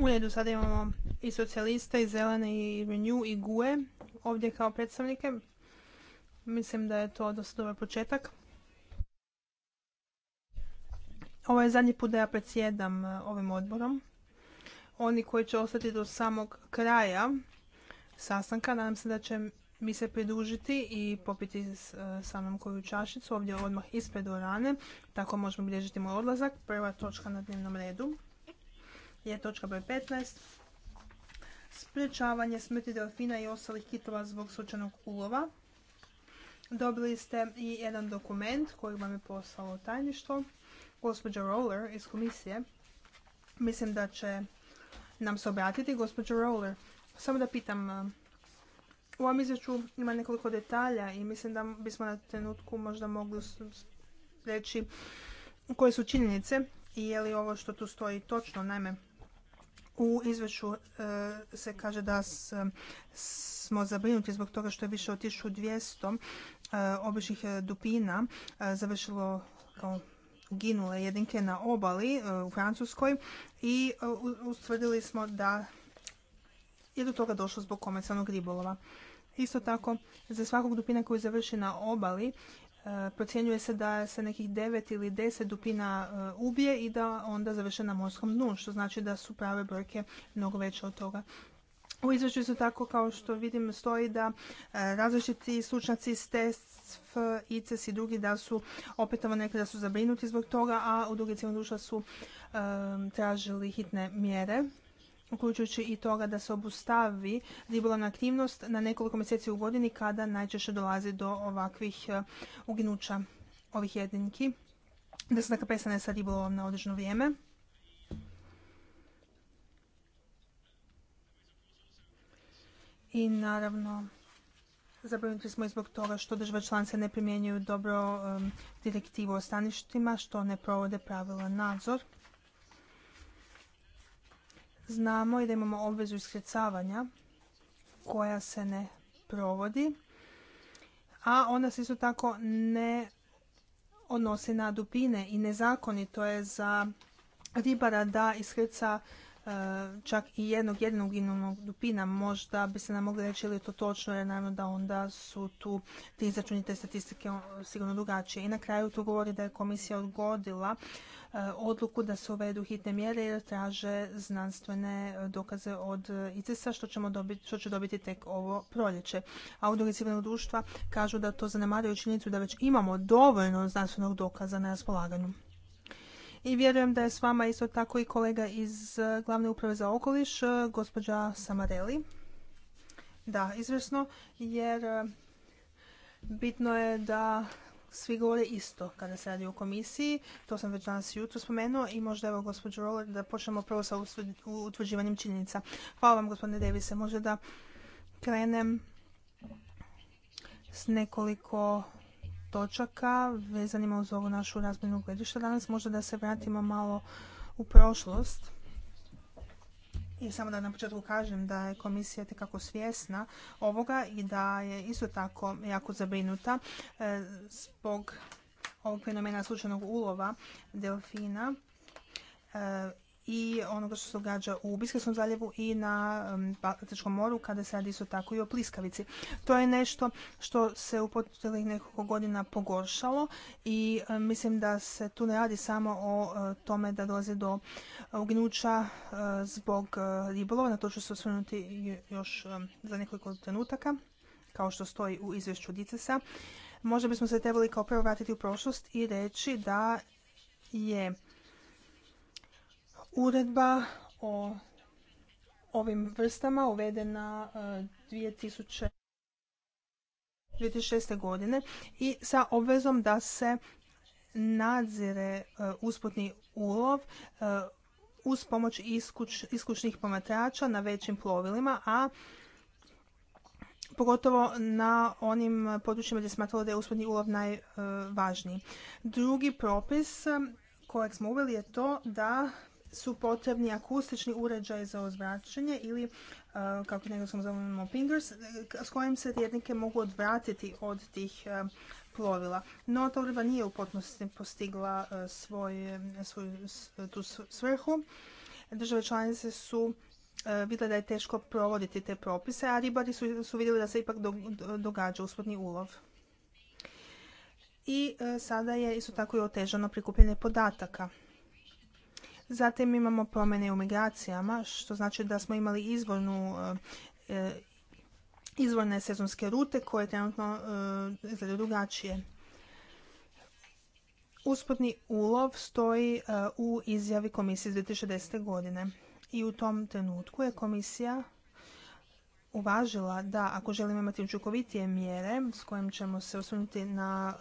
U redu, sada imamo i socijalista, i zelene, i Renew, i GUE ovdje kao predstavnike. Mislim da je to dosta dobar početak. Ovo je zadnji put da ja predsjedam e, ovim odborom. Oni koji će ostati do samog kraja sastanka, nadam se da će mi se pridružiti i popiti e, sa mnom koju čašicu ovdje odmah ispred orane. Tako možemo bilježiti moj odlazak. Prva točka na dnevnom redu je točka broj 15. Sprečavanje smrti delfina i ostalih kitova zbog slučajnog ulova. Dobili ste i jedan dokument koji vam je poslalo tajništvo. Gospođa Roller iz komisije. Mislim da će nam se obratiti. Gospođa Roller, samo da pitam e, u ovom izvješću ima nekoliko detalja i mislim da bismo na trenutku možda mogli reći koje su činjenice i je li ovo što tu stoji točno. Naime, u izvješću e, se kaže da smo zabrinuti zbog toga što je više od 1200 e, običnih e, dupina završilo kao ginule jedinke na obali u Francuskoj i ustvrdili smo da je do toga došlo zbog komercijalnog ribolova. Isto tako, za svakog dupina koji završi na obali, e, procjenjuje se da se nekih 9 ili 10 dupina e, ubije i da onda završe na morskom dnu, što znači da su prave brojke mnogo veće od toga. U izvješću isto tako kao što vidim stoji da e, različiti stručnjaci s TESF, ICES i drugi da su opetovano nekada da su zabrinuti zbog toga, a u drugi cijelom društva su tražili hitne mjere uključujući i toga da se obustavi ribolovna aktivnost na nekoliko mjeseci u godini kada najčešće dolazi do ovakvih e, uginuća ovih jedinki, da se dakle prestane sa ribolovom na određeno vrijeme. I naravno, zabrinuti smo i zbog toga što države članice ne primjenjuju dobro e, direktivu o staništima, što ne provode pravila nadzor znamo i da imamo obvezu iskrcavanja koja se ne provodi, a ona se isto tako ne odnosi na dupine i nezakonito je za ribara da iskrca E, čak i jednog jedinog inovnog dupina. Možda bi se nam mogli reći ili je to točno, jer naravno da onda su tu ti izračuni statistike ono, sigurno drugačije. I na kraju to govori da je komisija odgodila e, odluku da se uvedu hitne mjere jer traže znanstvene dokaze od ICES-a što, ćemo dobiti, što će dobiti tek ovo proljeće. A udruge civilnog društva kažu da to zanemaraju činjenicu da već imamo dovoljno znanstvenog dokaza na raspolaganju i vjerujem da je s vama isto tako i kolega iz e, glavne uprave za okoliš, e, gospođa Samareli. Da, izvrsno, jer e, bitno je da svi govore isto kada se radi o komisiji. To sam već danas jutro spomenuo i možda evo gospođo Roller da počnemo prvo sa utvrđivanjem činjenica. Hvala vam gospodine Devise. Možda da krenem s nekoliko točaka vezanima uz ovu našu razmjenu gledišta. Danas možda da se vratimo malo u prošlost. I samo da na početku kažem da je komisija tekako svjesna ovoga i da je isto tako jako zabrinuta e, zbog ovog fenomena slučajnog ulova delfina e, i onoga što se događa u Biskarskom zaljevu i na Baltičkom moru kada se radi isto tako i o pliskavici. To je nešto što se u proteklih nekoliko godina pogoršalo i mislim da se tu ne radi samo o e, tome da dolazi do e, uginuća e, zbog ribolova, na to ću se osvrnuti još za nekoliko trenutaka kao što stoji u izvješću Dicesa. Možda bismo se trebali kao prvo vratiti u prošlost i reći da je Uredba o ovim vrstama uvedena 2006. E, godine i sa obvezom da se nadzire e, usputni ulov e, uz pomoć iskuč, iskučnih na većim plovilima, a pogotovo na onim područjima gdje smatralo da je usputni ulov najvažniji. Drugi propis kojeg smo uveli je to da su potrebni akustični uređaj za ozvraćanje ili e, kako nego sam zovemo pingers, e, s kojim se rijednike mogu odvratiti od tih e, plovila. No, ta uredba nije u potpunosti postigla svoju, tu svrhu. Države članice su vidjeli da je teško provoditi te propise, a ribari su, su vidjeli da se ipak događa usputni ulov. I sada je isto tako i otežano prikupljanje podataka Zatim imamo promjene u migracijama, što znači da smo imali izvornu e, e, izvorne sezonske rute koje trenutno e, izgledaju drugačije. Usputni ulov stoji u izjavi komisije iz 2010. godine. I u tom trenutku je komisija uvažila da ako želimo imati učinkovitije mjere s kojim ćemo se osvrnuti na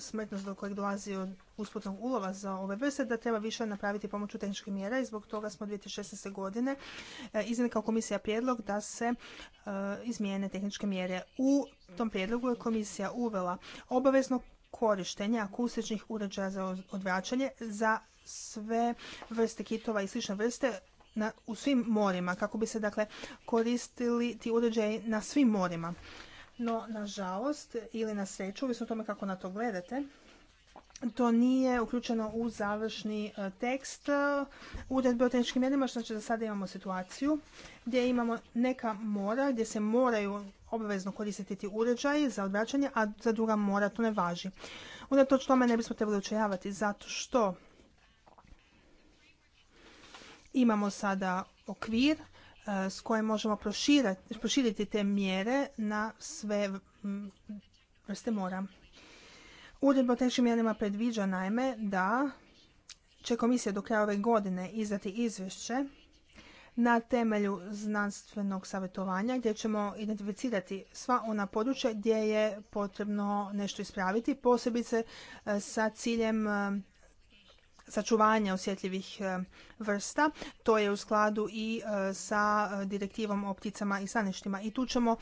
smrtnost do kojeg dolazi od usputnog ulova za ove vrste, da treba više napraviti pomoću tehničkih mjera i zbog toga smo 2016. godine eh, iznijeli kao komisija prijedlog da se eh, izmijene tehničke mjere. U tom prijedlogu je komisija uvela obavezno korištenje akustičnih uređaja za odvraćanje za sve vrste kitova i slične vrste u svim morima, kako bi se dakle koristili ti uređaji na svim morima. No, nažalost, ili na sreću, ovisno tome kako na to gledate, to nije uključeno u završni e, tekst e, u o tehničkim mjerima, što znači da sada imamo situaciju gdje imamo neka mora, gdje se moraju obavezno koristiti uređaji za odvraćanje, a za druga mora to ne važi. Unatoč tome ne bismo trebali učajavati, zato što imamo sada okvir s kojim možemo proširiti te mjere na sve vrste mora. Uredba o tehničkim mjerima predviđa najme da će komisija do kraja ove godine izdati izvješće na temelju znanstvenog savjetovanja gdje ćemo identificirati sva ona područja gdje je potrebno nešto ispraviti, posebice e, sa ciljem e, sačuvanja osjetljivih e, vrsta. To je u skladu i e, sa e, direktivom o pticama i staništima. I tu ćemo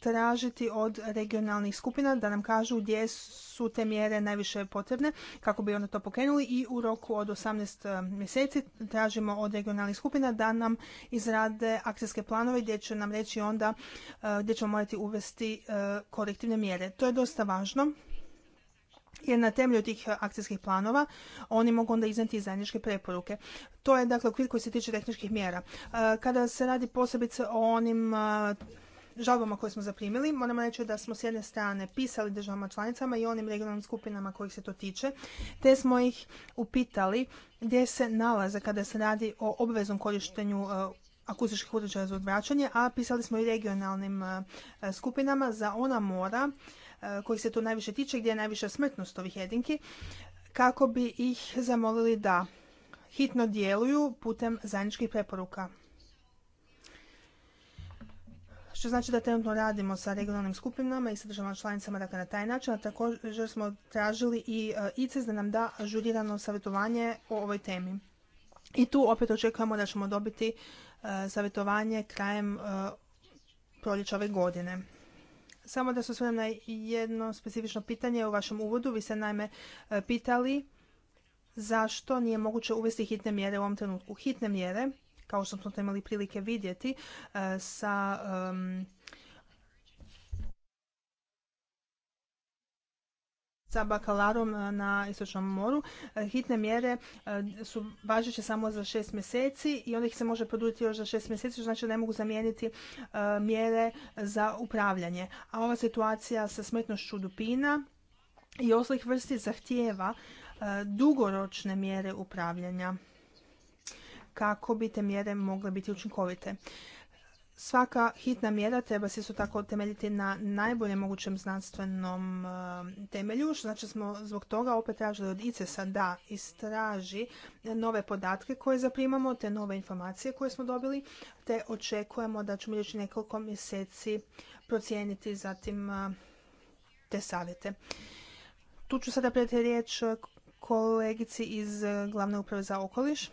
tražiti od regionalnih skupina da nam kažu gdje su te mjere najviše potrebne kako bi onda to pokrenuli i u roku od 18 mjeseci tražimo od regionalnih skupina da nam izrade akcijske planove gdje će nam reći onda gdje ćemo morati uvesti korektivne mjere. To je dosta važno jer na temelju tih e, akcijskih planova oni mogu onda iznijeti zajedničke preporuke. To je dakle okvir koji se tiče tehničkih mjera. E, kada se radi posebice o onim e, žalbama koje smo zaprimili, moramo reći da smo s jedne strane pisali državama članicama i onim regionalnim skupinama kojih se to tiče, te smo ih upitali gdje se nalaze kada se radi o obveznom korištenju akustičkih uređaja za odvraćanje, a pisali smo i regionalnim skupinama za ona mora kojih se tu najviše tiče, gdje je najviša smrtnost ovih jedinki, kako bi ih zamolili da hitno djeluju putem zajedničkih preporuka. Što znači da trenutno radimo sa regionalnim skupinama i sa državama članicama dakle, na taj način, a također smo tražili i e, ICES da nam da ažurirano savjetovanje o ovoj temi. I tu opet očekujemo da ćemo dobiti e, savjetovanje krajem e, proljeća ove godine. Samo da se osvrnem na jedno specifično pitanje u vašem uvodu. Vi se naime e, pitali zašto nije moguće uvesti hitne mjere u ovom trenutku. Hitne mjere, kao što smo to imali prilike vidjeti, e, sa sa bakalarom e, na Istočnom moru. E, hitne mjere e, su važeće samo za šest mjeseci i onda ih se može produljiti još za šest mjeseci, što znači da ne mogu zamijeniti mjere za upravljanje. A ova situacija sa smrtnošću dupina i oslih vrsti zahtijeva dugoročne mjere upravljanja kako bi te mjere mogle biti učinkovite. Svaka hitna mjera treba se isto tako temeljiti na najboljem mogućem znanstvenom eh, temelju, što znači smo zbog toga opet tražili od ICES-a da istraži nove podatke koje zaprimamo, te nove informacije koje smo dobili, te očekujemo da ćemo još nekoliko mjeseci procijeniti zatim eh, te savjete. Tu ću sada prijeti riječ kolegici iz eh, Glavne uprave za okoliš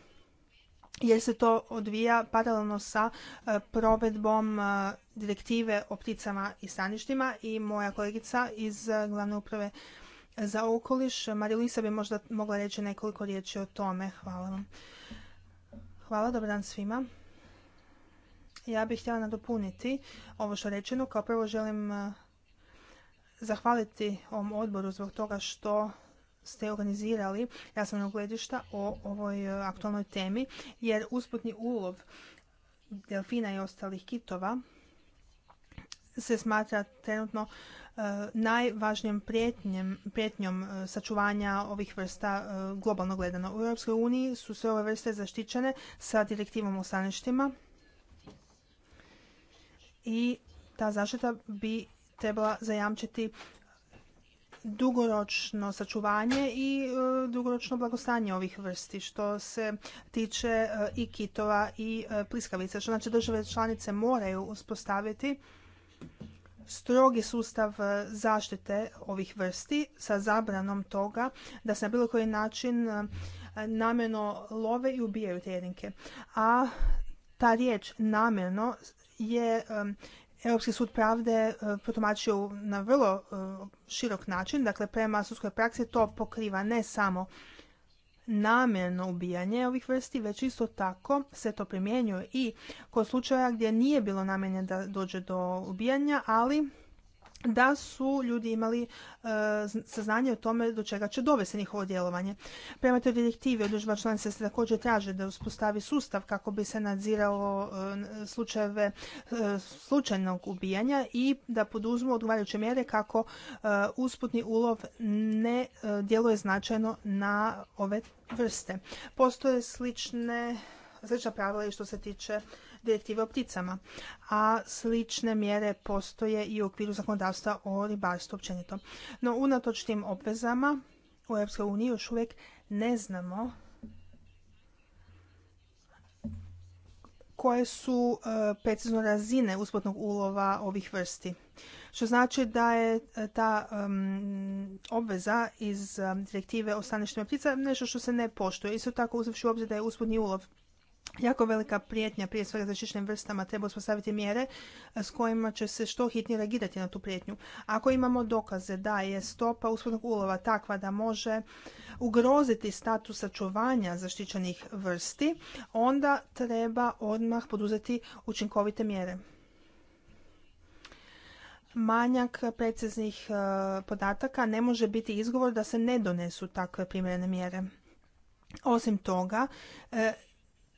jer se to odvija paralelno sa e, provedbom e, direktive o pticama i staništima i moja kolegica iz e, glavne uprave za okoliš, Marilisa bi možda mogla reći nekoliko riječi o tome. Hvala vam. Hvala, dobar dan svima. Ja bih htjela nadopuniti ovo što je rečeno. Kao prvo želim zahvaliti ovom odboru zbog toga što ste organizirali na gledišta o ovoj e, aktualnoj temi, jer usputni ulov delfina i ostalih kitova se smatra trenutno e, najvažnijom prijetnjom e, sačuvanja ovih vrsta globalno gledano. U Europskoj uniji su sve ove vrste zaštićene sa direktivom o staništima i ta zaštita bi trebala zajamčiti dugoročno sačuvanje i e, dugoročno blagostanje ovih vrsti što se tiče e, i kitova i e, pliskavica. Što znači države članice moraju uspostaviti strogi sustav zaštite ovih vrsti sa zabranom toga da se na bilo koji način namjerno love i ubijaju te jedinke. A ta riječ namjerno je Europski sud pravde e, protumačio na vrlo e, širok način, dakle prema sudskoj praksi to pokriva ne samo namjerno ubijanje ovih vrsti, već isto tako se to primjenjuje i kod slučaja gdje nije bilo namjene da dođe do ubijanja, ali da su ljudi imali e, saznanje o tome do čega će dovesti njihovo djelovanje. Prema toj direktivi odlužba članica se također traže da uspostavi sustav kako bi se nadziralo e, slučajeve e, slučajnog ubijanja i da poduzmu odgovarajuće mjere kako usputni ulov ne djeluje značajno na ove vrste. Postoje slične slična pravila i što se tiče direktive o pticama, a slične mjere postoje i u okviru zakonodavstva o ribarstvu općenito. No, unatoč tim obvezama u EU još uvijek ne znamo koje su e, precizno razine usputnog ulova ovih vrsti. Što znači da je e, ta obveza iz direktive o staništima ptica nešto što se ne poštuje. Isto tako uzevši u obzir da je usputni ulov jako velika prijetnja, prije svega zaštićenim vrstama, treba uspostaviti mjere s kojima će se što hitnije reagirati na tu prijetnju. Ako imamo dokaze da je stopa uspornog ulova takva da može ugroziti status sačuvanja zaštićenih vrsti, onda treba odmah poduzeti učinkovite mjere. Manjak preciznih podataka ne može biti izgovor da se ne donesu takve primjerene mjere. Osim toga, e,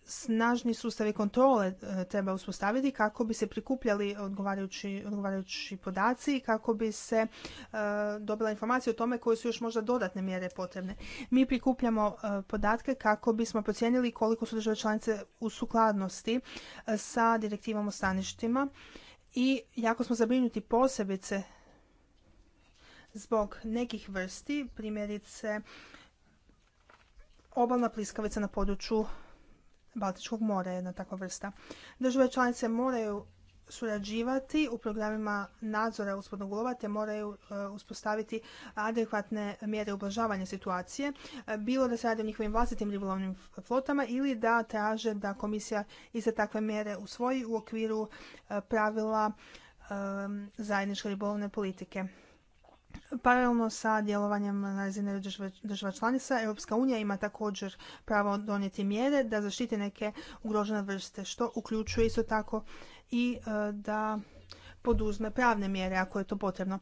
snažni sustavi kontrole e, treba uspostaviti kako bi se prikupljali odgovarajući, podaci i kako bi se e, dobila informacija o tome koje su još možda dodatne mjere potrebne. Mi prikupljamo e, podatke kako bismo procijenili koliko su države članice u sukladnosti sa direktivom o staništima i jako smo zabrinuti posebice zbog nekih vrsti, primjerice obalna pliskavica na području Baltičkog mora, jedna takva vrsta. Države članice moraju surađivati u programima nadzora uspodnog ulova te moraju e, uspostaviti adekvatne mjere ublažavanja situacije, e, bilo da se radi o njihovim vlastitim ribolovnim flotama ili da traže da komisija iste takve mjere usvoji u okviru e, pravila zajedničke ribolovne politike. Paralelno sa djelovanjem na razine država članica, Europska unija ima također pravo donijeti mjere da zaštiti neke ugrožene vrste, što uključuje isto tako i e, da poduzme pravne mjere ako je to potrebno.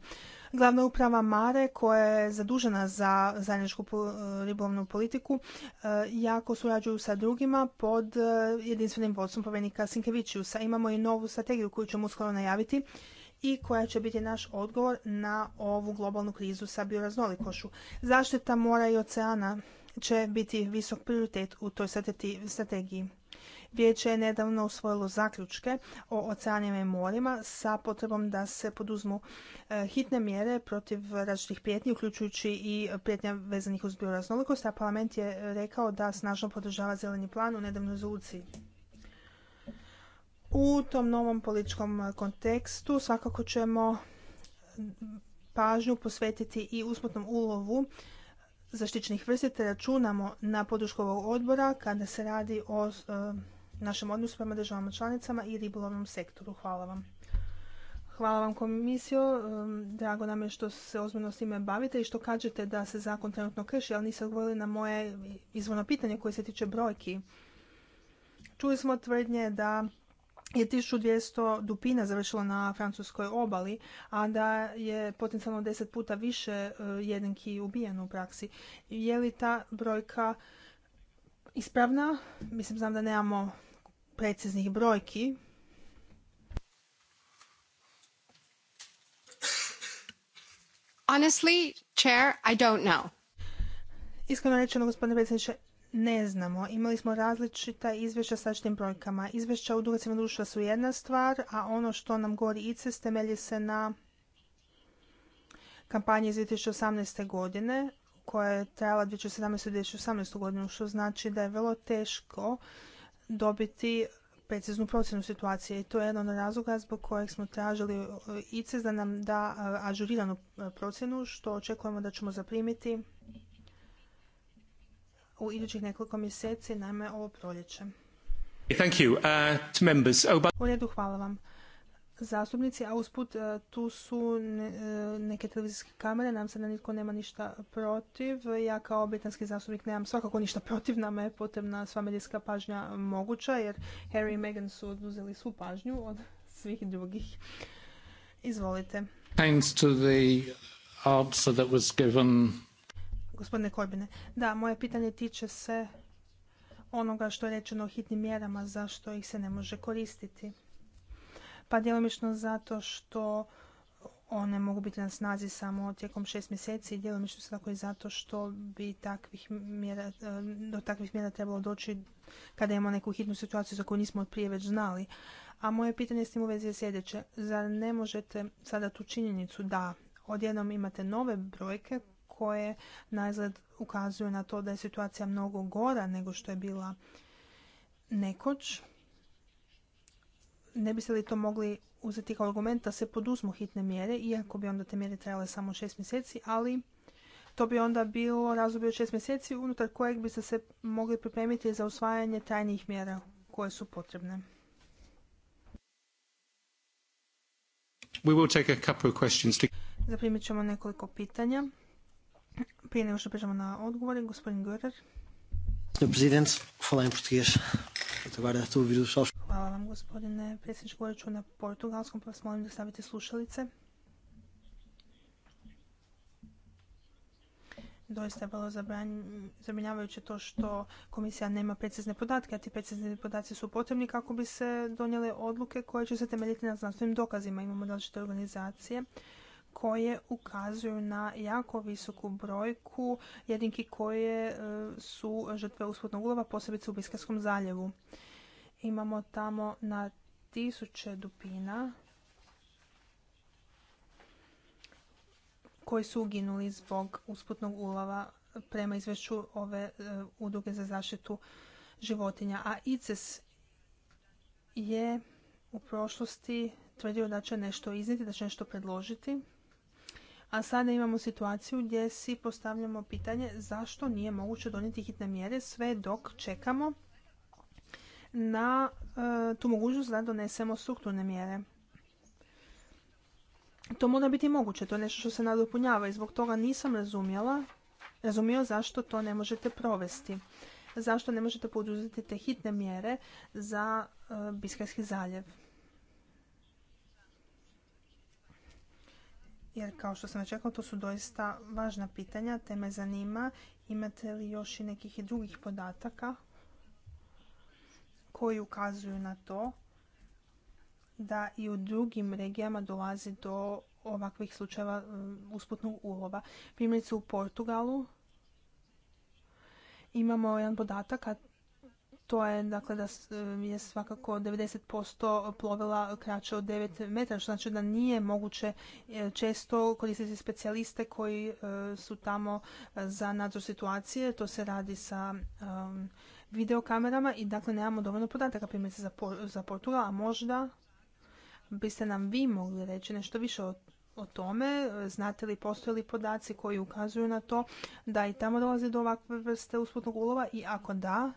Glavna uprava Mare koja je zadužena za zajedničku e, ribolovnu politiku e, jako surađuju sa drugima pod jedinstvenim vodstvom povjerenika Sinkevičiusa. Imamo i novu strategiju koju ćemo uskoro najaviti i koja će biti naš odgovor na ovu globalnu krizu sa bioraznolikošću. Zaštita mora i oceana će biti visok prioritet u toj strategiji. Vijeće je nedavno usvojilo zaključke o oceanima i morima sa potrebom da se poduzmu e, hitne mjere protiv različitih prijetnji, uključujući i prijetnja vezanih uz bioraznolikost, a parlament je rekao da snažno podržava zeleni plan u nedavnoj rezoluciji. U tom novom političkom e, kontekstu svakako ćemo pažnju posvetiti i usputnom ulovu zaštićenih vrsti te računamo na podršku ovog odbora kada se radi o e, našem odnosu prema državama članicama i ribolovnom sektoru. Hvala vam. Hvala vam komisiju. E, drago nam je što se ozbiljno s time bavite i što kažete da se zakon trenutno krši, ali niste odgovorili na moje izvorno pitanje koje se tiče brojki. Čuli smo tvrdnje da je 1200 dupina završila na francuskoj obali, a da je potencijalno 10 puta više e, jedinki ubijeno u praksi. Je li ta brojka ispravna? Mislim, znam da nemamo preciznih brojki, Honestly, chair, I don't know. Iskreno rečeno, gospodine predsjedniče, ne znamo. Imali smo različita izvješća sa različitim brojkama. Izvješća u drugacima društva su jedna stvar, a ono što nam govori ICES temelji se na kampanji iz 2018. godine koja je trajala 2017. i 2018. godinu, što znači da je vrlo teško dobiti preciznu procjenu situacije i to je jedan od razloga zbog kojeg smo tražili ICES da nam da e, ažuriranu e, procjenu što očekujemo da ćemo zaprimiti u idućih nekoliko mjeseci, naime ovo proljeće. Uh, oh, u redu, hvala vam zastupnici, a usput uh, tu su uh, neke televizijske kamere, nam se da nitko nema ništa protiv. Ja kao britanski zastupnik nemam svakako ništa protiv, nama je potrebna sva medijska pažnja moguća, jer Harry i Meghan su oduzeli svu pažnju od svih drugih. Izvolite. Thanks to the answer that was Gospodine Korbine, da, moje pitanje tiče se onoga što je rečeno o hitnim mjerama, zašto ih se ne može koristiti. Pa djelomično zato što one mogu biti na snazi samo tijekom šest mjeseci i djelomično se tako i zato što bi takvih mjera, do takvih mjera trebalo doći kada imamo neku hitnu situaciju za koju nismo od prije već znali. A moje pitanje s tim u vezi je sljedeće. Zar ne možete sada tu činjenicu da odjednom imate nove brojke koje najzad ukazuju na to da je situacija mnogo gora nego što je bila nekoć. Ne biste li to mogli uzeti kao argument da se poduzmu hitne mjere, iako bi onda te mjere trajale samo šest mjeseci, ali to bi onda bilo razdoblje od šest mjeseci unutar kojeg biste se mogli pripremiti za usvajanje tajnih mjera koje su potrebne. We Zaprimit ćemo nekoliko pitanja prije nego što pređemo na odgovore, gospodin hvala vam, gospodine predsjedniče, govorit na portugalskom, pa vas molim da stavite slušalice. Doista je vrlo zabrinjavajuće to što komisija nema precizne podatke, a ti precizni podaci su potrebni kako bi se donijele odluke koje će se temeljiti na znanstvenim dokazima. Imamo različite organizacije koje ukazuju na jako visoku brojku jedinki koje e, su žrtve usputnog ulova, posebice u Biskarskom zaljevu. Imamo tamo na tisuće dupina koji su uginuli zbog usputnog ulova prema izvješću ove e, udruge za zaštitu životinja. A ICES je u prošlosti tvrdio da će nešto izniti, da će nešto predložiti a sada imamo situaciju gdje si postavljamo pitanje zašto nije moguće donijeti hitne mjere sve dok čekamo na e, tu mogućnost da donesemo strukturne mjere. To mora biti moguće, to je nešto što se nadopunjava i zbog toga nisam razumjela, razumio zašto to ne možete provesti. Zašto ne možete poduzeti te hitne mjere za e, Biskajski zaljev. jer kao što sam već rekla, to su doista važna pitanja, te me zanima imate li još i nekih drugih podataka koji ukazuju na to da i u drugim regijama dolazi do ovakvih slučajeva mm, usputnog ulova. Primjerice u Portugalu imamo jedan podatak, a to je dakle da e, je svakako 90% plovila kraće od 9 metara, što znači da nije moguće e, često koristiti specijaliste koji e, su tamo za nadzor situacije. To se radi sa um, videokamerama i dakle nemamo dovoljno podataka primjerice za, za Portugal, a možda biste nam vi mogli reći nešto više o o tome, znate li postoje li podaci koji ukazuju na to da i tamo dolazi do ovakve vrste usputnog ulova i ako da,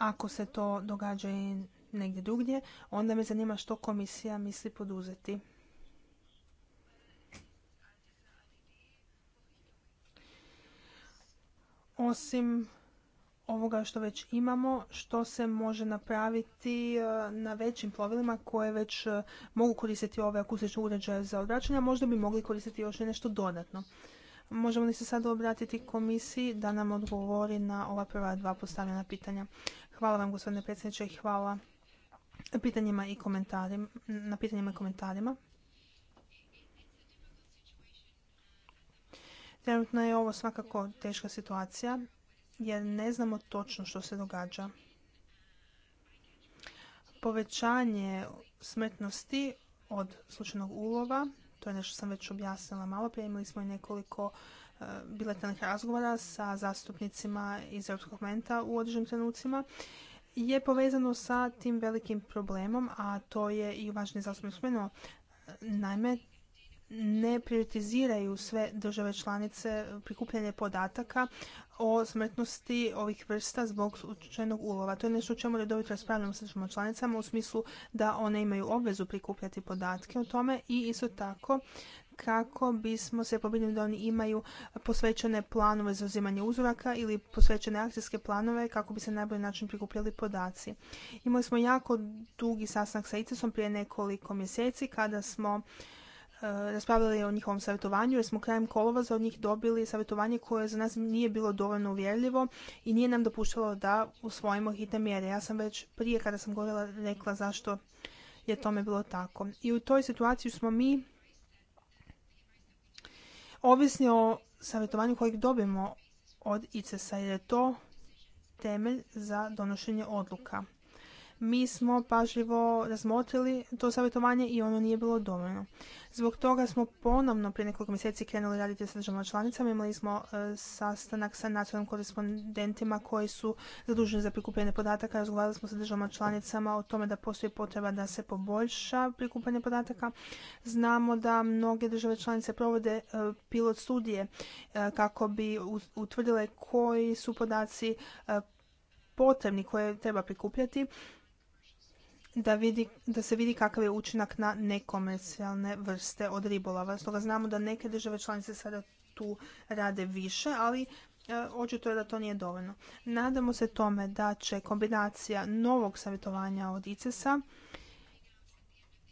ako se to događa i negdje drugdje, onda me zanima što komisija misli poduzeti. Osim ovoga što već imamo, što se može napraviti e, na većim plovilima koje već e, mogu koristiti ove akustične uređaje za odvraćanje, možda bi mogli koristiti još i nešto dodatno. Možemo li se sad obratiti komisiji da nam odgovori na ova prva dva postavljena pitanja? Hvala vam gospodine predsjedniče i hvala pitanjima i komentarima, na pitanjima i komentarima. Trenutno je ovo svakako teška situacija jer ne znamo točno što se događa. Povećanje smrtnosti od slučajnog ulova, to je nešto sam već objasnila malo prije, imali smo i nekoliko E, bilateralnih razgovora sa zastupnicima iz Europskog parlamenta u određenim trenucima je povezano sa tim velikim problemom, a to je i važno zastupnik spomenuo. Naime, ne prioritiziraju sve države članice prikupljanje podataka o smrtnosti ovih vrsta zbog učenog ulova. To je nešto o čemu redovito raspravljamo sa državama članicama u smislu da one imaju obvezu prikupljati podatke o tome i isto tako kako bismo se pobrinuli da oni imaju posvećene planove za uzimanje uzoraka ili posvećene akcijske planove kako bi se na najbolji način prikupljali podaci. Imali smo jako dugi sastanak sa ICES-om prije nekoliko mjeseci kada smo e, raspravljali o njihovom savjetovanju jer smo krajem za od njih dobili savjetovanje koje za nas nije bilo dovoljno uvjerljivo i nije nam dopuštalo da usvojimo hitne mjere. Ja sam već prije kada sam govorila rekla zašto je tome bilo tako. I u toj situaciji smo mi ovisni o savjetovanju kojeg dobijemo od ICES-a jer je to temelj za donošenje odluka mi smo pažljivo razmotrili to savjetovanje i ono nije bilo dovoljno. Zbog toga smo ponovno prije nekoliko mjeseci krenuli raditi sa državama članicama. Imali smo e, sastanak sa nacionalnim korespondentima koji su zaduženi za prikupljanje podataka. Razgovarali smo sa državama članicama o tome da postoji potreba da se poboljša prikupljanje podataka. Znamo da mnoge države članice provode e, pilot studije e, kako bi utvrdile koji su podaci potrebni koje treba prikupljati da, vidi, da se vidi kakav je učinak na nekomercijalne vrste od ribolova. Stoga znamo da neke države članice sada tu rade više, ali e, očito je da to nije dovoljno. Nadamo se tome da će kombinacija novog savjetovanja od ICES-a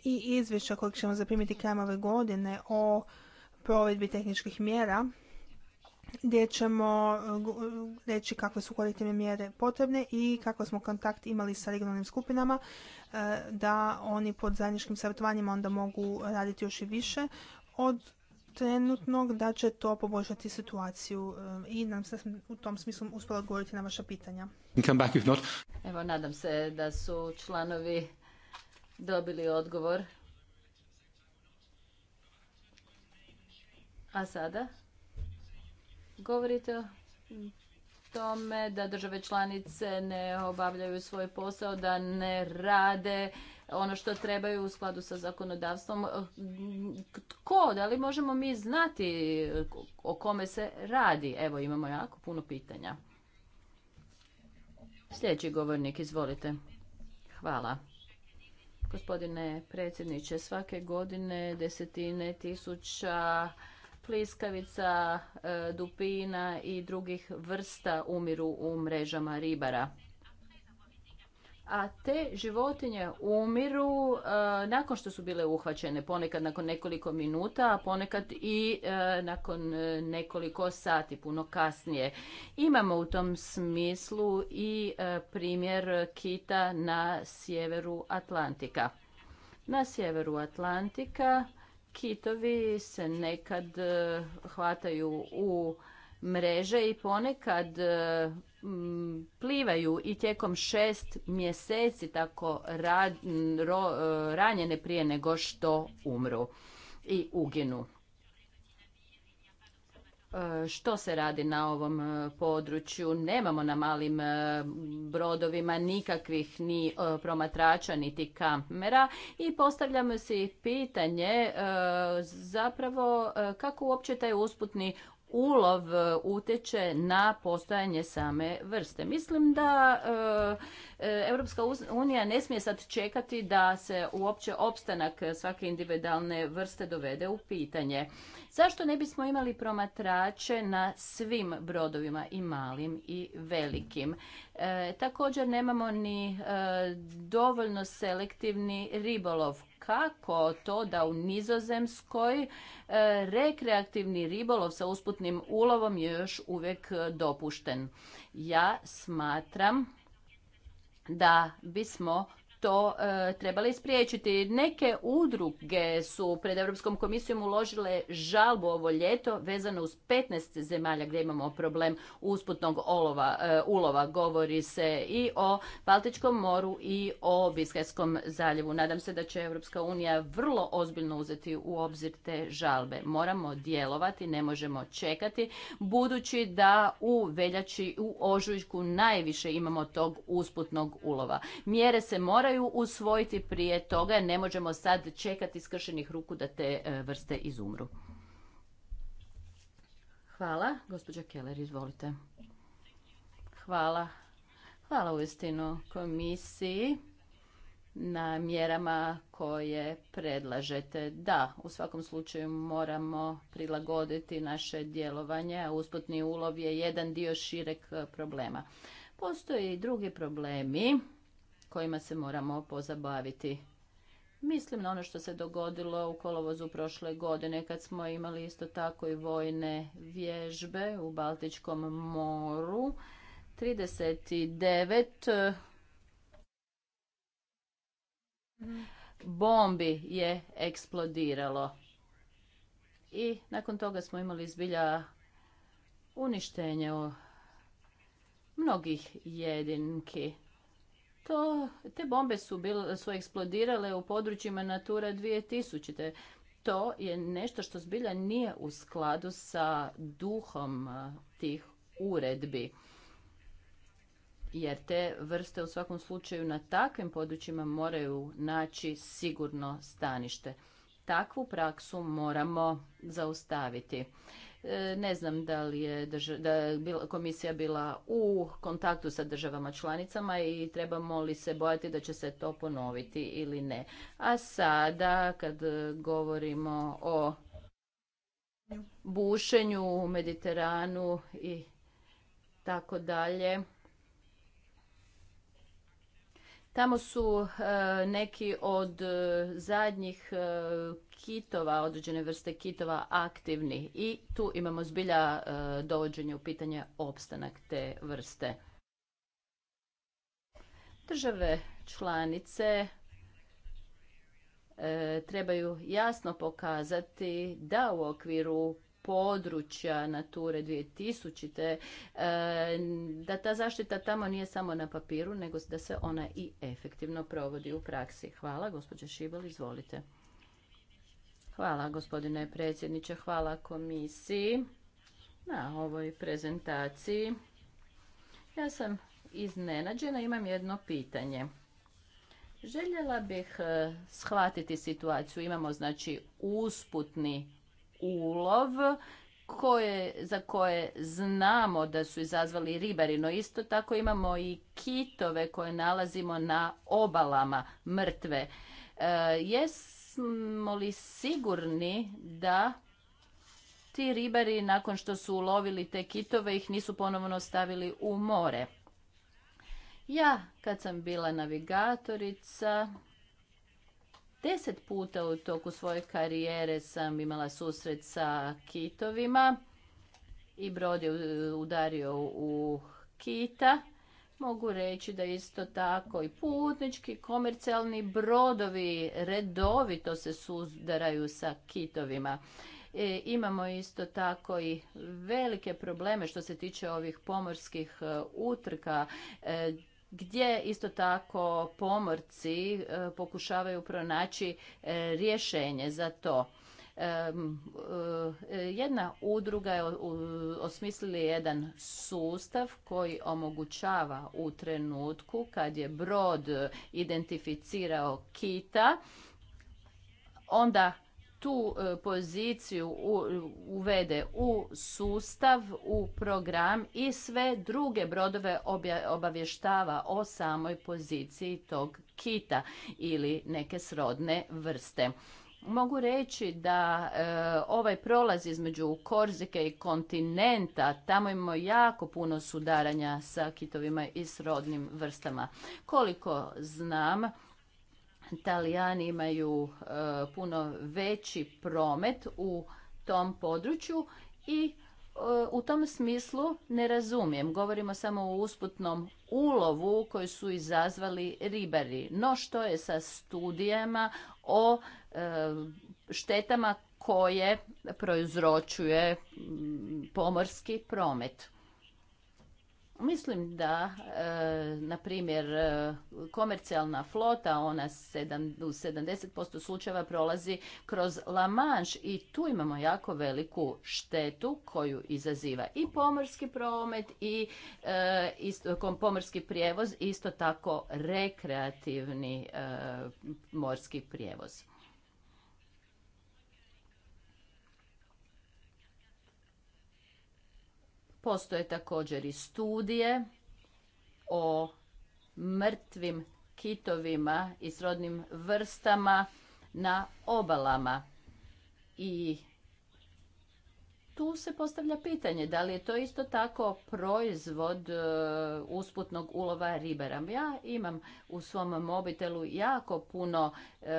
i izvješća kojeg ćemo zaprimiti krajem ove godine o provedbi tehničkih mjera gdje ćemo e, reći kakve su korektivne mjere potrebne i kako smo kontakt imali sa regionalnim skupinama e, da oni pod zajedničkim savjetovanjima onda mogu raditi još i više od trenutnog da će to poboljšati situaciju e, i nam se u tom smislu uspjela odgovoriti na vaša pitanja. Evo, nadam se da su članovi dobili odgovor. A sada? Govorite o tome da države članice ne obavljaju svoj posao, da ne rade ono što trebaju u skladu sa zakonodavstvom. Tko? Da li možemo mi znati o kome se radi? Evo, imamo jako puno pitanja. Sljedeći govornik, izvolite. Hvala. Gospodine predsjedniče, svake godine desetine tisuća Pliskavica, e, dupina i drugih vrsta umiru u mrežama ribara. A te životinje umiru e, nakon što su bile uhvaćene, ponekad nakon nekoliko minuta, a ponekad i e, nakon nekoliko sati, puno kasnije. Imamo u tom smislu i primjer kita na sjeveru Atlantika. Na sjeveru Atlantika Kitovi se nekad e, hvataju u mreže i ponekad e, plivaju i tijekom šest mjeseci tako e, ranjene prije nego što umru i uginu. E, što se radi na ovom e, području. Nemamo na malim e, brodovima nikakvih ni promatrača niti kamera i postavljamo si pitanje zapravo kako uopće taj usputni ulov e, utječe na postojanje same vrste. Mislim da e, e, Europska unija ne smije sad čekati da se uopće opstanak svake individualne vrste dovede u pitanje. Zašto ne bismo imali promatrače na svim brodovima i malim i velikim? također nemamo ni dovoljno selektivni ribolov kako to da u Nizozemskoj e, rekreativni ribolov sa usputnim ulovom je još uvijek dopušten. Ja smatram da bismo to e, trebali spriječiti. Neke udruge su pred Europskom komisijom uložile žalbu ovo ljeto vezano uz 15 zemalja gdje imamo problem usputnog olova, e, ulova. Govori se i o Baltičkom moru i o Biskajskom zaljevu. Nadam se da će Europska unija vrlo ozbiljno uzeti u obzir te žalbe. Moramo djelovati, ne možemo čekati, budući da u veljači, u ožujku najviše imamo tog usputnog ulova. Mjere se mora moraju usvojiti prije toga. Ne možemo sad čekati skršenih ruku da te e, vrste izumru. Hvala. Gospođa Keller, izvolite. Hvala. Hvala uistinu komisiji na mjerama koje predlažete. Da, u svakom slučaju moramo prilagoditi naše djelovanje, a usputni ulov je jedan dio šireg problema. Postoje i drugi problemi kojima se moramo pozabaviti. Mislim na ono što se dogodilo u kolovozu prošle godine kad smo imali isto tako i vojne vježbe u Baltičkom moru. 39 mhm. bombi je eksplodiralo. I nakon toga smo imali zbilja uništenje mnogih jedinki te bombe su, eksplodirale u područjima Natura 2000. to je nešto što zbilja nije u skladu sa duhom tih uredbi. Jer te vrste u svakom slučaju na takvim područjima moraju naći sigurno stanište. Takvu praksu moramo zaustaviti. E, ne znam da li je da komisija bila u kontaktu sa državama članicama i trebamo li se bojati da će se to ponoviti ili ne. A sada kad govorimo o bušenju u Mediteranu i tako dalje. Tamo su e, neki od e, zadnjih e, kitova, određene vrste kitova aktivni i tu imamo zbilja dovođenje u pitanje opstanak te vrste. Države članice trebaju jasno pokazati da u okviru područja Nature 2000, te, e, da ta zaštita tamo nije samo na papiru, nego da se ona i efektivno provodi u praksi. Hvala, gospođa Šibal, izvolite. Hvala, gospodine predsjedniče, hvala komisiji na ovoj prezentaciji. Ja sam iznenađena, imam jedno pitanje. Željela bih e, shvatiti situaciju. Imamo znači usputni ulov koje, za koje znamo da su izazvali ribari, no isto tako imamo i kitove koje nalazimo na obalama mrtve. E, jesmo li sigurni da ti ribari nakon što su ulovili te kitove ih nisu ponovno stavili u more? Ja, kad sam bila navigatorica, Deset puta u toku svoje karijere sam imala susret sa kitovima i brod je udario u kita. Mogu reći da isto tako i putnički komercijalni brodovi redovito se sudaraju sa kitovima. E, imamo isto tako i velike probleme što se tiče ovih pomorskih e, utrka. E, gdje isto tako pomorci e, pokušavaju pronaći e, rješenje za to. E, jedna udruga je osmislila jedan sustav koji omogućava u trenutku kad je brod identificirao kita, onda tu e, poziciju uvede u sustav, u program i sve druge brodove obavještava o samoj poziciji tog kita ili neke srodne vrste. Mogu reći da e, ovaj prolaz između Korzike i kontinenta, tamo imamo jako puno sudaranja sa kitovima i srodnim vrstama. Koliko znam, Talijani imaju e, puno veći promet u tom području i e, u tom smislu ne razumijem. Govorimo samo o usputnom ulovu koji su izazvali ribari. No što je sa studijama o e, štetama koje proizročuje pomorski promet? Mislim da, e, na primjer, e, komercijalna flota, ona u 70% slučajeva prolazi kroz La Manche i tu imamo jako veliku štetu koju izaziva i pomorski promet i e, isto, pomorski prijevoz, isto tako rekreativni morski prijevoz. Postoje također i studije o mrtvim kitovima i srodnim vrstama na obalama. I tu se postavlja pitanje da li je to isto tako proizvod e, usputnog ulova ribara. Ja imam u svom mobitelu jako puno e,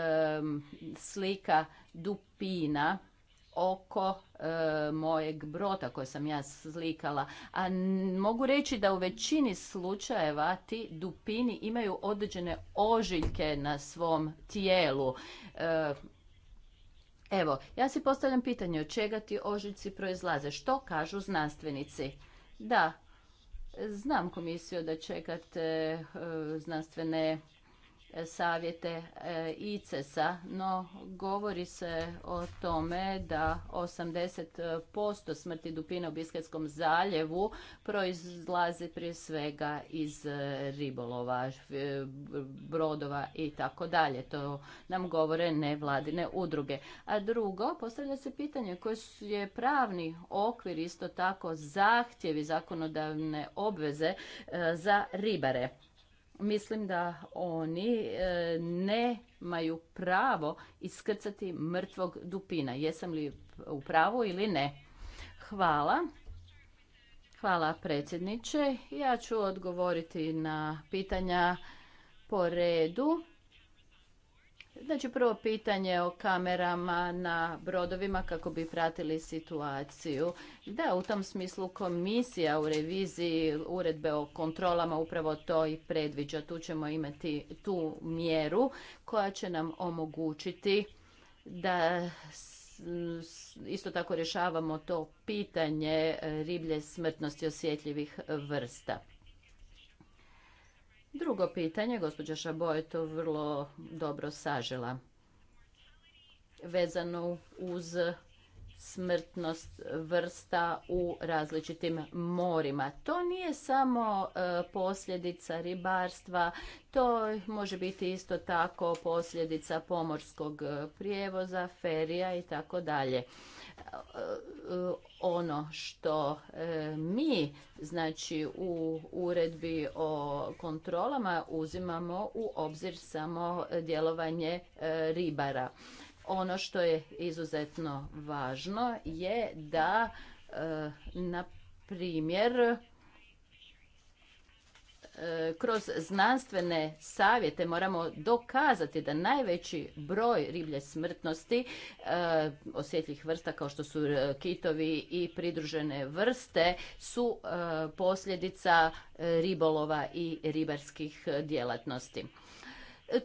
slika dupina oko e, mojeg brota koje sam ja slikala. A mogu reći da u većini slučajeva ti dupini imaju određene ožiljke na svom tijelu. E, evo, ja si postavljam pitanje od čega ti ožiljci proizlaze. Što kažu znanstvenici? Da, znam komisiju da čekate e, znanstvene savjete e, ICES-a, no govori se o tome da 80% smrti dupina u Biskajskom zaljevu proizlazi prije svega iz e, ribolova, e, brodova i tako dalje. To nam govore nevladine udruge. A drugo, postavlja se pitanje koji je pravni okvir isto tako zahtjevi zakonodavne obveze za ribare mislim da oni e, nemaju pravo iskrcati mrtvog dupina. Jesam li u pravu ili ne? Hvala. Hvala predsjedniče. Ja ću odgovoriti na pitanja po redu. Znači prvo pitanje o kamerama na brodovima kako bi pratili situaciju. Da, u tom smislu komisija u reviziji uredbe o kontrolama upravo to i predviđa. Tu ćemo imati tu mjeru koja će nam omogućiti da isto tako rješavamo to pitanje riblje smrtnosti osjetljivih vrsta. Drugo pitanje, gospođa Šabo je to vrlo dobro sažela. Vezano uz smrtnost vrsta u različitim morima. To nije samo e, posljedica ribarstva, to može biti isto tako posljedica pomorskog e, prijevoza, ferija i tako dalje ono što e, mi znači u uredbi o kontrolama uzimamo u obzir samo djelovanje e, ribara. Ono što je izuzetno važno je da e, na primjer E, kroz znanstvene savjete moramo dokazati da najveći broj riblje smrtnosti e, osjetljih vrsta kao što su e, kitovi i pridružene vrste su posljedica ribolova i ribarskih djelatnosti.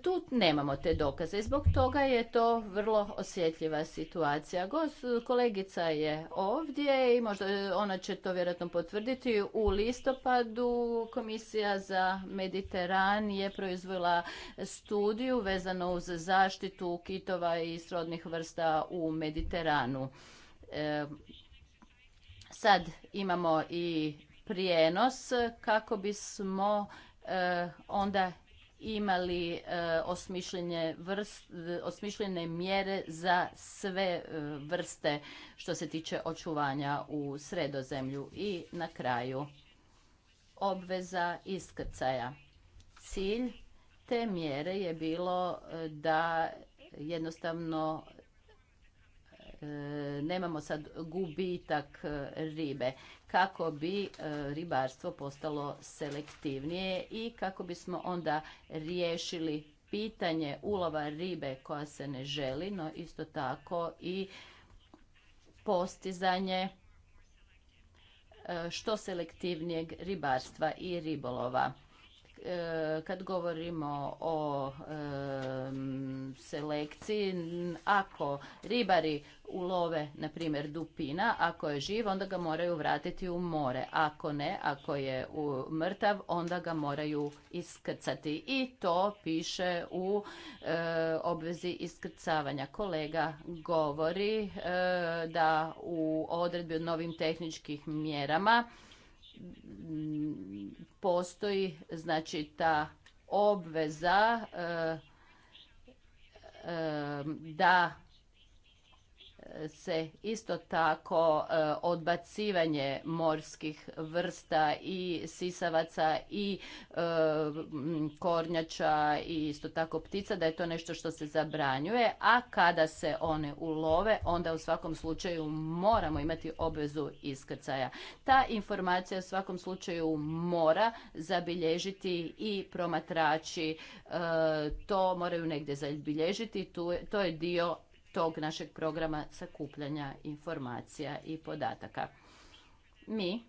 Tu nemamo te dokaze i zbog toga je to vrlo osjetljiva situacija. gos kolegica je ovdje i možda e, ona će to vjerojatno potvrditi. U listopadu Komisija za Mediteran je proizvela studiju vezano uz zaštitu kitova i srodnih vrsta u Mediteranu. E, sad imamo i prijenos kako bismo e, onda imali e, osmišljene mjere za sve e, vrste što se tiče očuvanja u sredozemlju i na kraju obveza iskrcaja. Cilj te mjere je bilo e, da jednostavno nemamo sad gubitak ribe kako bi e, ribarstvo postalo selektivnije i kako bismo onda riješili pitanje ulova ribe koja se ne želi, no isto tako i postizanje e, što selektivnijeg ribarstva i ribolova. Eh, kad govorimo o selekciji, ako ribari ulove, na primjer, dupina, ako je živ, onda ga moraju vratiti u more. Ako ne, ako je mrtav, onda ga moraju iskrcati. I to piše u eh, obvezi iskrcavanja. Kolega govori eh, da u odredbi o novim tehničkih mjerama postoji znači ta obveza e, e, da se isto tako e, odbacivanje morskih vrsta i sisavaca i e, kornjača i isto tako ptica da je to nešto što se zabranjuje a kada se one ulove onda u svakom slučaju moramo imati obvezu iskrcaja ta informacija u svakom slučaju mora zabilježiti i promatrači e, to moraju negdje zabilježiti to je dio tog našeg programa sakupljanja informacija i podataka. Mi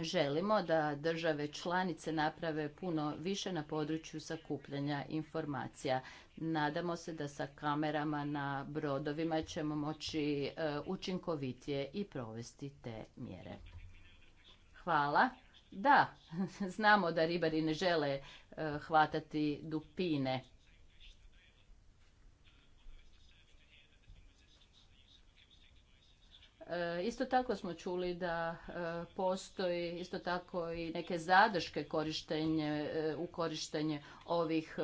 želimo da države članice naprave puno više na području sakupljanja informacija. Nadamo se da sa kamerama na brodovima ćemo moći e, učinkovitije i provesti te mjere. Hvala. Da, znamo da ribari ne žele e, hvatati dupine E, isto tako smo čuli da e, postoji isto tako i neke zadrške korištenje, e, u korištenje ovih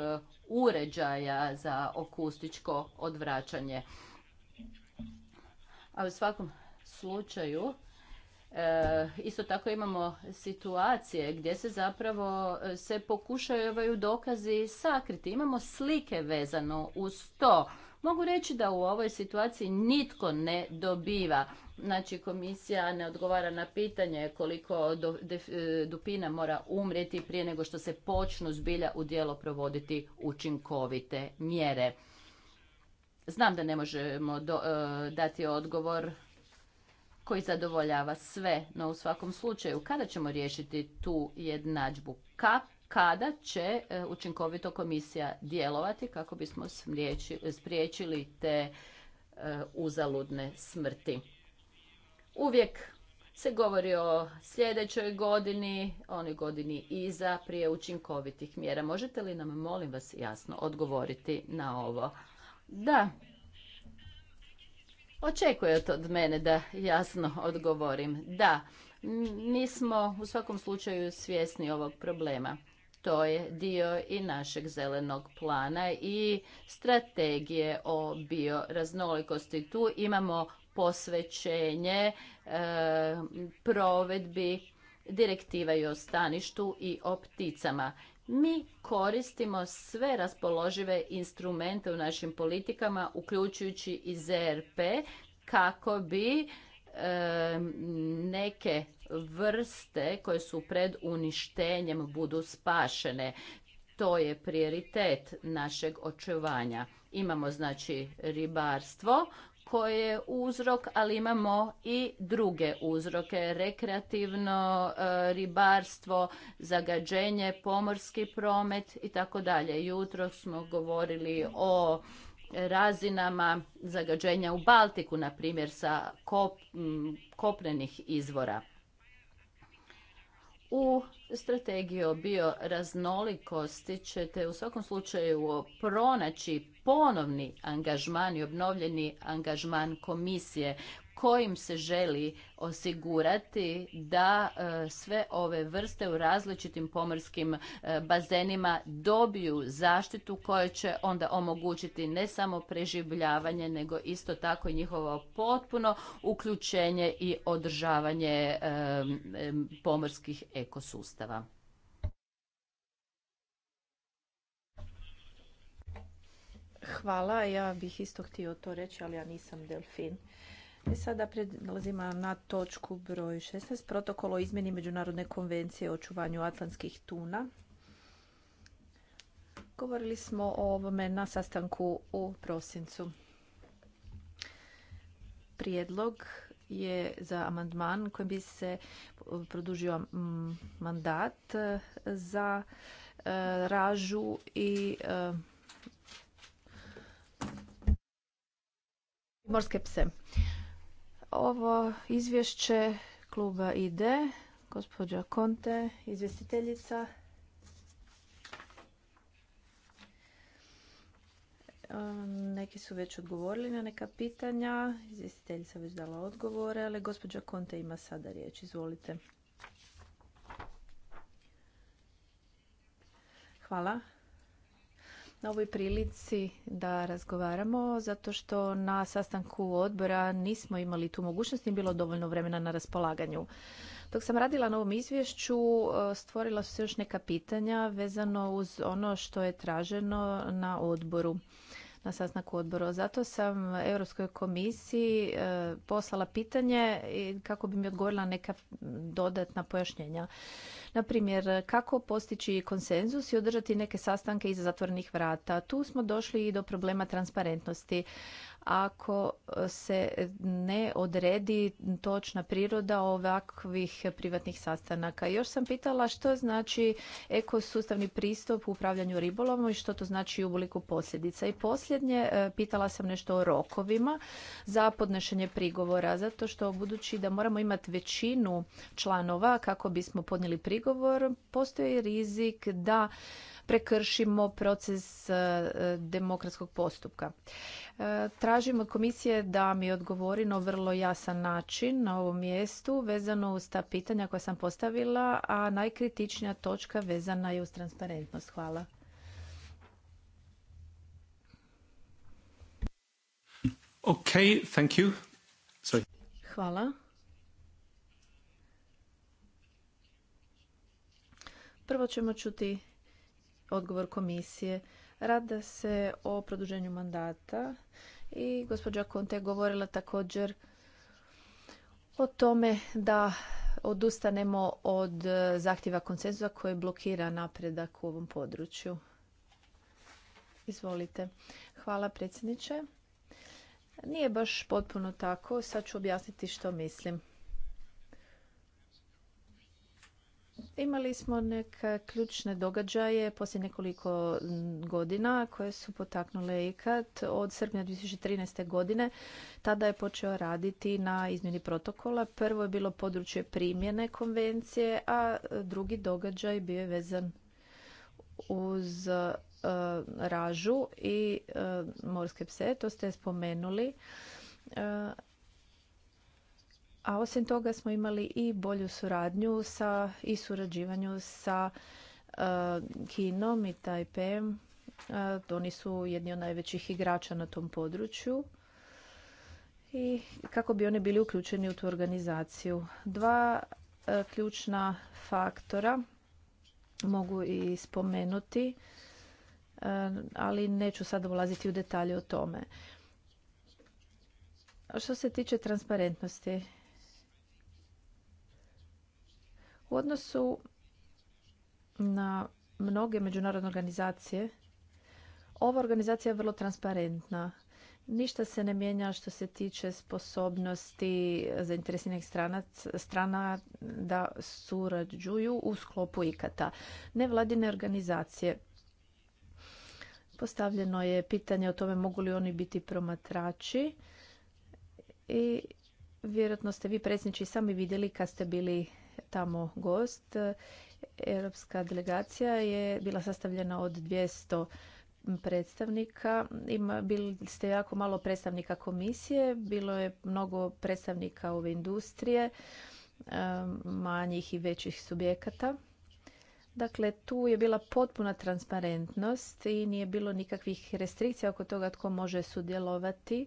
uređaja za akustičko odvraćanje. A u svakom slučaju isto tako imamo situacije gdje se zapravo se pokušavaju dokazi sakriti. Imamo slike vezano uz to. Mogu reći da u ovoj situaciji nitko ne dobiva Znači komisija ne odgovara na pitanje koliko e, dupina mora umrijeti prije nego što se počnu zbilja u djelo provoditi učinkovite mjere. Znam da ne možemo e, dati odgovor koji zadovoljava sve, no u svakom slučaju kada ćemo riješiti tu jednadžbu? kada će e, učinkovito komisija djelovati kako bismo spriječili te uzaludne smrti. Uvijek se govori o sljedećoj godini, onoj godini iza, prije učinkovitih mjera. Možete li nam, molim vas, jasno odgovoriti na ovo? Da. Očekujete od mene da jasno odgovorim. Da, nismo u svakom slučaju svjesni ovog problema. To je dio i našeg zelenog plana i strategije o bioraznolikosti. Tu imamo posvećenje e, provedbi direktiva i o staništu i o pticama. Mi koristimo sve raspoložive instrumente u našim politikama, uključujući i ZRP, kako bi e, neke vrste koje su pred uništenjem budu spašene. To je prioritet našeg očuvanja. Imamo znači ribarstvo koje je uzrok, ali imamo i druge uzroke, rekreativno e, ribarstvo, zagađenje, pomorski promet i tako dalje. Jutro smo govorili o razinama zagađenja u Baltiku, na primjer sa kopnenih izvora. U strategiji o bioraznolikosti ćete u svakom slučaju pronaći ponovni angažman i obnovljeni angažman komisije kojim se želi osigurati da e, sve ove vrste u različitim pomorskim e, bazenima dobiju zaštitu koja će onda omogućiti ne samo preživljavanje nego isto tako i njihovo potpuno uključenje i održavanje e, pomorskih ekosustava. Hvala, ja bih isto htio to reći, ali ja nisam delfin. I e, sada prelazimo na točku broj 16. Protokol o izmjeni Međunarodne konvencije o očuvanju atlantskih tuna. Govorili smo o ovome na sastanku u prosincu. Prijedlog je za amandman kojim bi se produžio mandat e, za e, ražu i morske pse. Ovo izvješće kluba ID, gospođa Konte, izvjestiteljica. Ehm, neki su već odgovorili na neka pitanja, izvjestiteljica već dala odgovore, ali gospođa Konte ima sada riječ, izvolite. Hvala na ovoj prilici da razgovaramo zato što na sastanku odbora nismo imali tu mogućnost, nije bilo dovoljno vremena na raspolaganju. Dok sam radila na ovom izvješću, e, stvorila su se još neka pitanja vezano uz ono što je traženo na odboru na sastanku odboru. Zato sam Europskoj komisiji e, poslala pitanje kako bi mi odgovorila neka dodatna pojašnjenja. Na primjer, kako postići konsenzus i održati neke sastanke iza zatvorenih vrata. Tu smo došli i do problema transparentnosti ako se ne odredi točna priroda ovakvih privatnih sastanaka. Još sam pitala što znači ekosustavni pristup u upravljanju ribolovom i što to znači u obliku posljedica. I posljednje, e, pitala sam nešto o rokovima za podnošenje prigovora, zato što budući da moramo imati većinu članova kako bismo podnijeli prigovor, postoji rizik da prekršimo proces e, demokratskog postupka. E, tražim od komisije da mi odgovori na vrlo jasan način na ovom mjestu vezano uz ta pitanja koja sam postavila, a najkritičnija točka vezana je uz transparentnost. Hvala. Hvala. Prvo ćemo čuti odgovor komisije. Rada se o produženju mandata i gospođa Konte je govorila također o tome da odustanemo od zahtjeva konsenzusa koji blokira napredak u ovom području. Izvolite. Hvala predsjedniče. Nije baš potpuno tako. Sad ću objasniti što mislim. Imali smo neke ključne događaje poslije nekoliko godina koje su potaknule ikad od srpnja 2013. godine. Tada je počeo raditi na izmjeni protokola. Prvo je bilo područje primjene konvencije, a drugi događaj bio je vezan uz e, ražu i e, morske pse. To ste spomenuli. E, a osim toga smo imali i bolju suradnju sa, i surađivanju sa e, Kinom i Taipeem. E, oni su jedni od najvećih igrača na tom području i kako bi oni bili uključeni u tu organizaciju. Dva e, ključna faktora mogu i spomenuti, ali neću sada ulaziti u detalje o tome. što se tiče transparentnosti, U odnosu na mnoge međunarodne organizacije, ova organizacija je vrlo transparentna. Ništa se ne mijenja što se tiče sposobnosti zainteresiranih strana, da surađuju u sklopu ikata. Nevladine organizacije. Postavljeno je pitanje o tome mogu li oni biti promatrači i vjerojatno ste vi i sami vidjeli kad ste bili tamo gost. Europska delegacija je bila sastavljena od 200 predstavnika. Ima, bili ste jako malo predstavnika komisije, bilo je mnogo predstavnika ove industrije, manjih i većih subjekata. Dakle, tu je bila potpuna transparentnost i nije bilo nikakvih restrikcija oko toga tko može sudjelovati.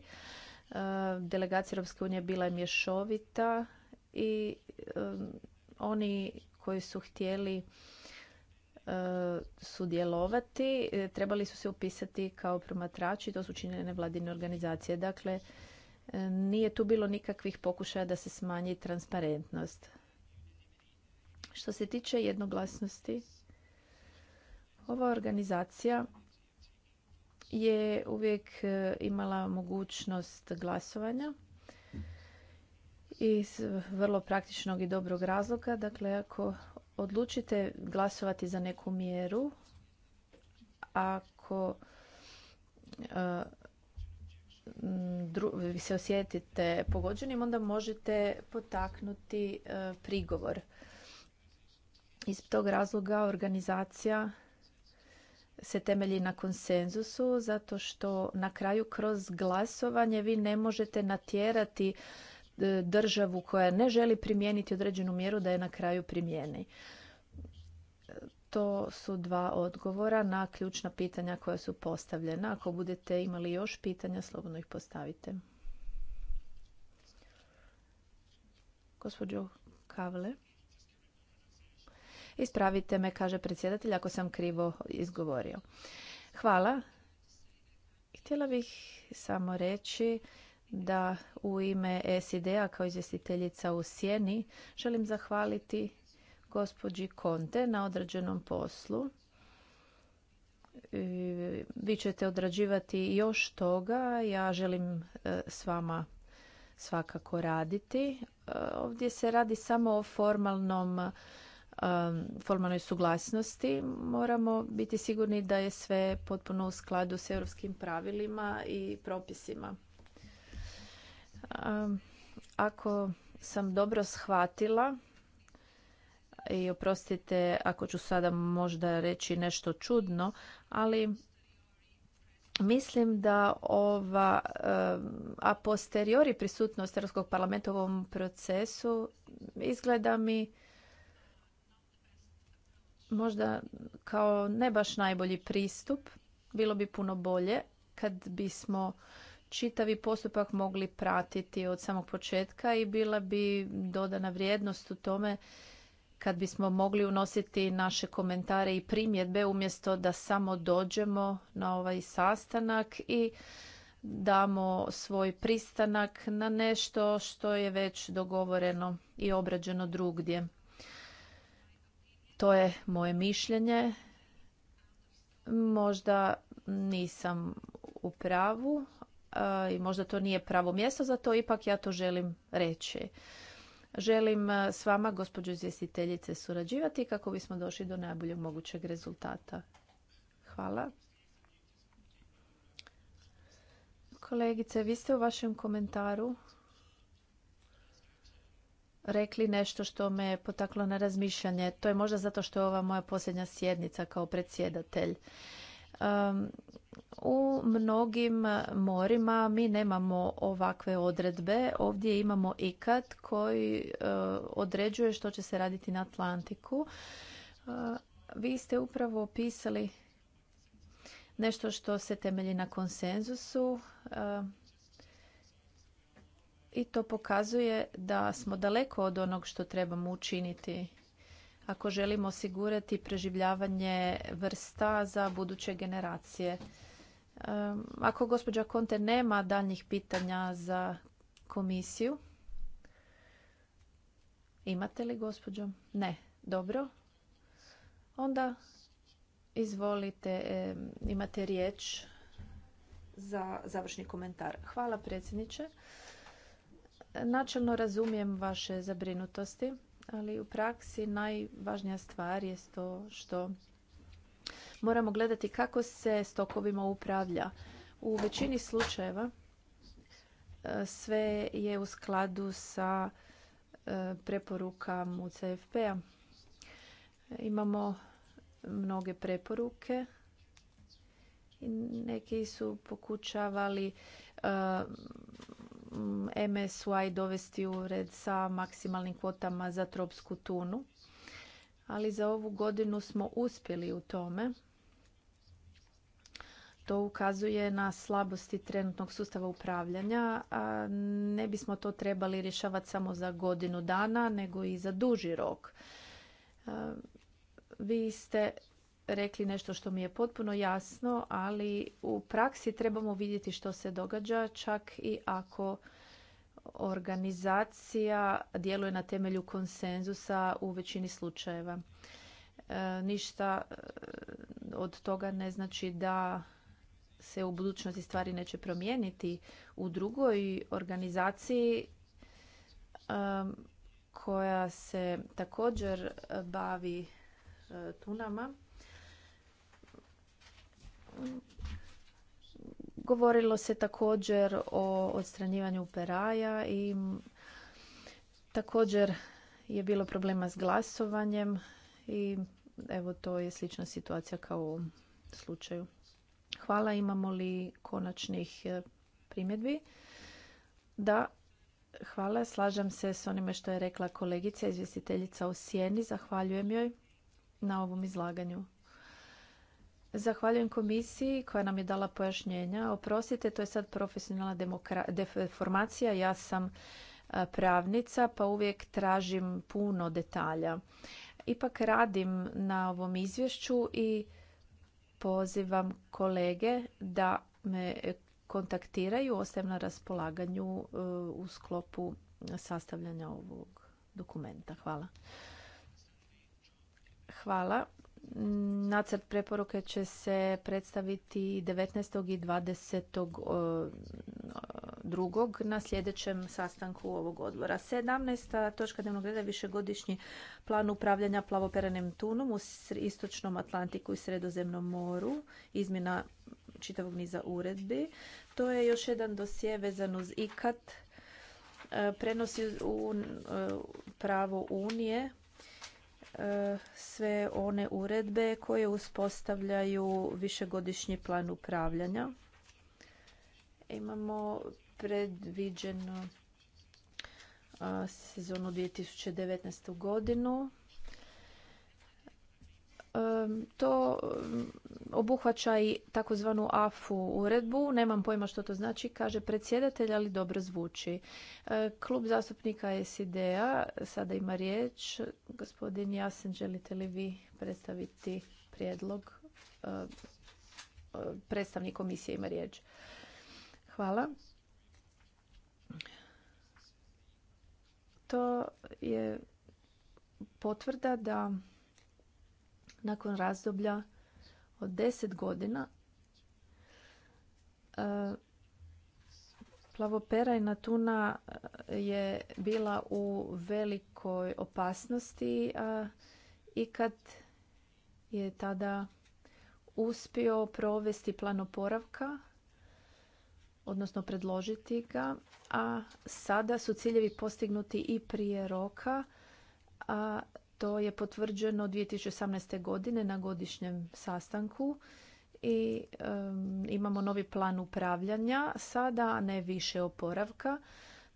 Delegacija Europske unije bila je mješovita i oni koji su htjeli e, sudjelovati, e, trebali su se upisati kao promatrači, to su učinjene vladine organizacije. Dakle, e, nije tu bilo nikakvih pokušaja da se smanji transparentnost. Što se tiče jednoglasnosti, ova organizacija je uvijek imala mogućnost glasovanja iz vrlo praktičnog i dobrog razloga. Dakle, ako odlučite glasovati za neku mjeru, ako vi e, se osjetite pogođenim, onda možete potaknuti e, prigovor. Iz tog razloga organizacija se temelji na konsenzusu, zato što na kraju kroz glasovanje vi ne možete natjerati E, državu koja ne želi primijeniti određenu mjeru da je na kraju primijeni. E, to su dva odgovora na ključna pitanja koja su postavljena. Ako budete imali još pitanja, slobodno ih postavite. Gospođo Kavle. Ispravite me, kaže predsjedatelj, ako sam krivo izgovorio. Hvala. Htjela bih samo reći da u ime SID-a kao izvjestiteljica u Sjeni želim zahvaliti gospođi Konte na odrađenom poslu. Vi ćete odrađivati još toga. Ja želim e, s vama svakako raditi. E, ovdje se radi samo o formalnom e, formalnoj suglasnosti moramo biti sigurni da je sve potpuno u skladu s europskim pravilima i propisima. Ako sam dobro shvatila, i oprostite ako ću sada možda reći nešto čudno, ali mislim da ova a posteriori prisutnost Europskog parlamenta u ovom procesu izgleda mi možda kao ne baš najbolji pristup. Bilo bi puno bolje kad bismo čitavi postupak mogli pratiti od samog početka i bila bi dodana vrijednost u tome kad bismo mogli unositi naše komentare i primjedbe umjesto da samo dođemo na ovaj sastanak i damo svoj pristanak na nešto što je već dogovoreno i obrađeno drugdje. To je moje mišljenje. Možda nisam u pravu, i možda to nije pravo mjesto za to, ipak ja to želim reći. Želim e, s vama, gospođo izvjestiteljice, surađivati kako bismo došli do najboljeg mogućeg rezultata. Hvala. Kolegice, vi ste u vašem komentaru rekli nešto što me potaklo na razmišljanje. To je možda zato što je ova moja posljednja sjednica kao predsjedatelj. U mnogim morima mi nemamo ovakve odredbe. Ovdje imamo ikad koji e, određuje što će se raditi na Atlantiku. E, vi ste upravo opisali nešto što se temelji na konsenzusu e, i to pokazuje da smo daleko od onog što trebamo učiniti ako želimo osigurati preživljavanje vrsta za buduće generacije. E, ako gospođa Konte nema daljnjih pitanja za komisiju, imate li gospođo? Ne, dobro. Onda izvolite, e, imate riječ za završni komentar. Hvala predsjedniče. Načelno razumijem vaše zabrinutosti ali u praksi najvažnija stvar je to što moramo gledati kako se stokovima upravlja. U većini slučajeva e, sve je u skladu sa e, preporukama CFP-a. Imamo mnoge preporuke neki su pokučavali... E, MSY dovesti u red sa maksimalnim kvotama za tropsku tunu. Ali za ovu godinu smo uspjeli u tome. To ukazuje na slabosti trenutnog sustava upravljanja. ne bismo to trebali rješavati samo za godinu dana, nego i za duži rok. E, vi ste rekli nešto što mi je potpuno jasno, ali u praksi trebamo vidjeti što se događa, čak i ako organizacija djeluje na temelju konsenzusa u većini slučajeva. E, ništa e, od toga ne znači da se u budućnosti stvari neće promijeniti. U drugoj organizaciji e, koja se također bavi tunama Govorilo se također o odstranjivanju peraja i također je bilo problema s glasovanjem i evo to je slična situacija kao u ovom slučaju. Hvala, imamo li konačnih e, primjedbi? Da, hvala. Slažem se s onime što je rekla kolegica, izvjestiteljica u Sjeni. Zahvaljujem joj na ovom izlaganju. Zahvaljujem komisiji koja nam je dala pojašnjenja. Oprostite, to je sad profesionalna deformacija. Ja sam e, pravnica pa uvijek tražim puno detalja. Ipak radim na ovom izvješću i pozivam kolege da me kontaktiraju. Ostajem na raspolaganju e, u sklopu sastavljanja ovog dokumenta. Hvala. Hvala. Nacrt preporuke će se predstaviti 19. i 22. E, drugog na sljedećem sastanku ovog odbora. 17. točka dnevnog reda je višegodišnji plan upravljanja plavoperenim tunom u istočnom Atlantiku i sredozemnom moru. Izmjena čitavog niza uredbi. To je još jedan dosje vezan uz ikat e, prenosi u e, pravo Unije E, sve one uredbe koje uspostavljaju višegodišnji plan upravljanja. Imamo predviđeno sezonu 2019. godinu to obuhvaća i takozvanu AFU uredbu. Nemam pojma što to znači, kaže predsjedatelj, ali dobro zvuči. E, Klub zastupnika SID-a sada ima riječ. Gospodin Jasen, želite li vi predstaviti prijedlog? E, e, predstavnik komisije ima riječ. Hvala. To je potvrda da nakon razdoblja od 10 godina e, plavoperajna tuna e, je bila u velikoj opasnosti i kad je tada uspio provesti plan oporavka, odnosno predložiti ga, a sada su ciljevi postignuti i prije roka, a to je potvrđeno 2018. godine na godišnjem sastanku i imamo novi plan upravljanja, sada ne više oporavka.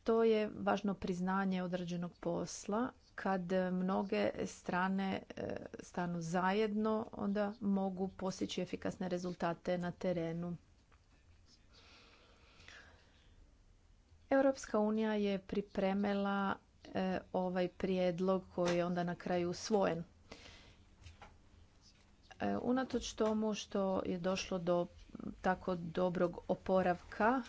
To je važno priznanje određenog posla. Kad mnoge strane e, stanu zajedno, onda mogu postići efikasne rezultate na terenu. Europska unija je pripremila E, ovaj prijedlog koji je onda na kraju usvojen. E, unatoč tomu što je došlo do tako dobrog oporavka,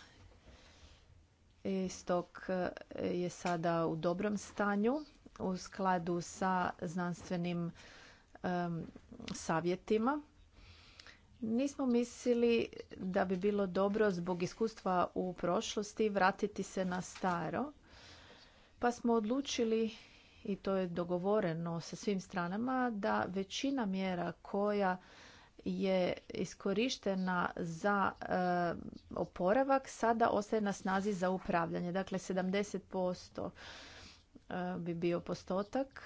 stok e, je sada u dobrom stanju u skladu sa znanstvenim savjetima. Nismo mislili da bi bilo dobro zbog iskustva u prošlosti vratiti se na staro pa smo odlučili i to je dogovoreno sa svim stranama da većina mjera koja je iskorištena za e, oporavak sada ostaje na snazi za upravljanje. Dakle 70% e, bi bio postotak.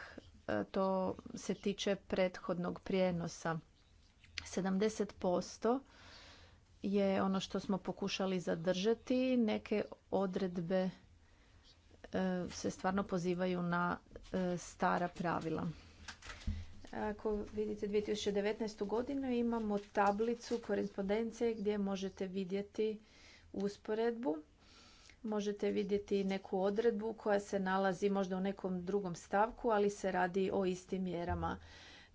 E, to se tiče prethodnog prijenosa. 70% je ono što smo pokušali zadržati. Neke odredbe E, se stvarno pozivaju na e, stara pravila. Ako vidite 2019. godinu imamo tablicu korespondencije gdje možete vidjeti usporedbu. Možete vidjeti neku odredbu koja se nalazi možda u nekom drugom stavku, ali se radi o istim mjerama.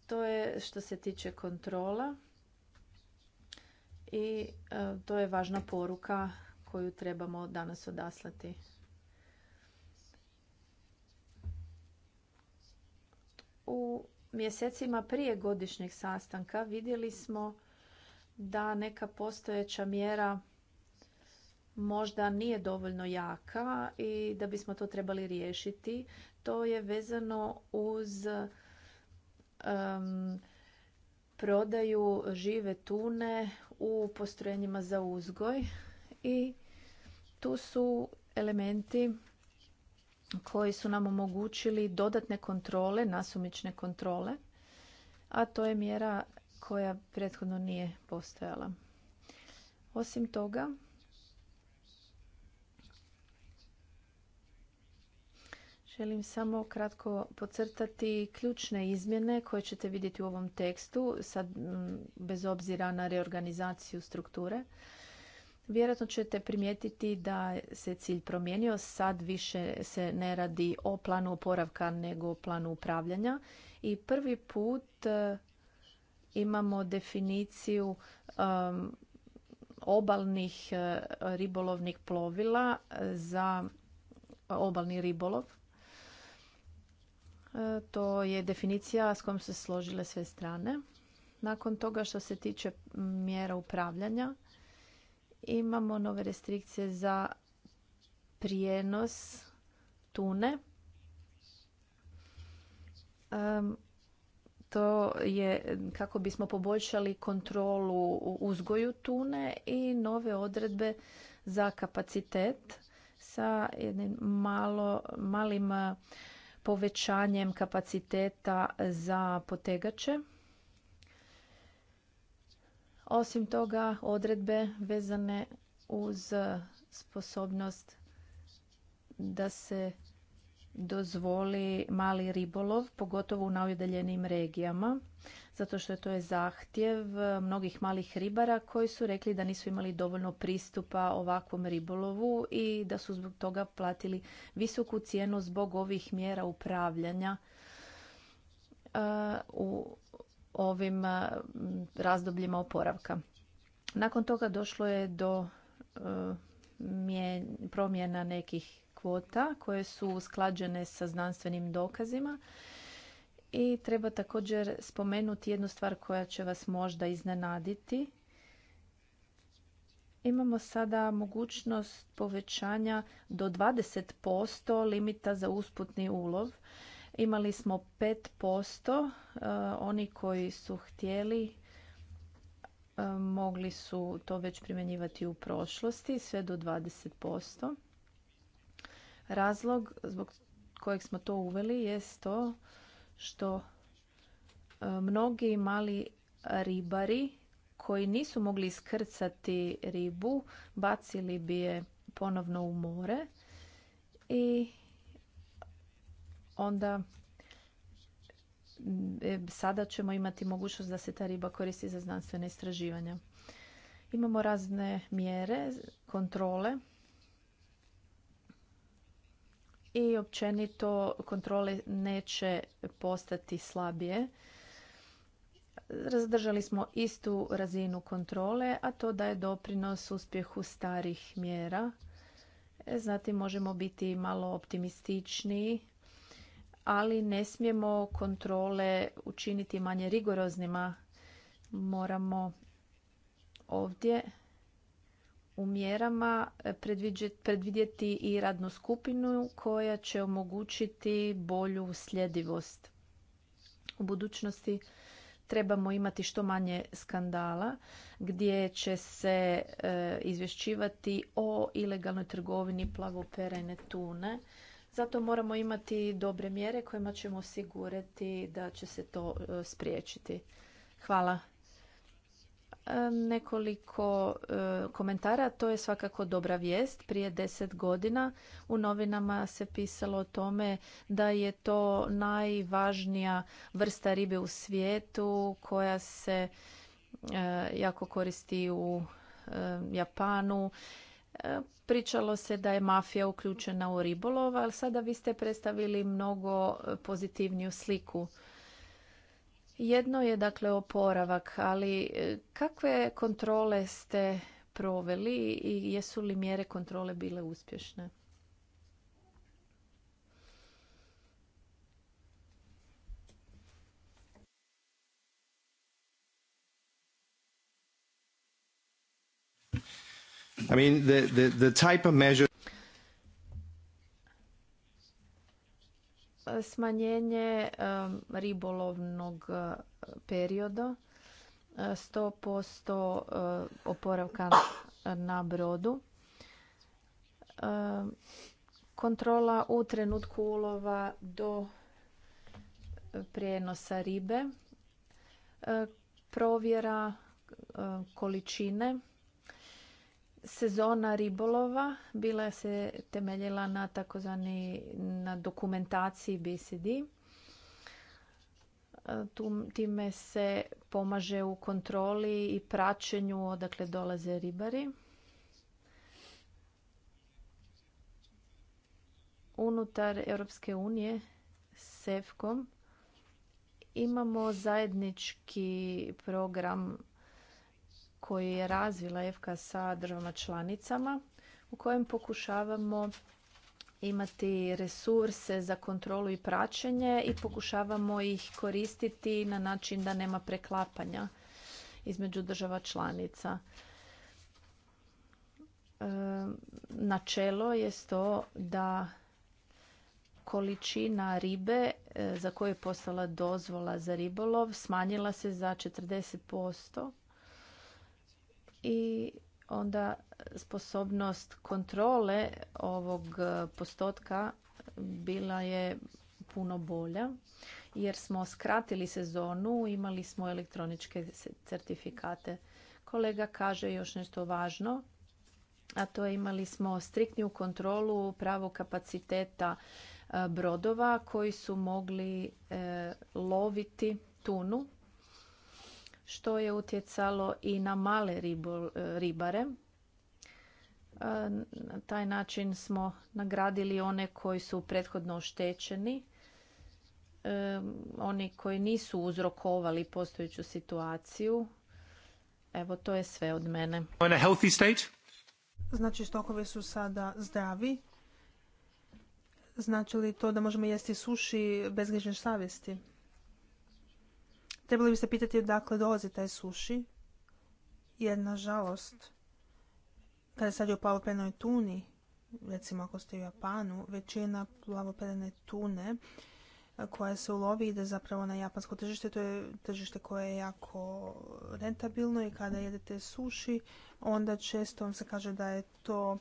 To je što se tiče kontrola i e, to je važna poruka koju trebamo danas odaslati. u mjesecima prije godišnjeg sastanka vidjeli smo da neka postojeća mjera možda nije dovoljno jaka i da bismo to trebali riješiti. To je vezano uz prodaju žive tune u postrojenjima za uzgoj i tu su elementi koji su nam omogućili dodatne kontrole, nasumične kontrole, a to je mjera koja prethodno nije postojala. Osim toga, Želim samo kratko podcrtati ključne izmjene koje ćete vidjeti u ovom tekstu, sad, bez obzira na reorganizaciju strukture. Vjerojatno ćete primijetiti da se cilj promijenio. Sad više se ne radi o planu oporavka nego o planu upravljanja. I prvi put e, imamo definiciju obalnih e, ribolovnih plovila za obalni ribolov. E, to je definicija s kojom su se složile sve strane. Nakon toga što se tiče mjera upravljanja, Imamo nove restrikcije za prijenos tune. to je kako bismo poboljšali kontrolu uzgoju tune i nove odredbe za kapacitet sa jednim malo, malim eh, povećanjem kapaciteta za potegače. Osim toga, odredbe vezane uz sposobnost da se dozvoli mali ribolov, pogotovo u najudaljenijim regijama, zato što to je zahtjev e, mnogih malih ribara koji su rekli da nisu imali dovoljno pristupa ovakvom ribolovu i da su zbog toga platili visoku cijenu zbog ovih mjera upravljanja e, u ovim razdobljima oporavka. Nakon toga došlo je do e, promjena nekih kvota koje su usklađene sa znanstvenim dokazima i treba također spomenuti jednu stvar koja će vas možda iznenaditi. Imamo sada mogućnost povećanja do 20% limita za usputni ulov Imali smo 5% e, oni koji su htjeli e, mogli su to već primjenjivati u prošlosti sve do 20%. Razlog zbog kojeg smo to uveli je to što e, mnogi mali ribari koji nisu mogli iskrcati ribu bacili bi je ponovno u more i onda e, sada ćemo imati mogućnost da se ta riba koristi za znanstvene istraživanja. Imamo razne mjere, kontrole i općenito kontrole neće postati slabije. Razdržali smo istu razinu kontrole, a to daje doprinos uspjehu starih mjera. E, zatim možemo biti malo optimističniji ali ne smijemo kontrole učiniti manje rigoroznima. Moramo ovdje u mjerama predvidjeti i radnu skupinu koja će omogućiti bolju sljedivost. U budućnosti trebamo imati što manje skandala gdje će se e, izvješćivati o ilegalnoj trgovini plavoperajne tune zato moramo imati dobre mjere kojima ćemo osigurati da će se to e, spriječiti. Hvala. E, nekoliko e, komentara. To je svakako dobra vijest. Prije deset godina u novinama se pisalo o tome da je to najvažnija vrsta ribe u svijetu koja se jako koristi u Japanu Pričalo se da je mafija uključena u ribolov, ali sada vi ste predstavili mnogo pozitivniju sliku. Jedno je dakle oporavak, ali e, kakve kontrole ste proveli i jesu li mjere kontrole bile uspješne? I mean, the, the, the type of measure... Smanjenje um, ribolovnog uh, perioda, 100% uh, uh, oporavka na brodu, um, kontrola u trenutku ulova do prijenosa ribe, provjera količine Sezona ribolova bila se temeljila na takozvani na dokumentaciji BCD. E, time se pomaže u kontroli i praćenju odakle dolaze ribari. Unutar Europske unije SEFCOM imamo zajednički program koji je razvila FK sa državama članicama u kojem pokušavamo imati resurse za kontrolu i praćenje i pokušavamo ih koristiti na način da nema preklapanja između država članica. E, načelo je to da količina ribe e, za koju je postala dozvola za ribolov smanjila se za 40% i onda sposobnost kontrole ovog e, postotka bila je puno bolja jer smo skratili sezonu, imali smo elektroničke certifikate. Kolega kaže još nešto važno, a to je imali smo striktniju kontrolu pravog kapaciteta e, brodova koji su mogli e, loviti tunu što je utjecalo i na male e, ribare. E, na taj način smo nagradili one koji su prethodno oštećeni, e, oni koji nisu uzrokovali postojeću situaciju. Evo, to je sve od mene. Znači, stokovi su sada zdravi. Znači li to da možemo jesti suši bez grižnje savjesti? Trebali biste pitati odakle dolazi taj suši, jer nažalost, kada sad je o plavoperenoj tuni, recimo ako ste u Japanu, većina plavoperene tune koja se ulovi ide zapravo na japansko tržište. To je tržište koje je jako rentabilno i kada jedete suši, onda često vam se kaže da je to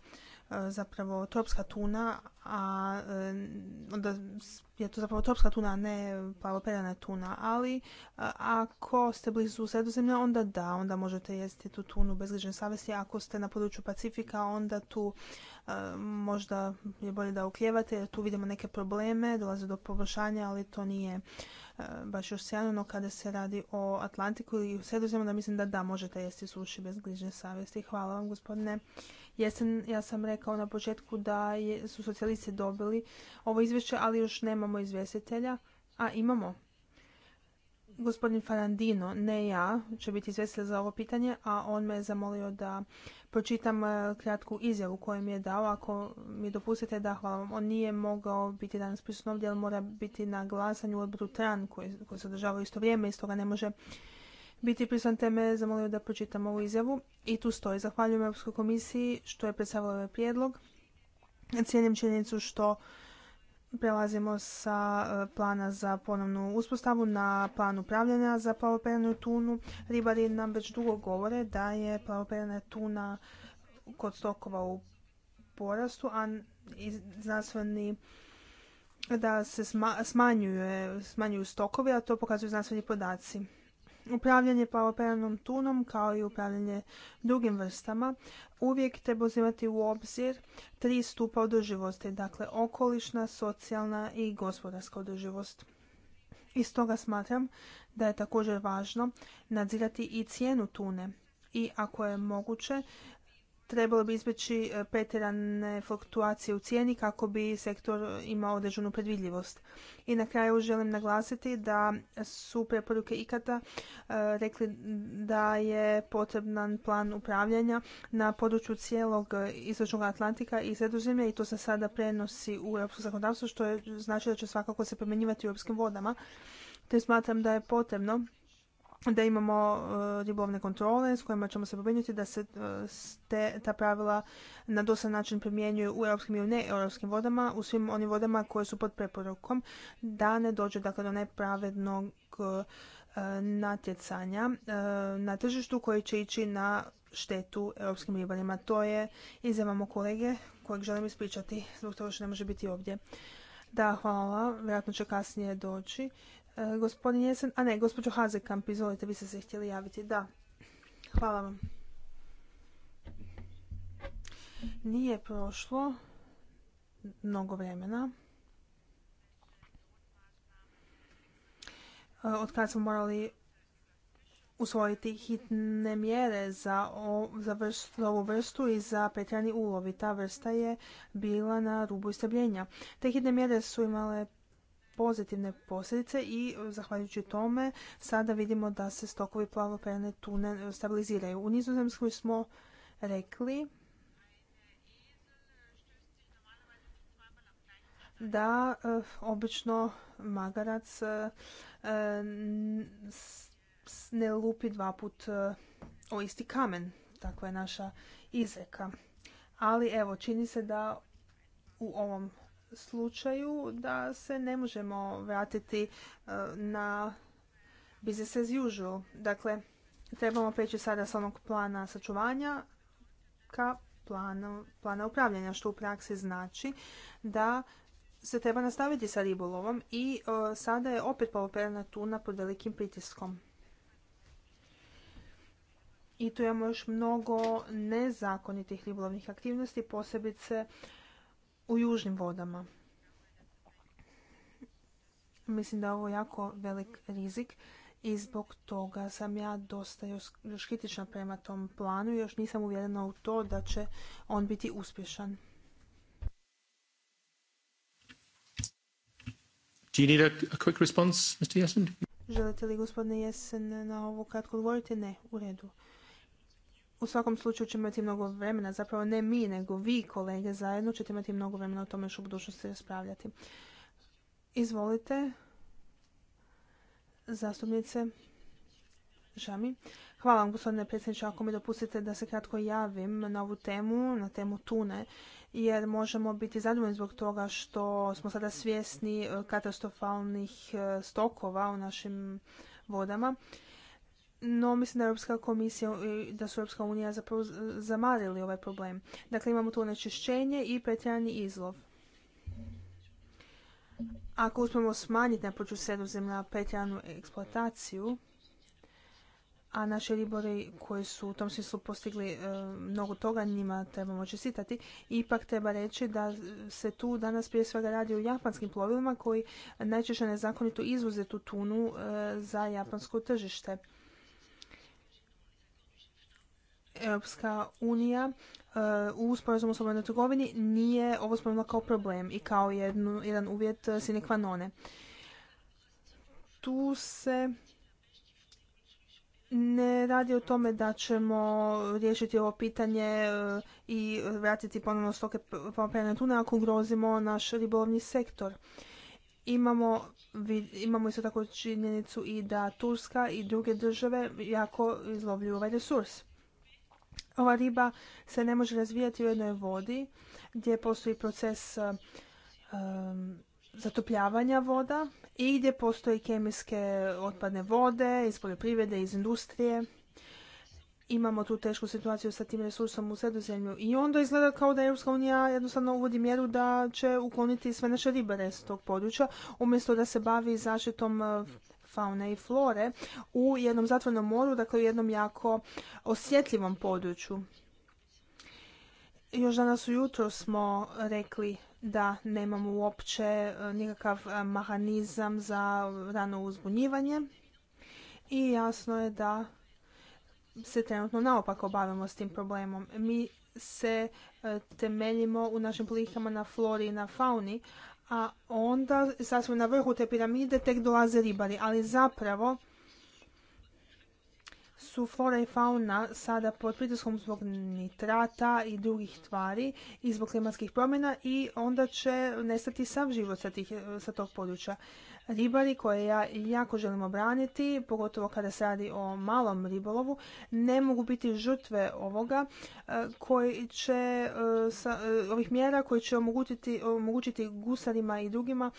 E, zapravo tropska tuna, a e, onda je to zapravo tropska tuna, a ne plavoperana tuna, ali e, ako ste blizu sredozemlja, onda da, onda možete jesti tu tunu bez grižne savesti Ako ste na području Pacifika, onda tu možda je bolje da uklijevate jer tu vidimo neke probleme, dolaze do poboljšanja, ali to nije baš još sjajno, no kada se radi o Atlantiku i sredozemlju, onda mislim da da, možete jesti suši bez grižne savesti Hvala vam, gospodine Jesen, ja sam rekao na početku da je, su socijalisti dobili ovo izvješće, ali još nemamo izvjestitelja. A imamo. Gospodin Farandino, ne ja, će biti izvjestitelj za ovo pitanje, a on me je zamolio da pročitam e, kratku izjavu koju mi je dao. Ako mi dopustite, da, hvala vam. On nije mogao biti danas prisutno ovdje, ali mora biti na glasanju u odboru TRAN koji, koji se održava isto vrijeme i stoga ne može biti prisutan teme zamolio da pročitam ovu izjavu i tu stoji. Zahvaljujem Europskoj komisiji što je predstavila ovaj prijedlog. Cijenim činjenicu što prelazimo sa e, plana za ponovnu uspostavu na plan upravljanja za plavoperenu tunu. Ribari nam već dugo govore da je plavoperena tuna kod stokova u porastu, a znanstveni da se smanjuje, smanjuju stokovi, a to pokazuju znanstveni podaci. Upravljanje plavoperajnom tunom kao i upravljanje drugim vrstama uvijek treba uzimati u obzir tri stupa održivosti, dakle okolišna, socijalna i gospodarska održivost. I stoga smatram da je također važno nadzirati i cijenu tune i ako je moguće trebalo bi izbjeći e, pretjerane fluktuacije u cijeni kako bi sektor imao određenu predvidljivost. I na kraju želim naglasiti da su preporuke ikata e, rekli da je potreban plan upravljanja na području cijelog istočnog Atlantika i sredozemlja i to se sada prenosi u europsko zakonodavstvo što znači da će svakako se primjenjivati u europskim vodama. Te smatram da je potrebno da imamo e, ribolovne kontrole s kojima ćemo se pobrinuti da se e, ta pravila na dosad način primjenjuju u europskim i ne europskim vodama, u svim onim vodama koje su pod preporukom, da ne dođe dakle, do nepravednog e, natjecanja na tržištu koji će ići na štetu europskim ribarima. To je izjavamo kolege kojeg želim ispričati zbog toga što ne može biti ovdje. Da, hvala. Vjerojatno će kasnije doći. E, gospodin Jesen, a ne, gospođo Hazekamp, izvolite, vi ste se htjeli javiti. Da, hvala vam. Nije prošlo mnogo vremena. E, od kada smo morali usvojiti hitne mjere za, za, ovu vrstu i za petrani ulovi. ta vrsta je bila na rubu istabljenja. Te hitne mjere su imale pozitivne posljedice i e, zahvaljujući tome sada vidimo da se stokovi pene tune e, stabiliziraju. U Nizozemskoj smo rekli da e, obično magarac ne lupi dva put o isti kamen. Takva je naša izreka. Ali evo, čini se da u ovom slučaju da se ne možemo vratiti e, na business as usual. Dakle, trebamo peći sada s onog plana sačuvanja ka planu, plana upravljanja, što u praksi znači da se treba nastaviti sa ribolovom i e, sada je opet paloperana tuna pod velikim pritiskom. I tu imamo još mnogo nezakonitih ribolovnih aktivnosti, posebice u južnim vodama. Mislim da je ovo jako velik rizik i zbog toga sam ja dosta još kritična prema tom planu i još nisam uvjerena u to da će on biti uspješan. Želite li gospodine Jesen na ovo kratko odgovoriti? Ne, u redu u svakom slučaju ćemo imati mnogo vremena, zapravo ne mi, nego vi kolege zajedno ćete imati mnogo vremena o tome još u budućnosti raspravljati. Izvolite, zastupnice Žami. Hvala vam, gospodine predsjedniče, ako mi dopustite da se kratko javim na ovu temu, na temu Tune, jer možemo biti zadovoljni zbog toga što smo sada svjesni eh, katastrofalnih eh, stokova u našim vodama no mislim da je Europska komisija, da su Europska unija zapravo zamarili ovaj problem. Dakle, imamo tu onečišćenje i pretjerani izlov. Ako uspemo smanjiti na području sredozemlja pretjeranu eksploataciju, a naši ribori koji su u tom smislu postigli e, mnogo toga, njima trebamo čestitati. Ipak treba reći da se tu danas prije svega radi o japanskim plovilima koji najčešće nezakonito izvoze tu tunu e, za japansko tržište. Europska unija uh, u sporazumu o slobodnoj trgovini nije ovo spomenula kao problem i kao jedan uvjet uh, sine qua none. Tu se ne radi o tome da ćemo riješiti ovo pitanje uh, i vratiti ponovno stoke na tune ako ugrozimo naš ribolovni sektor. Imamo, imamo isto tako činjenicu i da Turska i druge države jako izlovljuju ovaj resurs. Ova riba se ne može razvijati u jednoj vodi gdje postoji proces um, zatopljavanja voda i gdje postoje kemijske otpadne vode iz poljoprivrede, iz industrije. Imamo tu tešku situaciju sa tim resursom u sredozemlju i onda izgleda kao da Europska unija jednostavno uvodi mjeru da će ukloniti sve naše ribare s tog područja umjesto da se bavi zaštitom faune i flore u jednom zatvornom moru, dakle u jednom jako osjetljivom području. Još danas ujutro smo rekli da nemamo uopće e, nikakav e, mehanizam za rano uzbunjivanje i jasno je da se trenutno naopako bavimo s tim problemom. Mi se e, temeljimo u našim politikama na flori i na fauni, a onda sasvim na vrhu te piramide tek dolaze ribari. Ali zapravo su flora i fauna sada pod pritiskom zbog nitrata i drugih tvari i zbog klimatskih promjena i onda će nestati sav život sa, sa tog područja ribari koje ja jako želim obraniti, pogotovo kada se radi o malom ribolovu, ne mogu biti žrtve ovoga e, koji će e, e, ovih mjera koji će omogućiti, omogućiti gusarima i drugima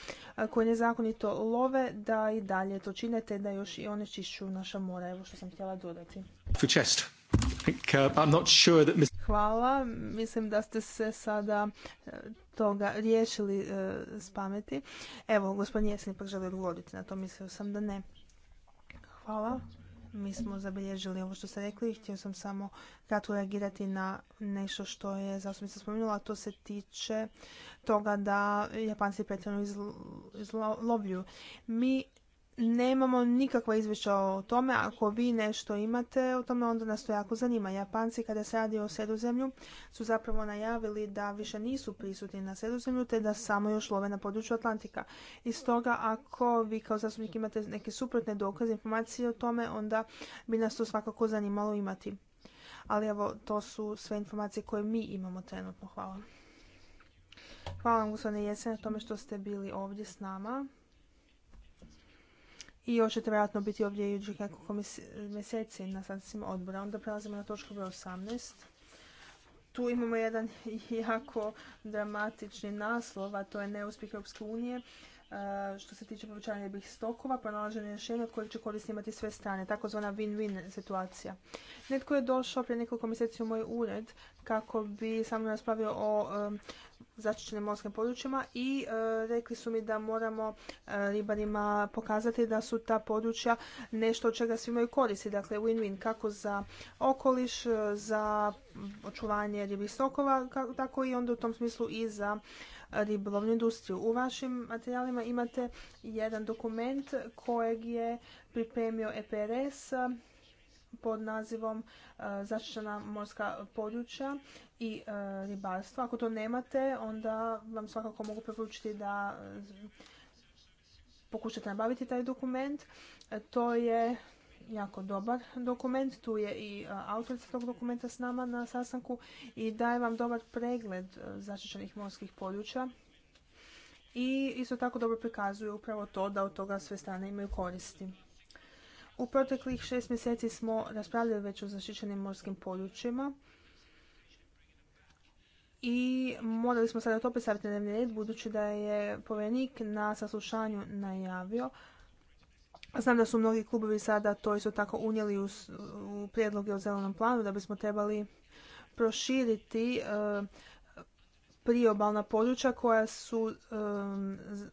koji nezakonito love da i dalje to čine da još i one čišću naša mora. Evo što sam htjela dodati. Uh, Hvala. Mislim da ste se sada toga riješili e, s pameti. Evo, gospodin Jesen, ipak želi odgovoriti na to, mislio sam da ne. Hvala. Mi smo zabilježili ovo što ste rekli. Htio sam samo kratko reagirati na nešto što je zastupnica spomenula, a to se tiče toga da Japanci pretjerano izlovljuju. Mi nemamo nikakva izvješća o tome. Ako vi nešto imate o tome, onda nas to jako zanima. Japanci kada se radi o sredozemlju su zapravo najavili da više nisu prisutni na sredozemlju, te da samo još love na području Atlantika. I stoga, ako vi kao zastupnik imate neke suprotne dokaze, informacije o tome, onda bi nas to svakako zanimalo imati. Ali evo, to su sve informacije koje mi imamo trenutno. Hvala. Hvala vam, gospodine Jesen, na tome što ste bili ovdje s nama. I još ćete vjerojatno biti ovdje idućih nekoliko mjeseci na sastancima odbora. Onda prelazimo na točku broj 18. Tu imamo jedan jako dramatični naslov, a to je neuspjeh Europske unije e, što se tiče povećanja bih stokova, pronalaženje rješenja od kojeg će korist imati sve strane, takozvana win-win situacija. Netko je došao prije nekoliko mjeseci u moj ured kako bi sa mnom raspravio o zaštićenim morskim područjima i e, rekli su mi da moramo e, ribarima pokazati da su ta područja nešto od čega svi imaju koristi. Dakle, win-win kako za okoliš, e, za očuvanje ribih stokova, tako i onda u tom smislu i za ribolovnu industriju. U vašim materijalima imate jedan dokument kojeg je pripremio EPRS pod nazivom e, zaštićena morska područja i e, ribarstvo. Ako to nemate, onda vam svakako mogu preporučiti da e, pokušate nabaviti taj dokument. To je jako dobar dokument. Tu je i autorica tog dokumenta s nama na sastanku i daje vam dobar pregled zaštićenih morskih područja. I isto tako dobro prikazuje upravo to da od toga sve strane imaju koristi. U proteklih šest mjeseci smo raspravljali već o zaštićenim morskim područjima i morali smo sada to predstaviti na dnevni red budući da je povjerenik na saslušanju najavio Znam da su mnogi klubovi sada to isto tako unijeli u, prijedloge o zelenom planu da bismo trebali proširiti e, priobalna područja koja su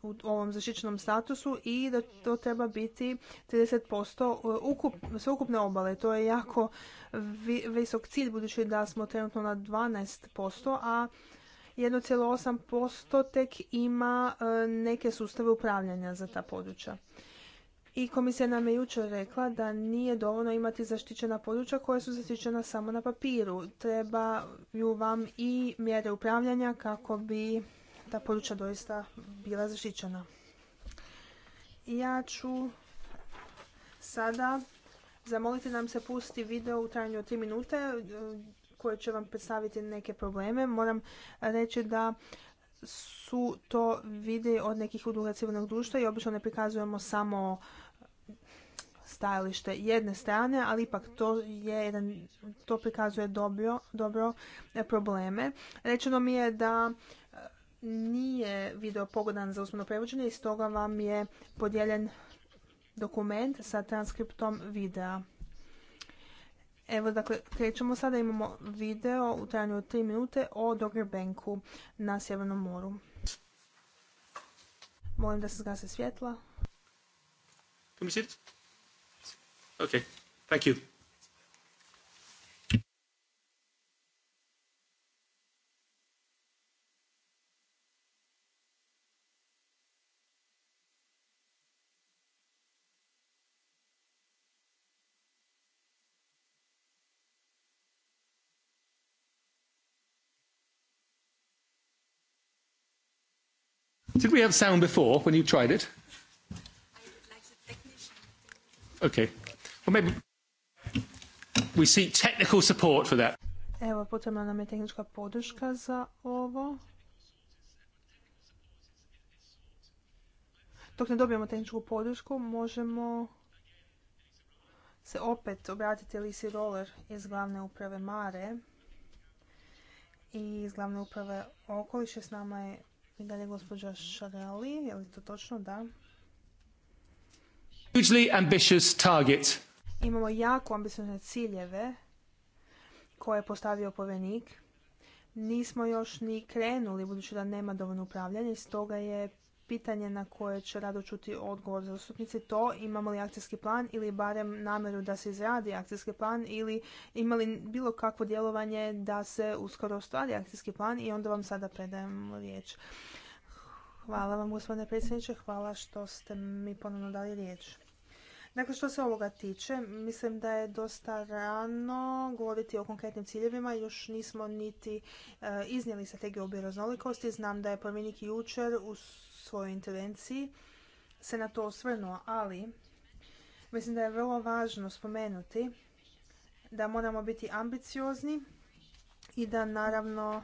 u ovom zaštićenom statusu i da to treba biti 30% e, ukup, sveukupne obale. To je jako visok cilj budući da smo trenutno na 12%, a 1,8% tek ima e, neke sustave upravljanja za ta područja i komisija nam je jučer rekla da nije dovoljno imati zaštićena područja koja su zaštićena samo na papiru. Trebaju vam i mjere upravljanja kako bi ta područja doista bila zaštićena. Ja ću sada zamoliti nam se pusti video u trajanju od 3 minute e, koje će vam predstaviti neke probleme. Moram reći da su to vide od nekih udruga civilnog društva i obično ne prikazujemo samo stajalište jedne strane, ali ipak to, je jedan, to prikazuje dobro, dobro e, probleme. Rečeno mi je da e, nije video pogodan za usmeno prevođenje i stoga vam je podijeljen dokument sa transkriptom videa. Evo, dakle, krećemo sada, imamo video u trajanju od 3 minute o Dogger Banku na Sjevernom moru. Molim da se zgase svjetla. Okay. Thank you. Did we have sound before when you tried it? Okay we technical support for that. Evo, potrebna nam je tehnička podrška za ovo. Dok ne dobijemo tehničku podršku, možemo se opet obratiti Lisi Roller iz glavne uprave Mare i iz glavne uprave Okoliše. S nama je i dalje gospođa Šareli, je li to točno? Da. Hugely ambitious target Imamo jako ambiciozne ciljeve koje je postavio povjerenik. Nismo još ni krenuli, budući da nema dovoljno upravljanja, stoga je pitanje na koje će rado čuti odgovor zastupnici to imamo li akcijski plan ili barem namjeru da se izradi akcijski plan ili imali bilo kakvo djelovanje da se uskoro ostvari akcijski plan i onda vam sada predajem riječ. Hvala vam gospodine predsjedniče, hvala što ste mi ponovno dali riječ. Dakle, što se ovoga tiče, mislim da je dosta rano govoriti o konkretnim ciljevima. Još nismo niti e, iznijeli strategiju obje raznolikosti. Znam da je promjenik jučer u svojoj intervenciji se na to osvrnuo, ali mislim da je vrlo važno spomenuti da moramo biti ambiciozni i da naravno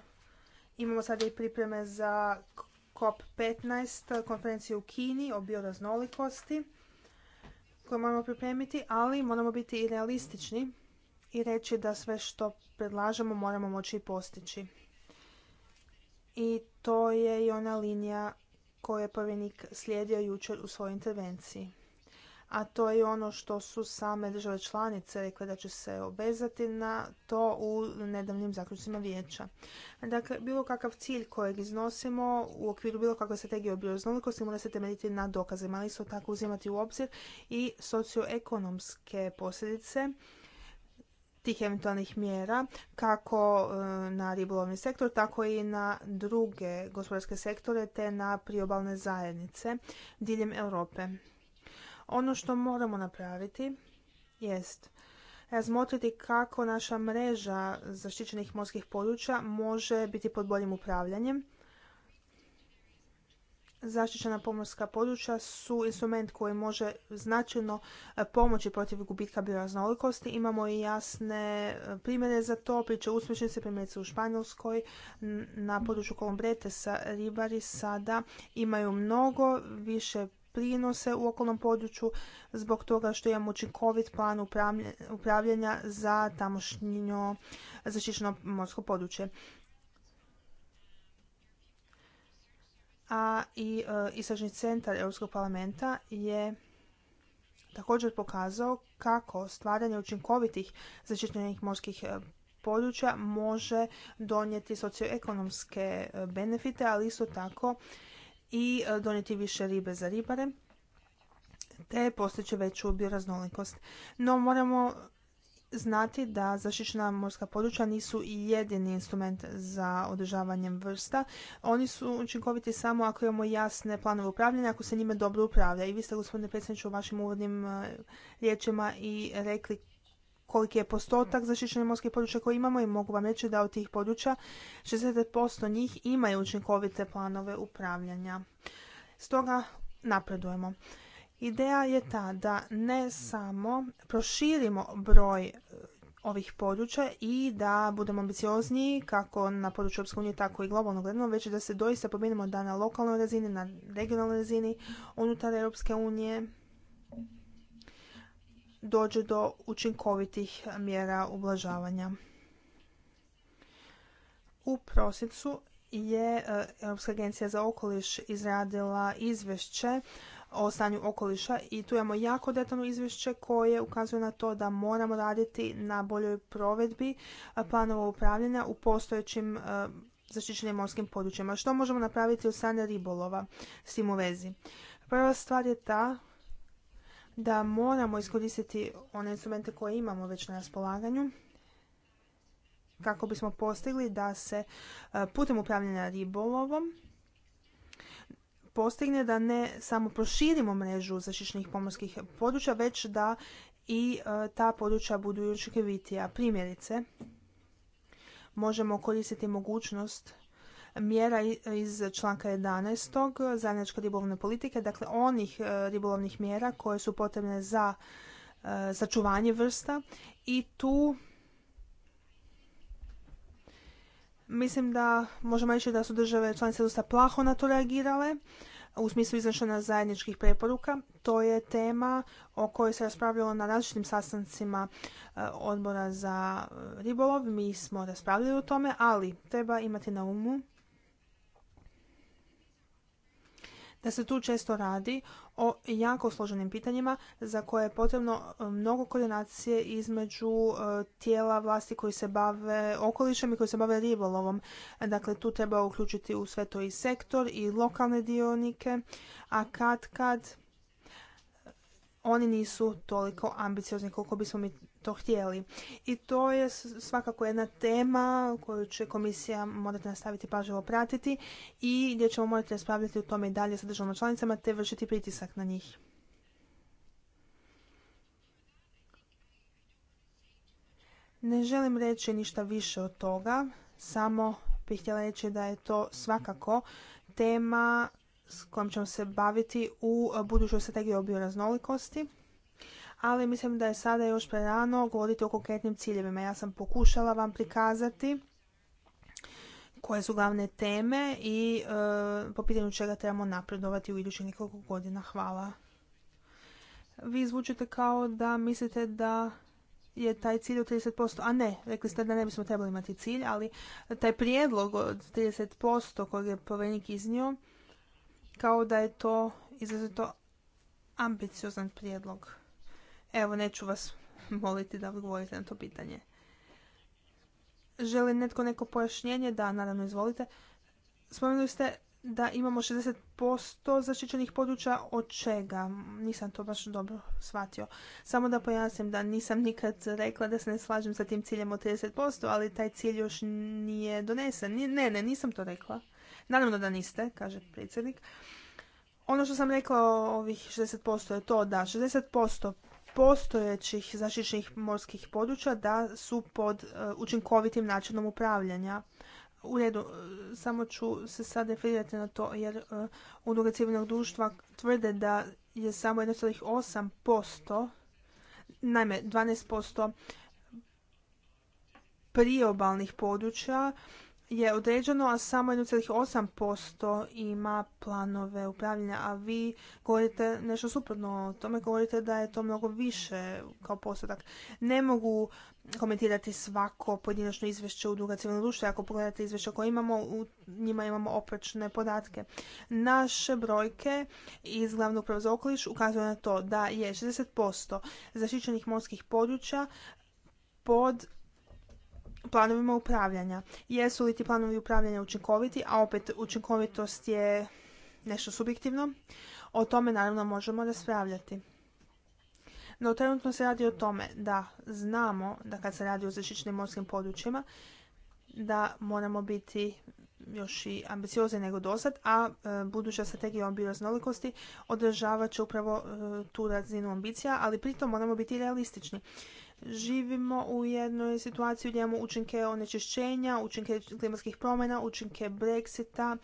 imamo sada i pripreme za COP15, konferenciju u Kini o bioraznolikosti koje moramo pripremiti, ali moramo biti i realistični i reći da sve što predlažemo moramo moći i postići. I to je i ona linija koju je povjerenik slijedio jučer u svojoj intervenciji a to je ono što su same države članice rekle da će se obezati na to u nedavnim zaključcima vijeća. Dakle, bilo kakav cilj kojeg iznosimo u okviru bilo kakve strategije bioznolikosti mora se temeljiti na dokazima, ali isto tako uzimati u obzir i socioekonomske posljedice tih eventualnih mjera kako e, na ribolovni sektor, tako i na druge gospodarske sektore te na priobalne zajednice diljem Europe. Ono što moramo napraviti jest razmotriti kako naša mreža zaštićenih morskih područja može biti pod boljim upravljanjem. Zaštićena pomorska područja su instrument koji može značajno e, pomoći protiv gubitka bioraznolikosti. Imamo i jasne e, primjere za to, priče uspješnice, primjerice u Španjolskoj, na području Kolombrete sa ribari sada imaju mnogo više prinose u okolnom području zbog toga što imamo učinkovit plan upravljanja za tamošnjo zaštićeno morsko područje. A i e, Istražni centar Europskog parlamenta je također pokazao kako stvaranje učinkovitih zaštićenih morskih e, područja može donijeti socioekonomske e, benefite, ali isto tako i e, donijeti više ribe za ribare te postići veću bioraznolikost. No moramo znati da zaštićena morska područja nisu i jedini instrument za održavanje vrsta. Oni su učinkoviti samo ako imamo jasne planove upravljanja, ako se njime dobro upravlja. I vi ste, gospodine predsjedniče, u vašim uvodnim e, riječima i rekli koliki je postotak zaštićenih morskih područja koje imamo i mogu vam reći da od tih područja 60% njih imaju učinkovite planove upravljanja. Stoga napredujemo. Ideja je ta da ne samo proširimo broj e, ovih područja i da budemo ambiciozniji kako na području Europske unije tako i globalno gledano, već da se doista pobinimo da na lokalnoj razini, na regionalnoj razini unutar Europske unije dođe do učinkovitih mjera ublažavanja. U prosincu je e, Europska agencija za okoliš izradila izvješće o stanju okoliša i tu imamo jako detaljno izvješće koje ukazuje na to da moramo raditi na boljoj provedbi planova upravljanja u postojećim e, zaštićenim morskim područjima. Što možemo napraviti od strane ribolova s tim u vezi? Prva stvar je ta da moramo iskoristiti one instrumente koje imamo već na raspolaganju kako bismo postigli da se e, putem upravljanja ribolovom postigne da ne samo proširimo mrežu zaštićenih pomorskih područja, već da i e, ta područja budu učinkovitija. Primjerice, možemo koristiti mogućnost mjera iz članka 11. zajedničke ribolovne politike, dakle onih e, ribolovnih mjera koje su potrebne za e, sačuvanje vrsta i tu mislim da možemo reći da su države članice dosta plaho na to reagirale u smislu iznošenja zajedničkih preporuka. To je tema o kojoj se raspravljalo na različitim sastancima e, odbora za ribolov. Mi smo raspravljali o tome, ali treba imati na umu da se tu često radi o jako složenim pitanjima za koje je potrebno e, mnogo koordinacije između e, tijela vlasti koji se bave okolišem i koji se bave ribolovom. Dakle, tu treba uključiti u sve to i sektor i lokalne dionike, a kad kad oni nisu toliko ambiciozni koliko bismo mi to htjeli. I to je svakako jedna tema koju će komisija morati nastaviti pažljivo pratiti i gdje ćemo morati raspravljati o tome i dalje sa državama članicama te vršiti pritisak na njih. Ne želim reći ništa više od toga, samo bih htjela reći da je to svakako tema s kojom ćemo se baviti u budućoj strategiji o bioraznolikosti ali mislim da je sada još prerano govoriti o konkretnim ciljevima. Ja sam pokušala vam prikazati koje su glavne teme i e, po pitanju čega trebamo napredovati u idućih nekoliko godina. Hvala. Vi zvučite kao da mislite da je taj cilj od 30%, a ne, rekli ste da ne bismo trebali imati cilj, ali taj prijedlog od 30% kojeg je povjerenik iznio, kao da je to izrazito ambiciozan prijedlog. Evo, neću vas moliti da odgovorite na to pitanje. Želi netko neko pojašnjenje? Da, naravno, izvolite. Spomenuli ste da imamo 60% zaštićenih područja, od čega? Nisam to baš dobro shvatio. Samo da pojasnim da nisam nikad rekla da se ne slažem sa tim ciljem od 30%, ali taj cilj još nije donesen. Ne, ne, nisam to rekla. Naravno da niste, kaže predsjednik. Ono što sam rekla o ovih 60% je to da 60% postojećih zaštićenih morskih područja da su pod e, učinkovitim načinom upravljanja. U redu, e, samo ću se sad referirati na to jer e, udruge civilnog društva tvrde da je samo 1,8%, naime 12% priobalnih područja je određeno, a samo 1,8% ima planove upravljanja, a vi govorite nešto suprotno o tome, govorite da je to mnogo više kao postotak. Ne mogu komentirati svako pojedinačno izvješće u druga civilno društva, Ako pogledate izvješća koje imamo, u njima imamo oprečne podatke. Naše brojke iz glavnog upravo za okoliš ukazuju na to da je 60% zaštićenih morskih područja pod planovima upravljanja. Jesu li ti planovi upravljanja učinkoviti, a opet učinkovitost je nešto subjektivno, o tome naravno možemo raspravljati. No trenutno se radi o tome da znamo da kad se radi o zaštićenim morskim područjima, da moramo biti još i ambiciozniji nego dosad, a e, buduća strategija o bioraznolikosti održavat će upravo e, tu razinu ambicija, ali pritom moramo biti realistični. Živimo u jednoj situaciji gdje imamo učinke onečišćenja, učinke klimatskih promjena, učinke Brexita,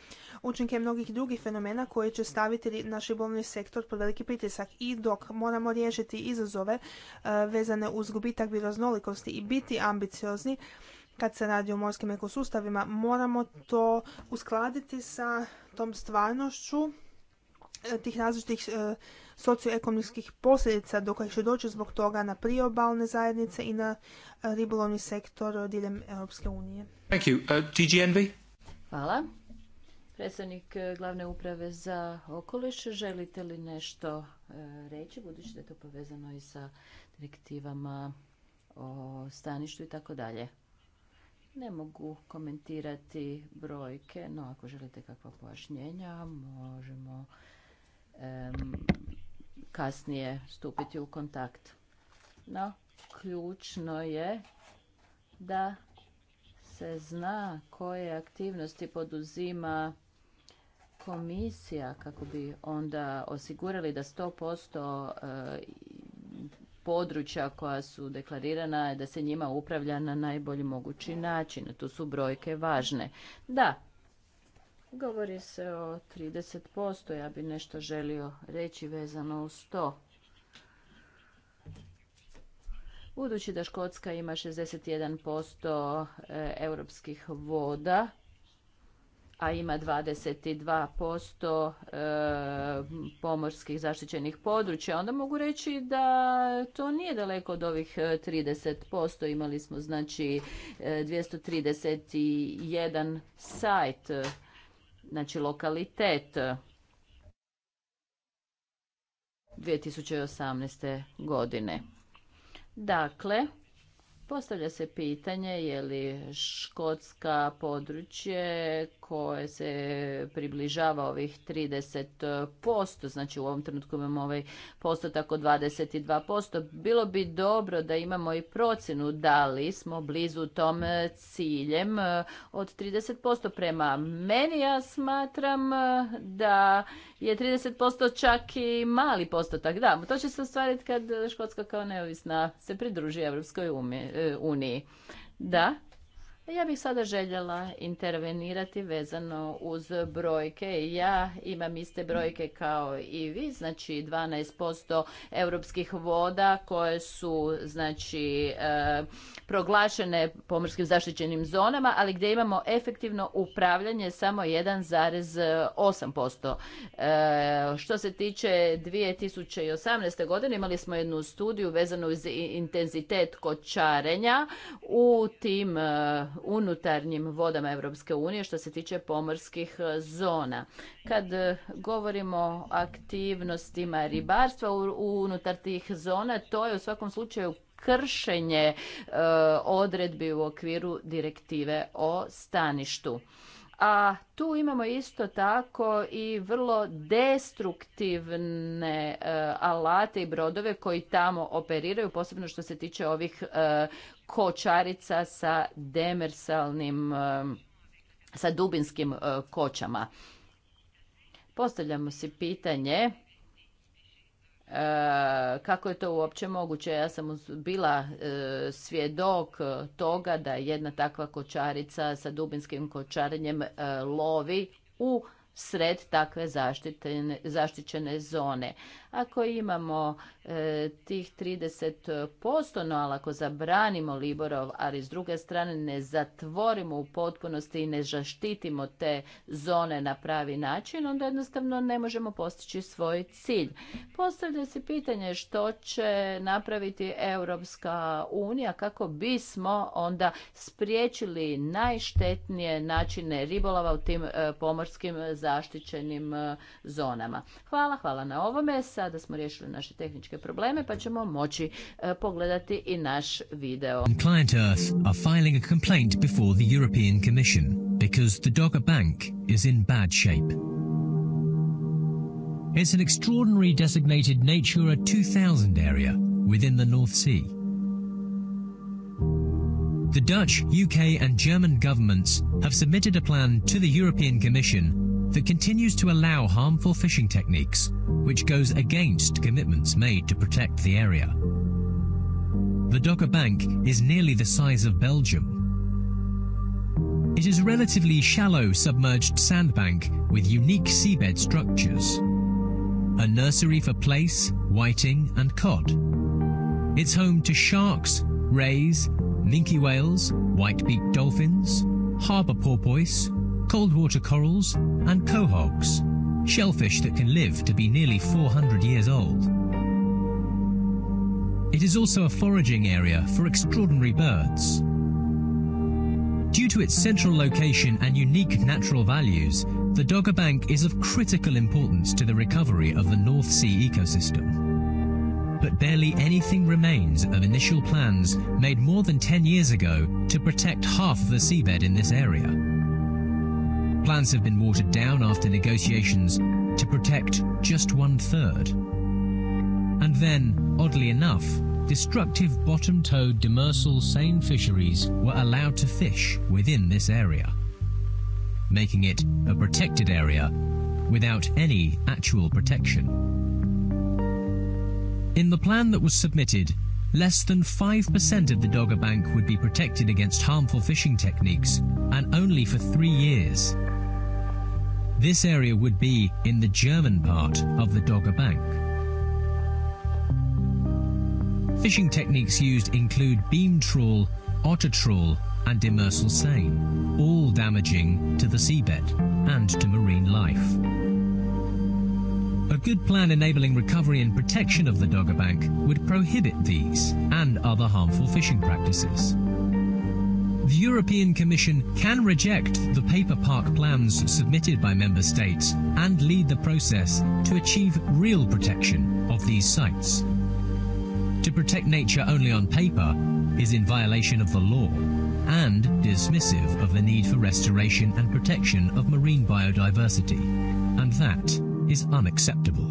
učinke mnogih drugih fenomena koje će staviti naš bolni sektor pod veliki pritisak. I dok moramo riješiti izazove e, vezane uz gubitak bioraznolikosti i biti ambiciozni, kad se radi o morskim ekosustavima, moramo to uskladiti sa tom stvarnošću e, tih različitih e, socioekonomskih posljedica do kojih će doći zbog toga na priobalne zajednice i na ribolovni sektor diljem Europske unije. Thank you. Uh, Hvala. Predstavnik e, glavne uprave za okoliš, želite li nešto reći, budući da je to povezano i sa direktivama o staništu i tako dalje? Ne mogu komentirati brojke, no ako želite kakva pojašnjenja, možemo kasnije stupiti u kontakt. No, ključno je da se zna koje aktivnosti poduzima komisija kako bi onda osigurali da 100% područja koja su deklarirana da se njima upravlja na najbolji mogući način. Tu su brojke važne. Da, govori se o 30%, ja bih nešto želio reći vezano uz to. Budući da Škotska ima 61% eh, europskih voda, a ima 22% eh, pomorskih zaštićenih područja, onda mogu reći da to nije daleko od ovih 30%. Eh, Imali smo znači 231 eh, sajt, znači lokalitet 2018. godine. Dakle, Postavlja se pitanje je li škotska područje koje se približava ovih 30%, znači u ovom trenutku imamo ovaj postotak od 22%. Bilo bi dobro da imamo i procjenu da li smo blizu tom ciljem e, od 30% prema meni. Ja smatram e, da je 30% čak i mali postotak. Da, to će se ostvariti kad Škotska kao neovisna se pridruži Europskoj e, uniji. Da, ja bih sada željela intervenirati vezano uz brojke. Ja imam iste brojke kao i vi, znači 12% europskih voda koje su znači e, proglašene pomorskim zaštićenim zonama, ali gdje imamo efektivno upravljanje samo 1,8%. E, što se tiče 2018. godine imali smo jednu studiju vezanu uz intenzitet kočarenja u tim e, unutarnjim vodama Europske unije što se tiče pomorskih e, zona. Kad e, govorimo o aktivnostima ribarstva unutar tih zona, to je u svakom slučaju kršenje e, odredbi u okviru direktive o staništu. A tu imamo isto tako i vrlo destruktivne alate i brodove koji tamo operiraju, posebno što se tiče ovih kočarica sa demersalnim, e, sa dubinskim e, kočama. Postavljamo si pitanje e, kako je to uopće moguće. Ja sam bila svjedok toga da jedna takva kočarica sa dubinskim kočarenjem lovi u sred takve zaštićene zone. Ako imamo e, tih 30%, no ali ako zabranimo Liborov, ali s druge strane ne zatvorimo u potpunosti i ne zaštitimo te zone na pravi način, onda jednostavno ne možemo postići svoj cilj. Postavlja se pitanje što će napraviti Europska unija kako bismo onda spriječili najštetnije načine ribolova u tim e, pomorskim zaštićenim e, zonama. Hvala, hvala na ovome. Sada smo riješili naše tehničke probleme pa ćemo moći e, pogledati i naš video. Client Earth are filing a complaint before the European Commission because the Dogger Bank is in bad shape. It's an extraordinary designated Natura 2000 area within the North Sea. The Dutch, UK and German governments have submitted a plan to the European Commission that continues to allow harmful fishing techniques, which goes against commitments made to protect the area. The Dogger Bank is nearly the size of Belgium. It is a relatively shallow submerged sandbank with unique seabed structures. A nursery for place, whiting and cod. It's home to sharks, rays, minke whales, white-beaked dolphins, harbour porpoise, cold water corals, and cohogs, shellfish that can live to be nearly 400 years old. It is also a foraging area for extraordinary birds. Due to its central location and unique natural values, the Dogger Bank is of critical importance to the recovery of the North Sea ecosystem. But barely anything remains of initial plans made more than 10 years ago to protect half the seabed in this area. Plans have been watered down after negotiations to protect just one third. And then, oddly enough, destructive bottom-toed demersal seine fisheries were allowed to fish within this area, making it a protected area without any actual protection. In the plan that was submitted, less than 5% of the Dogger Bank would be protected against harmful fishing techniques, and only for three years. This area would be in the German part of the Dogger Bank. Fishing techniques used include beam trawl, otter trawl and demersal seine, all damaging to the seabed and to marine life. A good plan enabling recovery and protection of the Dogger Bank would prohibit these and other harmful fishing practices. The European Commission can reject the paper park plans submitted by member states and lead the process to achieve real protection of these sites. To protect nature only on paper is in violation of the law and dismissive of the need for restoration and protection of marine biodiversity, and that is unacceptable.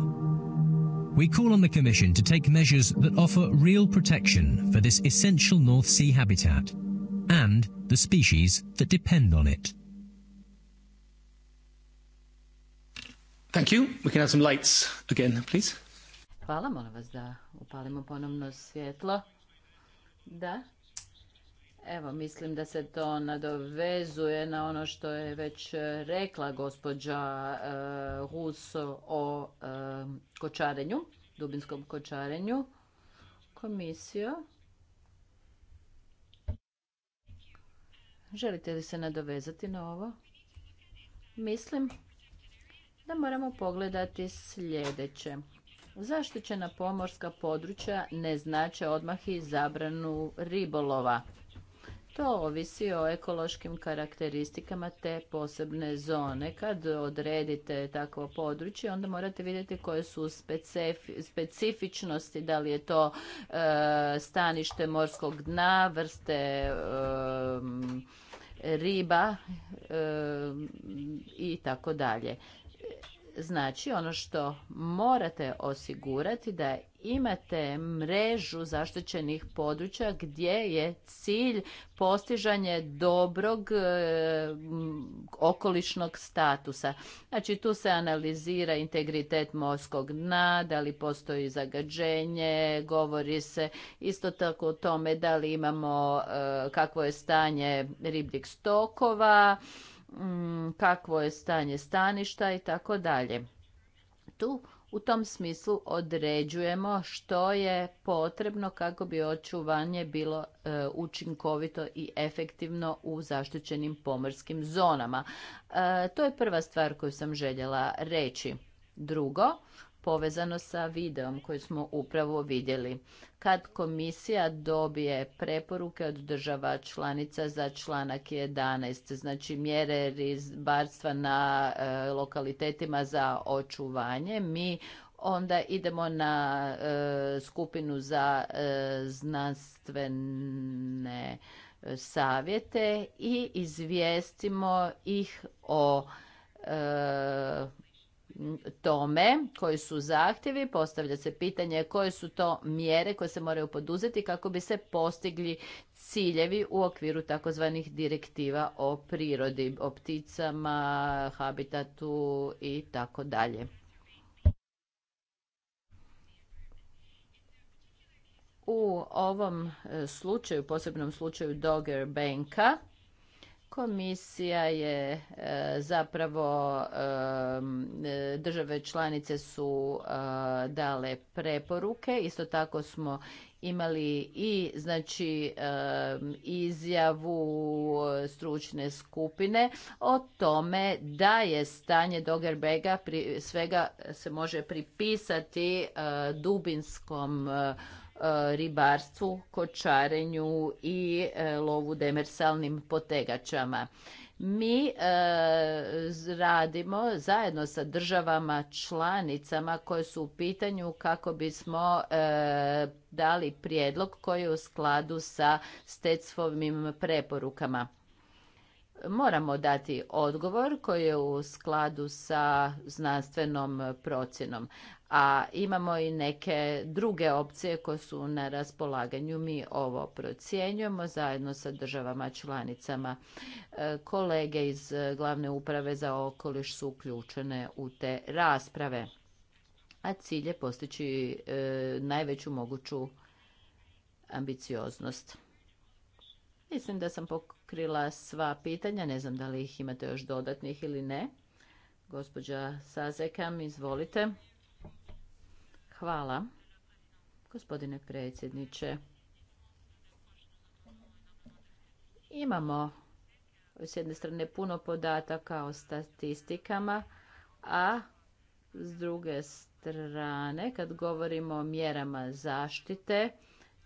We call on the Commission to take measures that offer real protection for this essential North Sea habitat and the species that depend on it. Thank you. We can have some lights again, please. Hvala, molim vas da upalimo ponovno svjetlo. Da. Evo, mislim da se to nadovezuje na ono što je već rekla gospođa e, Ruso o e, kočarenju, dubinskom kočarenju. Komisija... Želite li se nadovezati na ovo? Mislim da moramo pogledati sljedeće. Zaštićena pomorska područja ne znače odmah i zabranu ribolova. To ovisi o ekološkim karakteristikama te posebne zone. Kad odredite takvo područje, onda morate vidjeti koje su specifičnosti, da li je to e, stanište morskog dna, vrste e, riba e, i tako dalje. Znači, ono što morate osigurati da imate mrežu zaštićenih područja gdje je cilj postižanje dobrog e, okolišnog statusa. Znači tu se analizira integritet morskog dna, da li postoji zagađenje, govori se isto tako o tome da li imamo e, kakvo je stanje ribljih stokova, kakvo je stanje staništa i tako dalje. Tu u tom smislu određujemo što je potrebno kako bi očuvanje bilo e, učinkovito i efektivno u zaštićenim pomorskim zonama. E, to je prva stvar koju sam željela reći. Drugo, povezano sa videom koji smo upravo vidjeli. Kad komisija dobije preporuke od država članica za članak 11, znači mjere ribarstva na e, lokalitetima za očuvanje, mi onda idemo na e, skupinu za e, znanstvene savjete i izvijestimo ih o tome koji su zahtjevi, postavlja se pitanje koje su to mjere koje se moraju poduzeti kako bi se postigli ciljevi u okviru takozvanih direktiva o prirodi, o pticama, habitatu i tako dalje. U ovom e, slučaju, posebnom slučaju Dogger Banka, Komisija je e, zapravo e, države članice su e, dale preporuke. Isto tako smo imali i znači izjavu stručne skupine o tome da je stanje Dogerbega svega se može pripisati dubinskom E, ribarstvu, kočarenju i e, lovu demersalnim potegačama. Mi e, radimo zajedno sa državama članicama koje su u pitanju kako bismo dali prijedlog koji je u skladu sa stecovim preporukama. Moramo dati odgovor koji je u skladu sa znanstvenom procjenom a imamo i neke druge opcije koje su na raspolaganju. Mi ovo procjenjujemo zajedno sa državama članicama. E, kolege iz glavne uprave za okoliš su uključene u te rasprave. A cilj je postići e, najveću moguću ambicioznost. Mislim da sam pokrila sva pitanja. Ne znam da li ih imate još dodatnih ili ne. Gospođa Sazekam, izvolite. Hvala, gospodine predsjedniče. Imamo s jedne strane puno podataka o statistikama, a s druge strane kad govorimo o mjerama zaštite,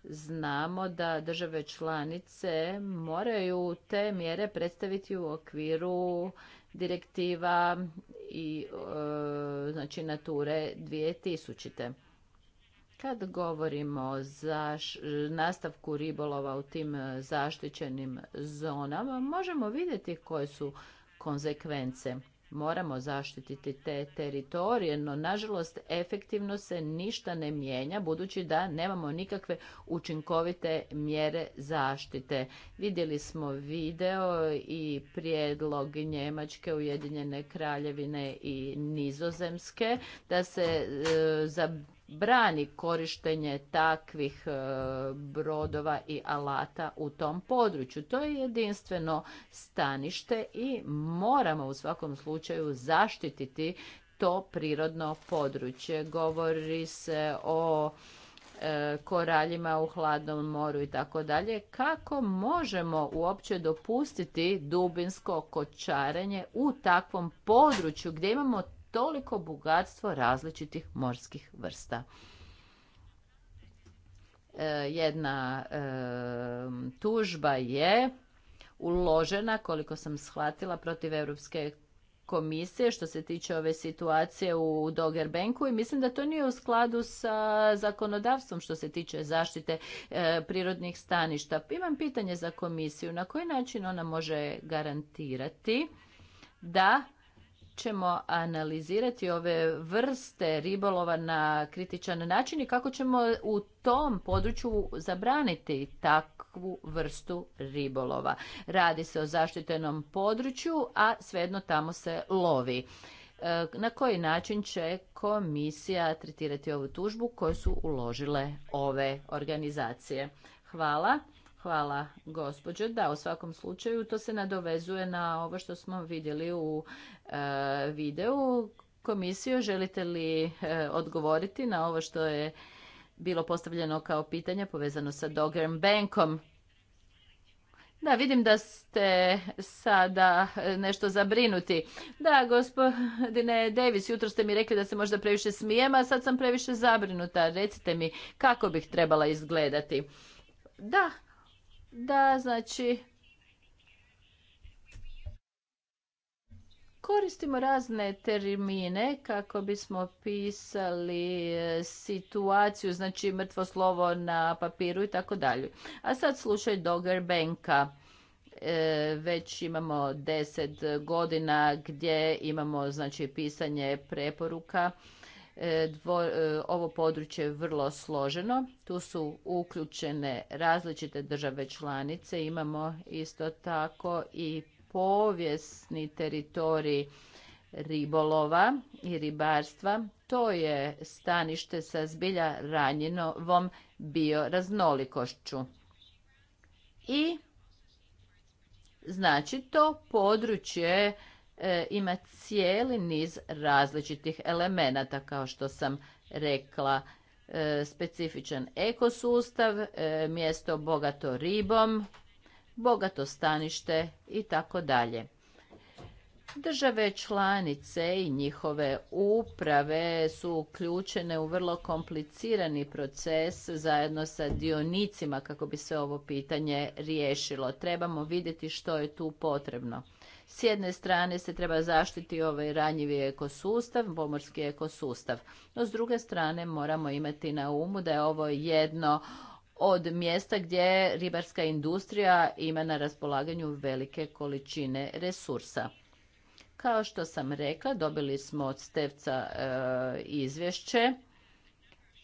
znamo da države članice moraju te mjere predstaviti u okviru direktiva i e, znači Nature 2000. Kad govorimo o nastavku ribolova u tim e, zaštićenim zonama, možemo vidjeti koje su konsekvence. Moramo zaštititi te teritorije, no nažalost efektivno se ništa ne mijenja budući da nemamo nikakve učinkovite mjere zaštite. Vidjeli smo video i prijedlog Njemačke, Ujedinjene kraljevine i Nizozemske da se e, za brani korištenje takvih e, brodova i alata u tom području. To je jedinstveno stanište i moramo u svakom slučaju zaštititi to prirodno područje. Govori se o e, koraljima u hladnom moru i tako dalje, kako možemo uopće dopustiti dubinsko kočarenje u takvom području gdje imamo toliko bogatstvo različitih morskih vrsta. E, jedna e, tužba je uložena, koliko sam shvatila, protiv Europske komisije što se tiče ove situacije u Dogger i mislim da to nije u skladu sa zakonodavstvom što se tiče zaštite e, prirodnih staništa. Imam pitanje za komisiju. Na koji način ona može garantirati da ćemo analizirati ove vrste ribolova na kritičan način i kako ćemo u tom području zabraniti takvu vrstu ribolova. Radi se o zaštitenom području, a svejedno tamo se lovi. E, na koji način će komisija tretirati ovu tužbu koju su uložile ove organizacije? Hvala. Hvala, gospođo. Da, u svakom slučaju to se nadovezuje na ovo što smo vidjeli u e, videu. Komisiju, želite li e, odgovoriti na ovo što je bilo postavljeno kao pitanje povezano sa Dogram Bankom? Da, vidim da ste sada e, nešto zabrinuti. Da, gospodine Davis, jutro ste mi rekli da se možda previše smijem, a sad sam previše zabrinuta. Recite mi kako bih trebala izgledati. Da, da znači koristimo razne termine kako bismo pisali e, situaciju, znači mrtvo slovo na papiru i tako dalje. A sad slušaj Dogger Banka. E, već imamo deset godina gdje imamo znači pisanje preporuka E, e, ovo područje je vrlo složeno. Tu su uključene različite države članice. Imamo isto tako i povijesni teritorij ribolova i ribarstva. To je stanište sa zbilja ranjenovom bioraznolikošću. I znači to područje E, ima cijeli niz različitih elemenata kao što sam rekla e, specifičan ekosustav, e, mjesto bogato ribom, bogato stanište i tako dalje. Države članice i njihove uprave su uključene u vrlo komplicirani proces zajedno sa dionicima kako bi se ovo pitanje riješilo. Trebamo vidjeti što je tu potrebno. S jedne strane se treba zaštiti ovaj ranjivi ekosustav, pomorski ekosustav, no s druge strane moramo imati na umu da je ovo jedno od mjesta gdje ribarska industrija ima na raspolaganju velike količine resursa. Kao što sam rekla, dobili smo od Stevca e, izvješće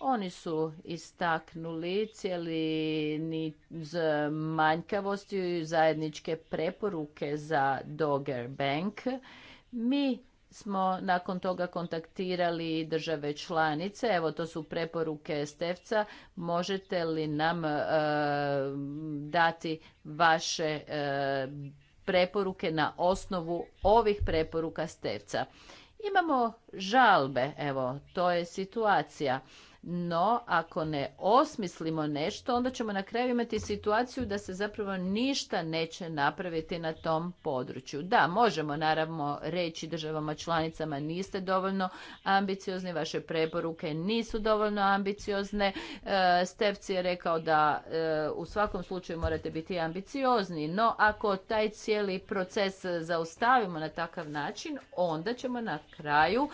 oni su istaknuli cijeli niz manjkavosti zajedničke preporuke za Dogger Bank. Mi smo nakon toga kontaktirali države članice, evo to su preporuke Stevca, možete li nam e, dati vaše e, preporuke na osnovu ovih preporuka Stevca. Imamo žalbe, evo to je situacija no ako ne osmislimo nešto, onda ćemo na kraju imati situaciju da se zapravo ništa neće napraviti na tom području. Da, možemo naravno reći državama članicama niste dovoljno ambiciozni, vaše preporuke nisu dovoljno ambiciozne. E, Stevci je rekao da e, u svakom slučaju morate biti ambiciozni, no ako taj cijeli proces zaustavimo na takav način, onda ćemo na kraju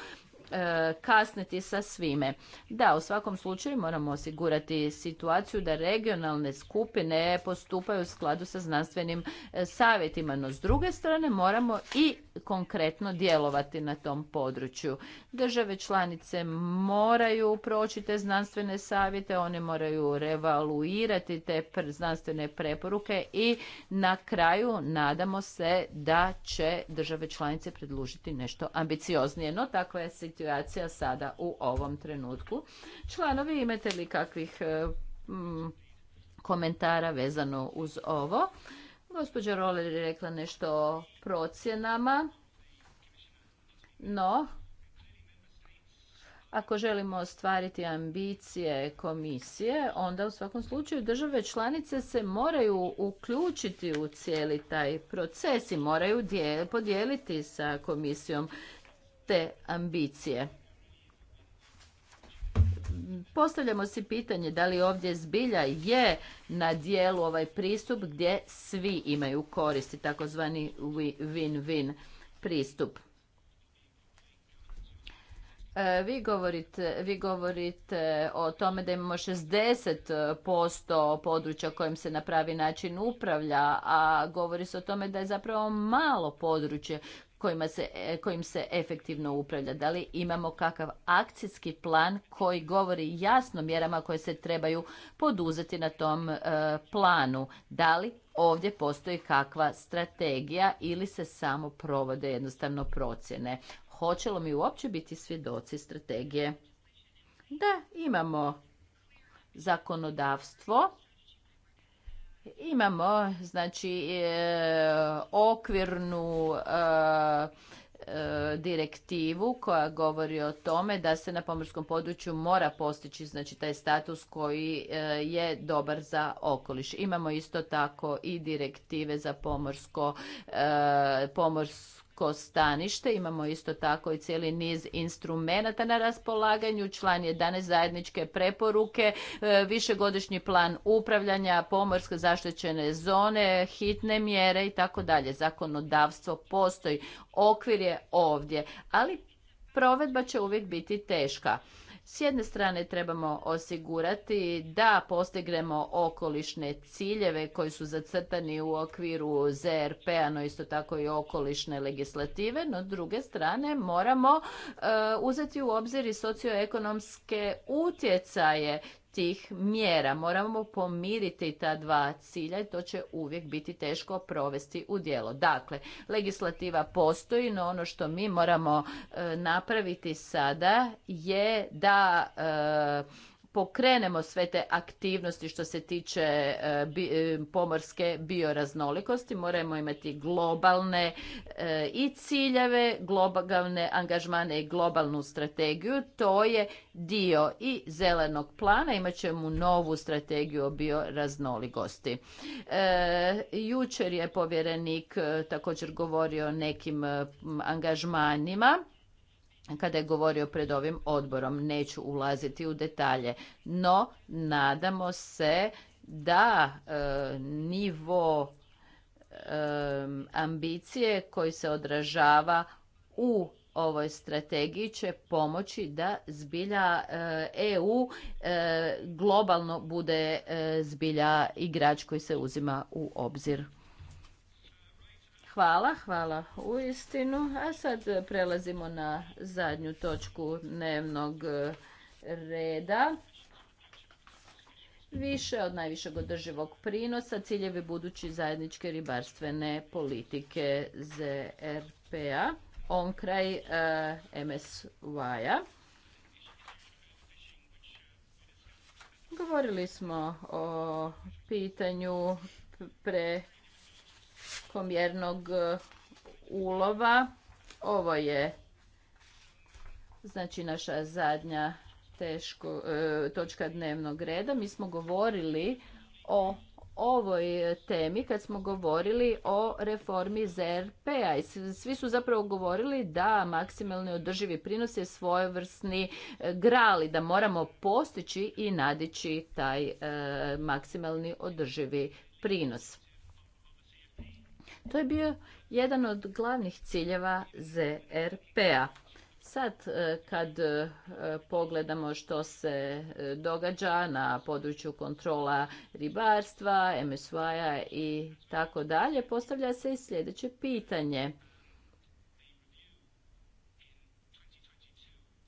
E, kasniti sa svime. Da, u svakom slučaju moramo osigurati situaciju da regionalne skupine postupaju u skladu sa znanstvenim e, savjetima, no s druge strane moramo i konkretno djelovati na tom području. Države članice moraju proći te znanstvene savjete, one moraju revaluirati te znanstvene preporuke i na kraju nadamo se da će države članice predložiti nešto ambicioznije. No takva je situacija situacija sada u ovom trenutku. Članovi, imate li kakvih e, komentara vezano uz ovo? Gospođa Roller je rekla nešto o procjenama, no ako želimo ostvariti ambicije komisije, onda u svakom slučaju države članice se moraju uključiti u cijeli taj proces i moraju podijeliti sa komisijom ambicije. Postavljamo si pitanje da li ovdje zbilja je na dijelu ovaj pristup gdje svi imaju koristi, takozvani win-win pristup. E, vi govorite, vi govorite o tome da imamo 60% područja kojim se na pravi način upravlja, a govori se o tome da je zapravo malo područje se, e, kojim se efektivno upravlja. Da li imamo kakav akcijski plan koji govori jasno mjerama koje se trebaju poduzeti na tom e, planu? Da li ovdje postoji kakva strategija ili se samo provode jednostavno procjene? Hoćelo mi uopće biti svjedoci strategije? Da, imamo zakonodavstvo Imamo znači e, okvirnu e, e, direktivu koja govori o tome da se na pomorskom području mora postići znači taj status koji je dobar za okoliš. Imamo isto tako i direktive za pomorsko pomorsko stanište, Imamo isto tako i cijeli niz instrumenata na raspolaganju. Član 11 zajedničke preporuke, e, višegodišnji plan upravljanja, pomorske zaštićene zone, hitne mjere i tako dalje. Zakonodavstvo postoji, okvir je ovdje, ali provedba će uvijek biti teška. S jedne strane trebamo osigurati da postignemo okolišne ciljeve koji su zacrtani u okviru ZRP-a, no isto tako i okolišne legislative, no s druge strane moramo e, uzeti u obzir i socioekonomske utjecaje tih mjera. Moramo pomiriti ta dva cilja i to će uvijek biti teško provesti u djelo. Dakle, legislativa postoji, no ono što mi moramo e, napraviti sada je da e, pokrenemo sve te aktivnosti što se tiče e, e, pomorske bioraznolikosti. Moramo imati globalne e, i ciljeve, globalne angažmane i globalnu strategiju. To je dio i zelenog plana. Imat ćemo novu strategiju o bioraznolikosti. Jučer je povjerenik također govorio o nekim angažmanima kada je govorio pred ovim odborom. Neću ulaziti u detalje, no nadamo se da e, nivo e, ambicije koji se odražava u ovoj strategiji će pomoći da zbilja EU e globalno bude zbilja igrač koji se uzima u obzir. Hvala, hvala u istinu. A sad prelazimo na zadnju točku dnevnog e, reda. Više od najvišeg održivog prinosa, ciljevi budući zajedničke ribarstvene politike ZRP-a, on kraj e, MSY-a. Govorili smo o pitanju pre komjernog eh, ulova. Ovo je znači naša zadnja teško, eh, točka dnevnog reda. Mi smo govorili o ovoj eh, temi kad smo govorili o reformi ZRP-a i svi su zapravo govorili da maksimalni održivi prinos je svojevrsni grali, da moramo postići i nadići taj maksimalni održivi prinos. To je bio jedan od glavnih ciljeva ZRP-a. Sad e, kad e, pogledamo što se e, događa na području kontrola ribarstva, MSY-a i tako dalje, postavlja se i sljedeće pitanje.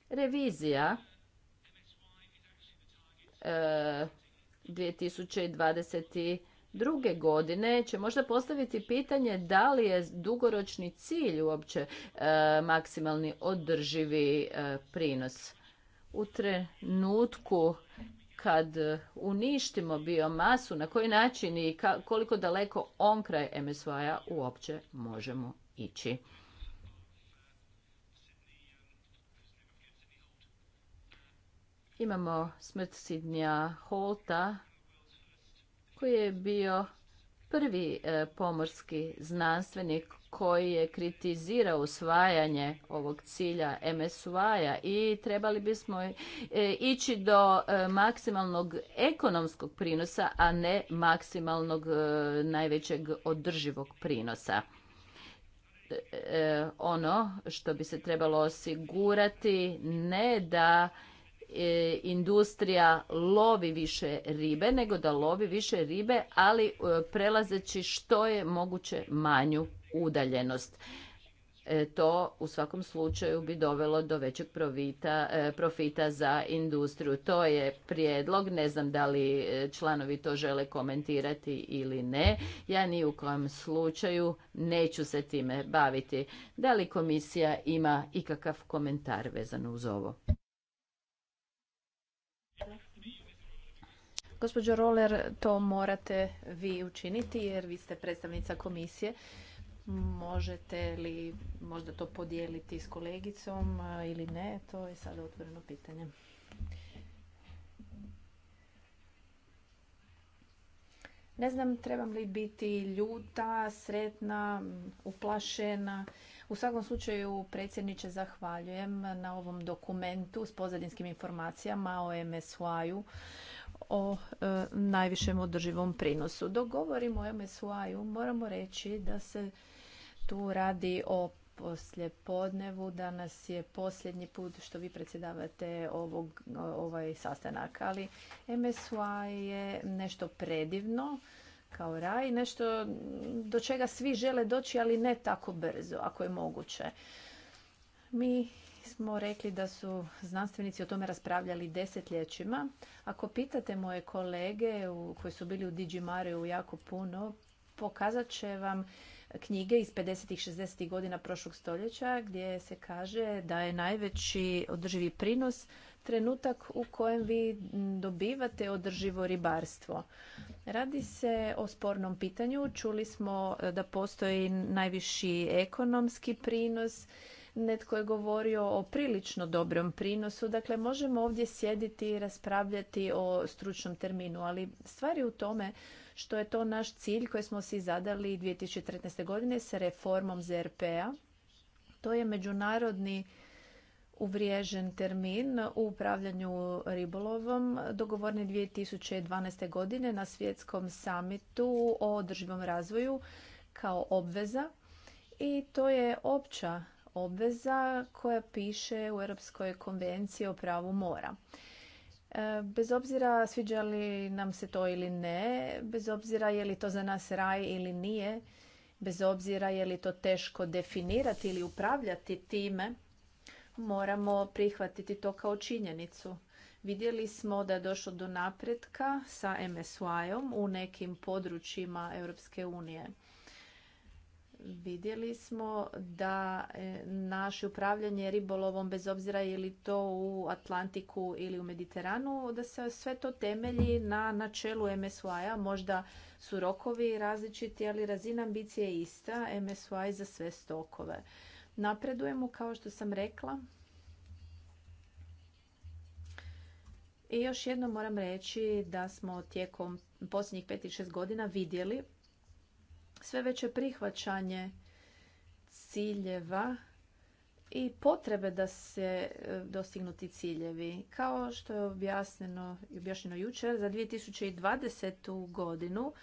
Revizija 2020 druge godine će možda postaviti pitanje da li je dugoročni cilj uopće e, maksimalni održivi e, prinos. U trenutku kad uništimo biomasu, na koji način i koliko daleko on kraj MSY-a uopće možemo ići. Imamo smrt Sidnija Holta, koji je bio prvi e, pomorski znanstvenik koji je kritizirao usvajanje ovog cilja MSY-a i trebali bismo e, ići do e, maksimalnog ekonomskog prinosa, a ne maksimalnog najvećeg održivog prinosa. Ono što bi se trebalo osigurati ne da E, industrija lovi više ribe, nego da lovi više ribe, ali e, prelazeći što je moguće manju udaljenost. E, to u svakom slučaju bi dovelo do većeg profita, profita za industriju. To je prijedlog, ne znam da li članovi to žele komentirati ili ne. Ja ni u kojem slučaju neću se time baviti. Da li komisija ima ikakav komentar vezano uz ovo? Gospođo Roller, to morate vi učiniti jer vi ste predstavnica komisije. Možete li možda to podijeliti s kolegicom ili ne? To je sada otvoreno pitanje. Ne znam trebam li biti ljuta, sretna, uplašena u svakom slučaju, predsjedniče, zahvaljujem na ovom dokumentu s pozadinskim informacijama o MSY-u o e, najvišem održivom prinosu. Dok govorimo o MSY-u, moramo reći da se tu radi o poslje podnevu. Danas je posljednji put što vi predsjedavate ovog, ovaj sastanak, ali MSY je nešto predivno kao raj, nešto do čega svi žele doći, ali ne tako brzo, ako je moguće. Mi smo rekli da su znanstvenici o tome raspravljali desetljećima. Ako pitate moje kolege koji su bili u Digimareu jako puno, pokazat će vam knjige iz 50. i 60. godina prošlog stoljeća gdje se kaže da je najveći održivi prinos trenutak u kojem vi dobivate održivo ribarstvo. Radi se o spornom pitanju. Čuli smo eh, da postoji najviši ekonomski prinos. Netko je govorio o prilično dobrom prinosu. Dakle, možemo ovdje sjediti i raspravljati o stručnom terminu, ali je u tome što je to naš cilj koji smo si zadali 2013. godine s reformom ZRP-a. To je međunarodni uvriježen termin u upravljanju ribolovom dogovorni 2012. godine na svjetskom samitu o održivom razvoju kao obveza i to je opća obveza koja piše u Europskoj konvenciji o pravu mora. E, bez obzira sviđa li nam se to ili ne, bez obzira je li to za nas raj ili nije, bez obzira je li to teško definirati ili upravljati time, moramo prihvatiti to kao činjenicu. Vidjeli smo da je došlo do napretka sa MSY-om u nekim područjima Europske unije vidjeli smo da e, naše upravljanje ribolovom, bez obzira je li to u Atlantiku ili u Mediteranu, da se sve to temelji na načelu MSY-a. Možda su rokovi različiti, ali razina ambicije je ista, MSY za sve stokove. Napredujemo, kao što sam rekla. I još jednom moram reći da smo tijekom posljednjih 5-6 godina vidjeli sve veće prihvaćanje ciljeva i potrebe da se e, dostignuti ciljevi. Kao što je objasneno, objašnjeno jučer, za 2020. godinu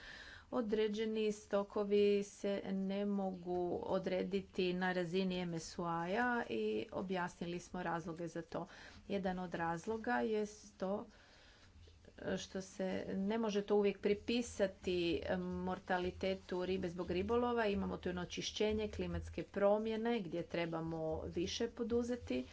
određeni stokovi se ne mogu odrediti na razini MSY-a i objasnili smo razloge za to. Jedan od razloga je to što se ne može to uvijek pripisati mortalitetu ribe zbog ribolova. Imamo tu onečišćenje, klimatske promjene gdje trebamo više poduzeti.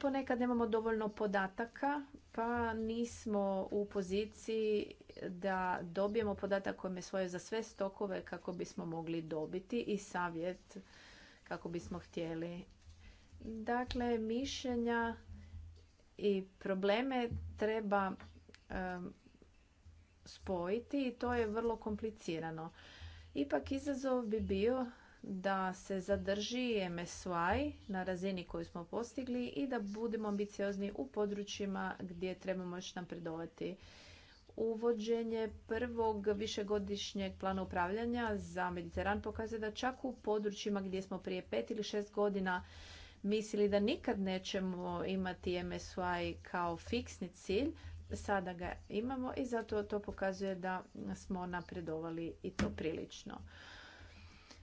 Ponekad nemamo dovoljno podataka pa nismo u poziciji da dobijemo podatak koji je svoje za sve stokove kako bismo mogli dobiti i savjet kako bismo htjeli. Dakle, mišljenja i probleme treba spojiti i to je vrlo komplicirano. Ipak izazov bi bio da se zadrži MSY na razini koju smo postigli i da budemo ambiciozni u područjima gdje trebamo još napredovati. Uvođenje prvog višegodišnjeg plana upravljanja za Mediteran pokazuje da čak u područjima gdje smo prije pet ili šest godina mislili da nikad nećemo imati MSY kao fiksni cilj, Sada ga imamo i zato to pokazuje da smo napredovali i to prilično.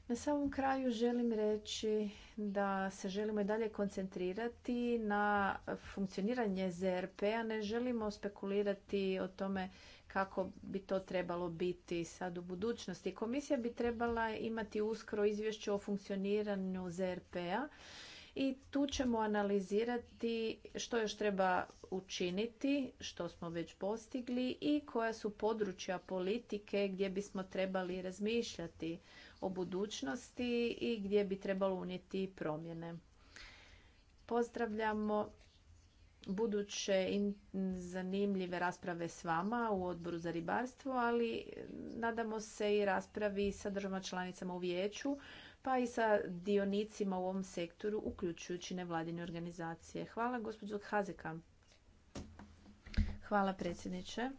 Na samom kraju želim reći da se želimo i dalje koncentrirati na funkcioniranje ZRP-a. Ne želimo spekulirati o tome kako bi to trebalo biti sad u budućnosti. Komisija bi trebala imati uskoro izvješće o funkcioniranju ZRP-a i tu ćemo analizirati što još treba učiniti, što smo već postigli i koja su područja politike gdje bismo trebali razmišljati o budućnosti i gdje bi trebalo unijeti promjene. Pozdravljamo buduće zanimljive rasprave s vama u odboru za ribarstvo, ali nadamo se i raspravi sa državama članicama u vijeću pa i sa dionicima u ovom sektoru, uključujući nevladine organizacije. Hvala, gospođo Hazeka. Hvala, predsjedniče.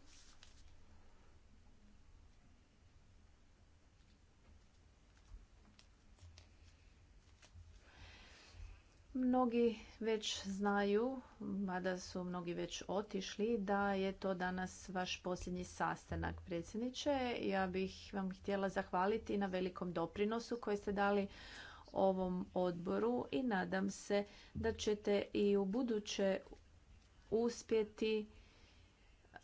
Mnogi već znaju, mada su mnogi već otišli, da je to danas vaš posljednji sastanak, predsjedniče. Ja bih vam htjela zahvaliti na velikom doprinosu koji ste dali ovom odboru i nadam se da ćete i u buduće uspjeti e,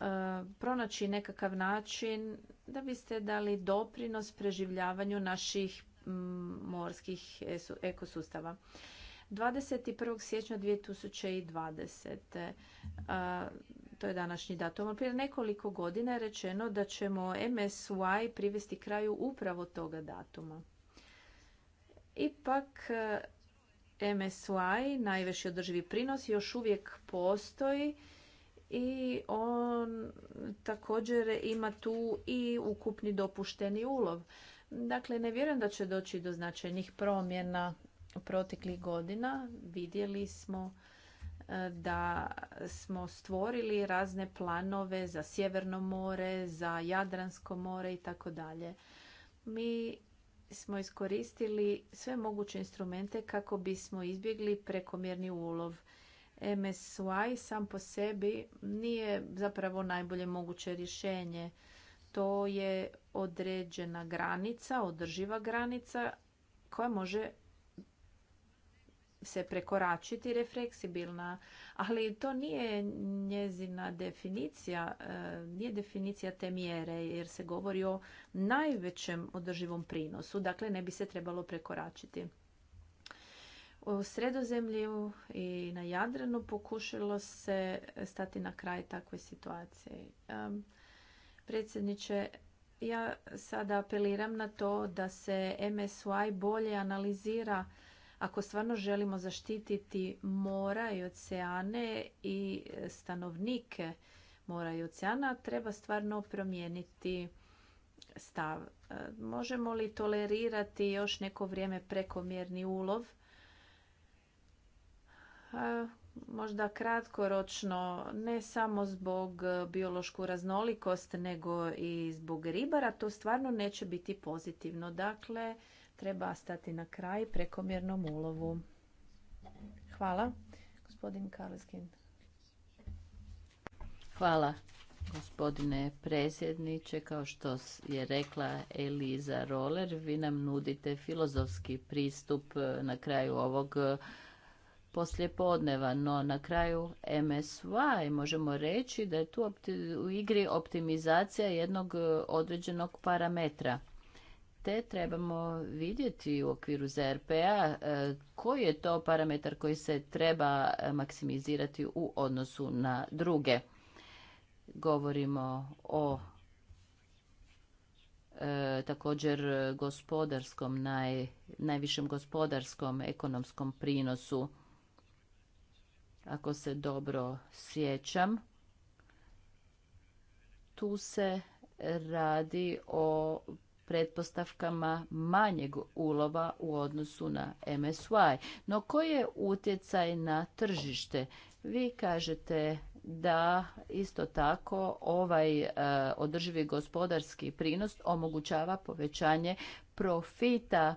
pronaći nekakav način da biste dali doprinos preživljavanju naših morskih ekosustava. 21. siječnja 2020. To je današnji datum. Prije nekoliko godina je rečeno da ćemo MSY privesti kraju upravo toga datuma. Ipak MSY, najveši održivi prinos, još uvijek postoji i on također ima tu i ukupni dopušteni ulov. Dakle, ne vjerujem da će doći do značajnih promjena proteklih godina vidjeli smo e, da smo stvorili razne planove za Sjeverno more, za Jadransko more i tako dalje. Mi smo iskoristili sve moguće instrumente kako bismo izbjegli prekomjerni ulov. MSY sam po sebi nije zapravo najbolje moguće rješenje. To je određena granica, održiva granica koja može se prekoračiti refleksibilna, ali to nije njezina definicija, e, nije definicija te mjere jer se govori o najvećem održivom prinosu, dakle ne bi se trebalo prekoračiti. U sredozemlju i na Jadranu pokušalo se stati na kraj takve situacije. Predsjedniče, ja sada apeliram na to da se MSY bolje analizira ako stvarno želimo zaštititi mora i oceane i e, stanovnike mora i oceana, treba stvarno promijeniti stav. E, možemo li tolerirati još neko vrijeme prekomjerni ulov? E, možda kratkoročno, ne samo zbog biološku raznolikost, nego i zbog ribara, to stvarno neće biti pozitivno. Dakle, treba stati na kraj prekomjernom ulovu. Hvala. Gospodin Kaleskin. Hvala gospodine predsjedniče. Kao što je rekla Eliza Roller, vi nam nudite filozofski pristup e, na kraju ovog e, poslijepodneva, no na kraju MSY možemo reći da je tu u igri optimizacija jednog e, određenog parametra te trebamo vidjeti u okviru ZRP-a e, koji je to parametar koji se treba maksimizirati u odnosu na druge. Govorimo o e, također gospodarskom, naj, najvišem gospodarskom ekonomskom prinosu. Ako se dobro sjećam, tu se radi o pretpostavkama manjeg ulova u odnosu na MSY. No koji je utjecaj na tržište? Vi kažete da isto tako ovaj e, održivi gospodarski prinos omogućava povećanje profita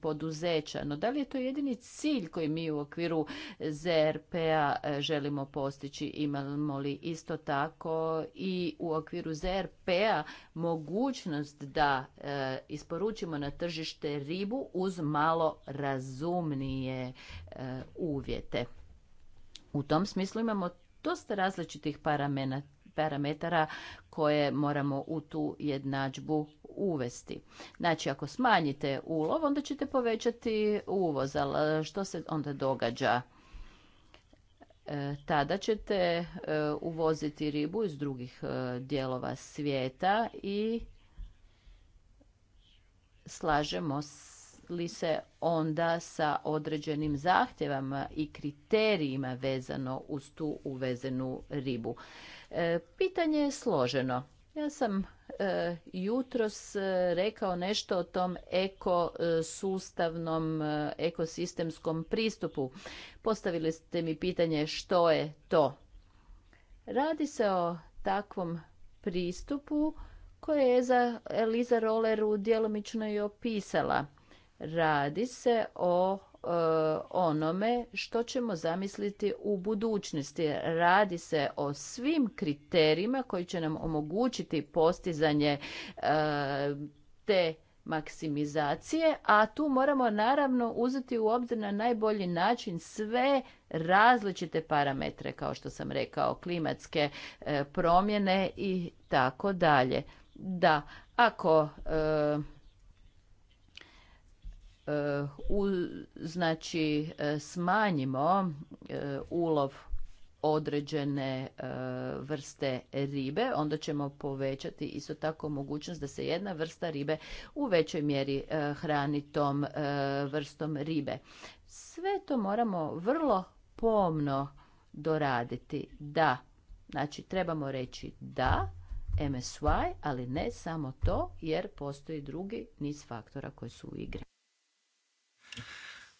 poduzeća. No da li je to jedini cilj koji mi u okviru ZRP-a e, želimo postići? Imamo li isto tako i u okviru ZRP-a mogućnost da e, isporučimo na tržište ribu uz malo razumnije e, uvjete? U tom smislu imamo dosta različitih paramenata parametara koje moramo u tu jednadžbu uvesti. Znači, ako smanjite ulov, onda ćete povećati uvoz, ali što se onda događa? E, tada ćete e, uvoziti ribu iz drugih e, dijelova svijeta i slažemo li se onda sa određenim zahtjevama i kriterijima vezano uz tu uvezenu ribu? E, pitanje je složeno. Ja sam e, jutros e, rekao nešto o tom ekosustavnom, ekosistemskom pristupu. Postavili ste mi pitanje što je to. Radi se o takvom pristupu koje je za Eliza Roller u djelomično i opisala. Radi se o e, onome što ćemo zamisliti u budućnosti. Radi se o svim kriterijima koji će nam omogućiti postizanje e, te maksimizacije, a tu moramo naravno uzeti u obzir na najbolji način sve različite parametre, kao što sam rekao, klimatske e, promjene i tako dalje. Da, ako u, znači e, smanjimo e, ulov određene e, vrste ribe, onda ćemo povećati isto tako mogućnost da se jedna vrsta ribe u većoj mjeri hrani tom vrstom ribe. Sve to moramo vrlo pomno doraditi. Da, znači trebamo reći da, MSY, ali ne samo to, jer postoji drugi niz faktora koji su u igri.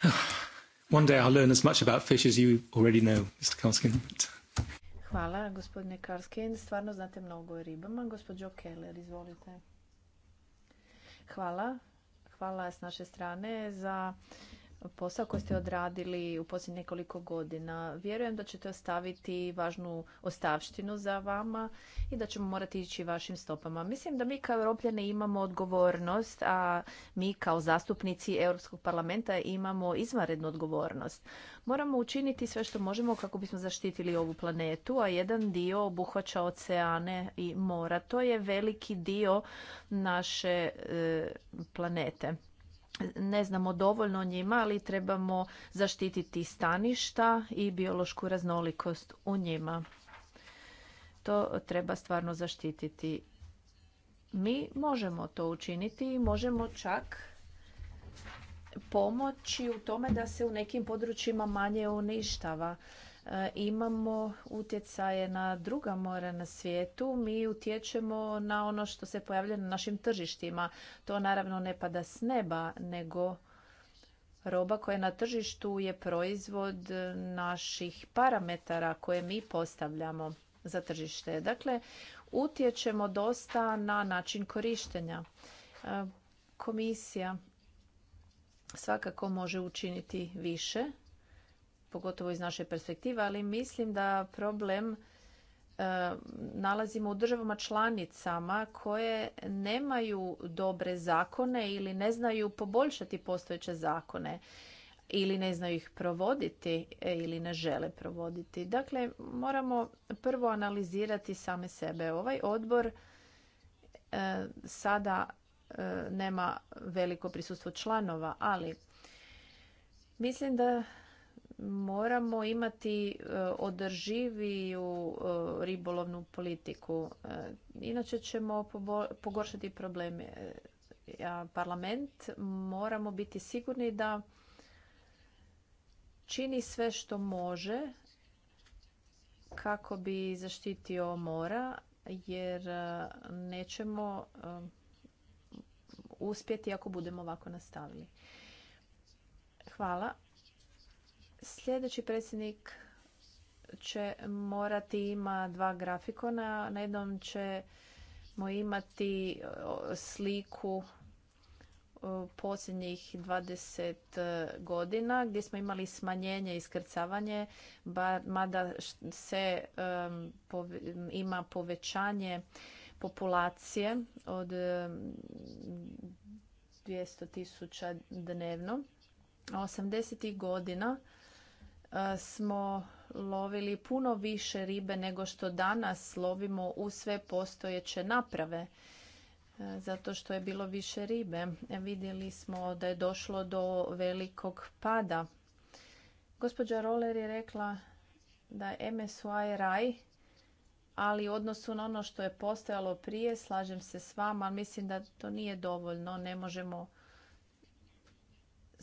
One day I'll learn as much about fish as you already know, Mr. Kalskin. Hvala, gospodine Kalskin. Stvarno znate mnogo o ribama. Gospođo Keller, izvolite. Hvala. Hvala s naše strane za posao koji ste odradili u posljednjih nekoliko godina. Vjerujem da ćete ostaviti važnu ostavštinu za vama i da ćemo morati ići vašim stopama. Mislim da mi kao europljani imamo odgovornost, a mi kao zastupnici Europskog parlamenta imamo izvanrednu odgovornost. Moramo učiniti sve što možemo kako bismo zaštitili ovu planetu, a jedan dio obuhvaća oceane i mora. To je veliki dio naše e, planete ne znamo dovoljno o njima, ali trebamo zaštititi staništa i biološku raznolikost u njima. To treba stvarno zaštititi. Mi možemo to učiniti i možemo čak pomoći u tome da se u nekim područjima manje uništava E, imamo utjecaje na druga mora na svijetu. Mi utječemo na ono što se pojavlja na našim tržištima. To naravno ne pada s neba, nego roba koja je na tržištu je proizvod naših parametara koje mi postavljamo za tržište. Dakle, utječemo dosta na način korištenja. E, komisija svakako može učiniti više pogotovo iz naše perspektive, ali mislim da problem e, nalazimo u državama članicama koje nemaju dobre zakone ili ne znaju poboljšati postojeće zakone ili ne znaju ih provoditi e, ili ne žele provoditi. Dakle, moramo prvo analizirati same sebe. Ovaj odbor e, sada nema veliko prisustvo članova, ali mislim da moramo imati e, održiviju e, ribolovnu politiku. E, inače ćemo pogoršati probleme. parlament moramo biti sigurni da čini sve što može kako bi zaštitio mora, jer nećemo uspjeti ako budemo ovako nastavili. Hvala. Sljedeći predsjednik će morati ima dva grafikona. Na jednom ćemo imati sliku posljednjih 20 e, godina gdje smo imali smanjenje i iskrcavanje, mada se ima povećanje populacije od 200 tisuća dnevno. A 80. godina E, smo lovili puno više ribe nego što danas lovimo u sve postojeće naprave e, zato što je bilo više ribe. E, vidjeli smo da je došlo do velikog pada. Gospođa Roller je rekla da je MSY raj, ali u odnosu na ono što je postojalo prije, slažem se s vama, ali mislim da to nije dovoljno. Ne možemo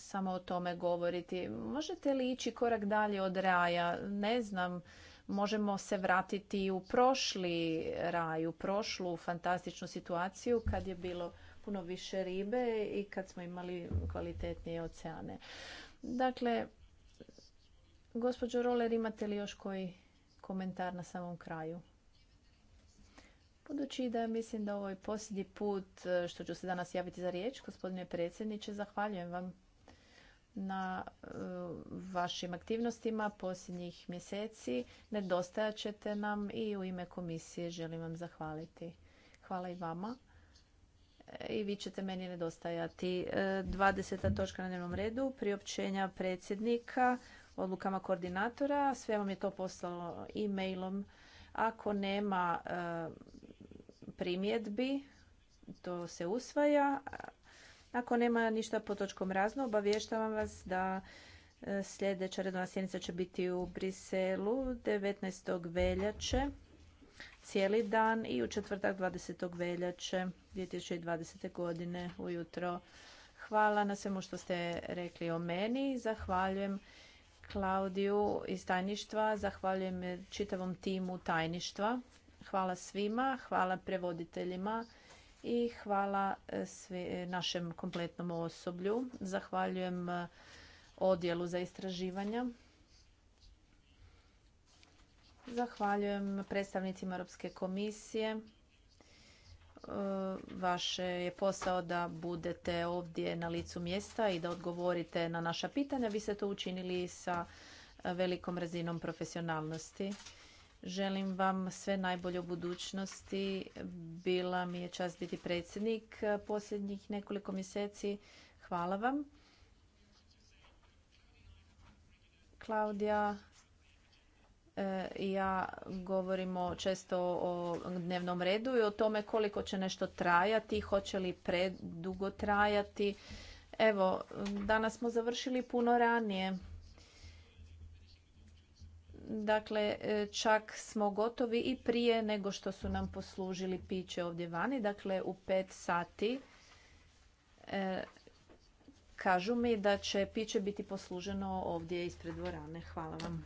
samo o tome govoriti. Možete li ići korak dalje od raja? Ne znam, možemo se vratiti u prošli raj, u prošlu fantastičnu situaciju kad je bilo puno više ribe i kad smo imali kvalitetnije oceane. Dakle, gospođo Roller, imate li još koji komentar na samom kraju? Budući da mislim da ovo je posljednji put eh, što ću se danas javiti za riječ, gospodine predsjedniče, zahvaljujem vam na eh, vašim aktivnostima posljednjih mjeseci. Nedostajat ćete nam i u ime komisije želim vam zahvaliti. Hvala i vama. Eh, I vi ćete meni nedostajati. 20. Eh, točka na dnevnom redu, priopćenja predsjednika, odlukama koordinatora. Sve vam je to poslalo e-mailom. Ako nema primjedbi, to se usvaja. Ako nema ništa po točkom razno, obavještavam vas da e, sljedeća redovna sjednica će biti u Briselu 19. veljače cijeli dan i u četvrtak 20. veljače 2020. godine ujutro. Hvala na svemu što ste rekli o meni. Zahvaljujem Klaudiju iz tajništva, zahvaljujem čitavom timu tajništva. Hvala svima, hvala prevoditeljima i hvala e, svi, e, našem kompletnom osoblju. Zahvaljujem e, odjelu za istraživanja. Zahvaljujem predstavnicima Europske komisije. Vaše je posao da budete ovdje na licu mjesta i da odgovorite na naša pitanja. Vi ste to učinili sa velikom razinom profesionalnosti. Želim vam sve najbolje u budućnosti. Bila mi je čast biti predsjednik e, posljednjih nekoliko mjeseci. Hvala vam. Klaudija, e, ja govorimo često o dnevnom redu i o tome koliko će nešto trajati, hoće li predugo trajati. Evo, danas smo završili puno ranije. Dakle, e, čak smo gotovi i prije nego što su nam poslužili piće ovdje vani. Dakle, u pet sati e, kažu mi da će piće biti posluženo ovdje ispred dvorane. Hvala vam.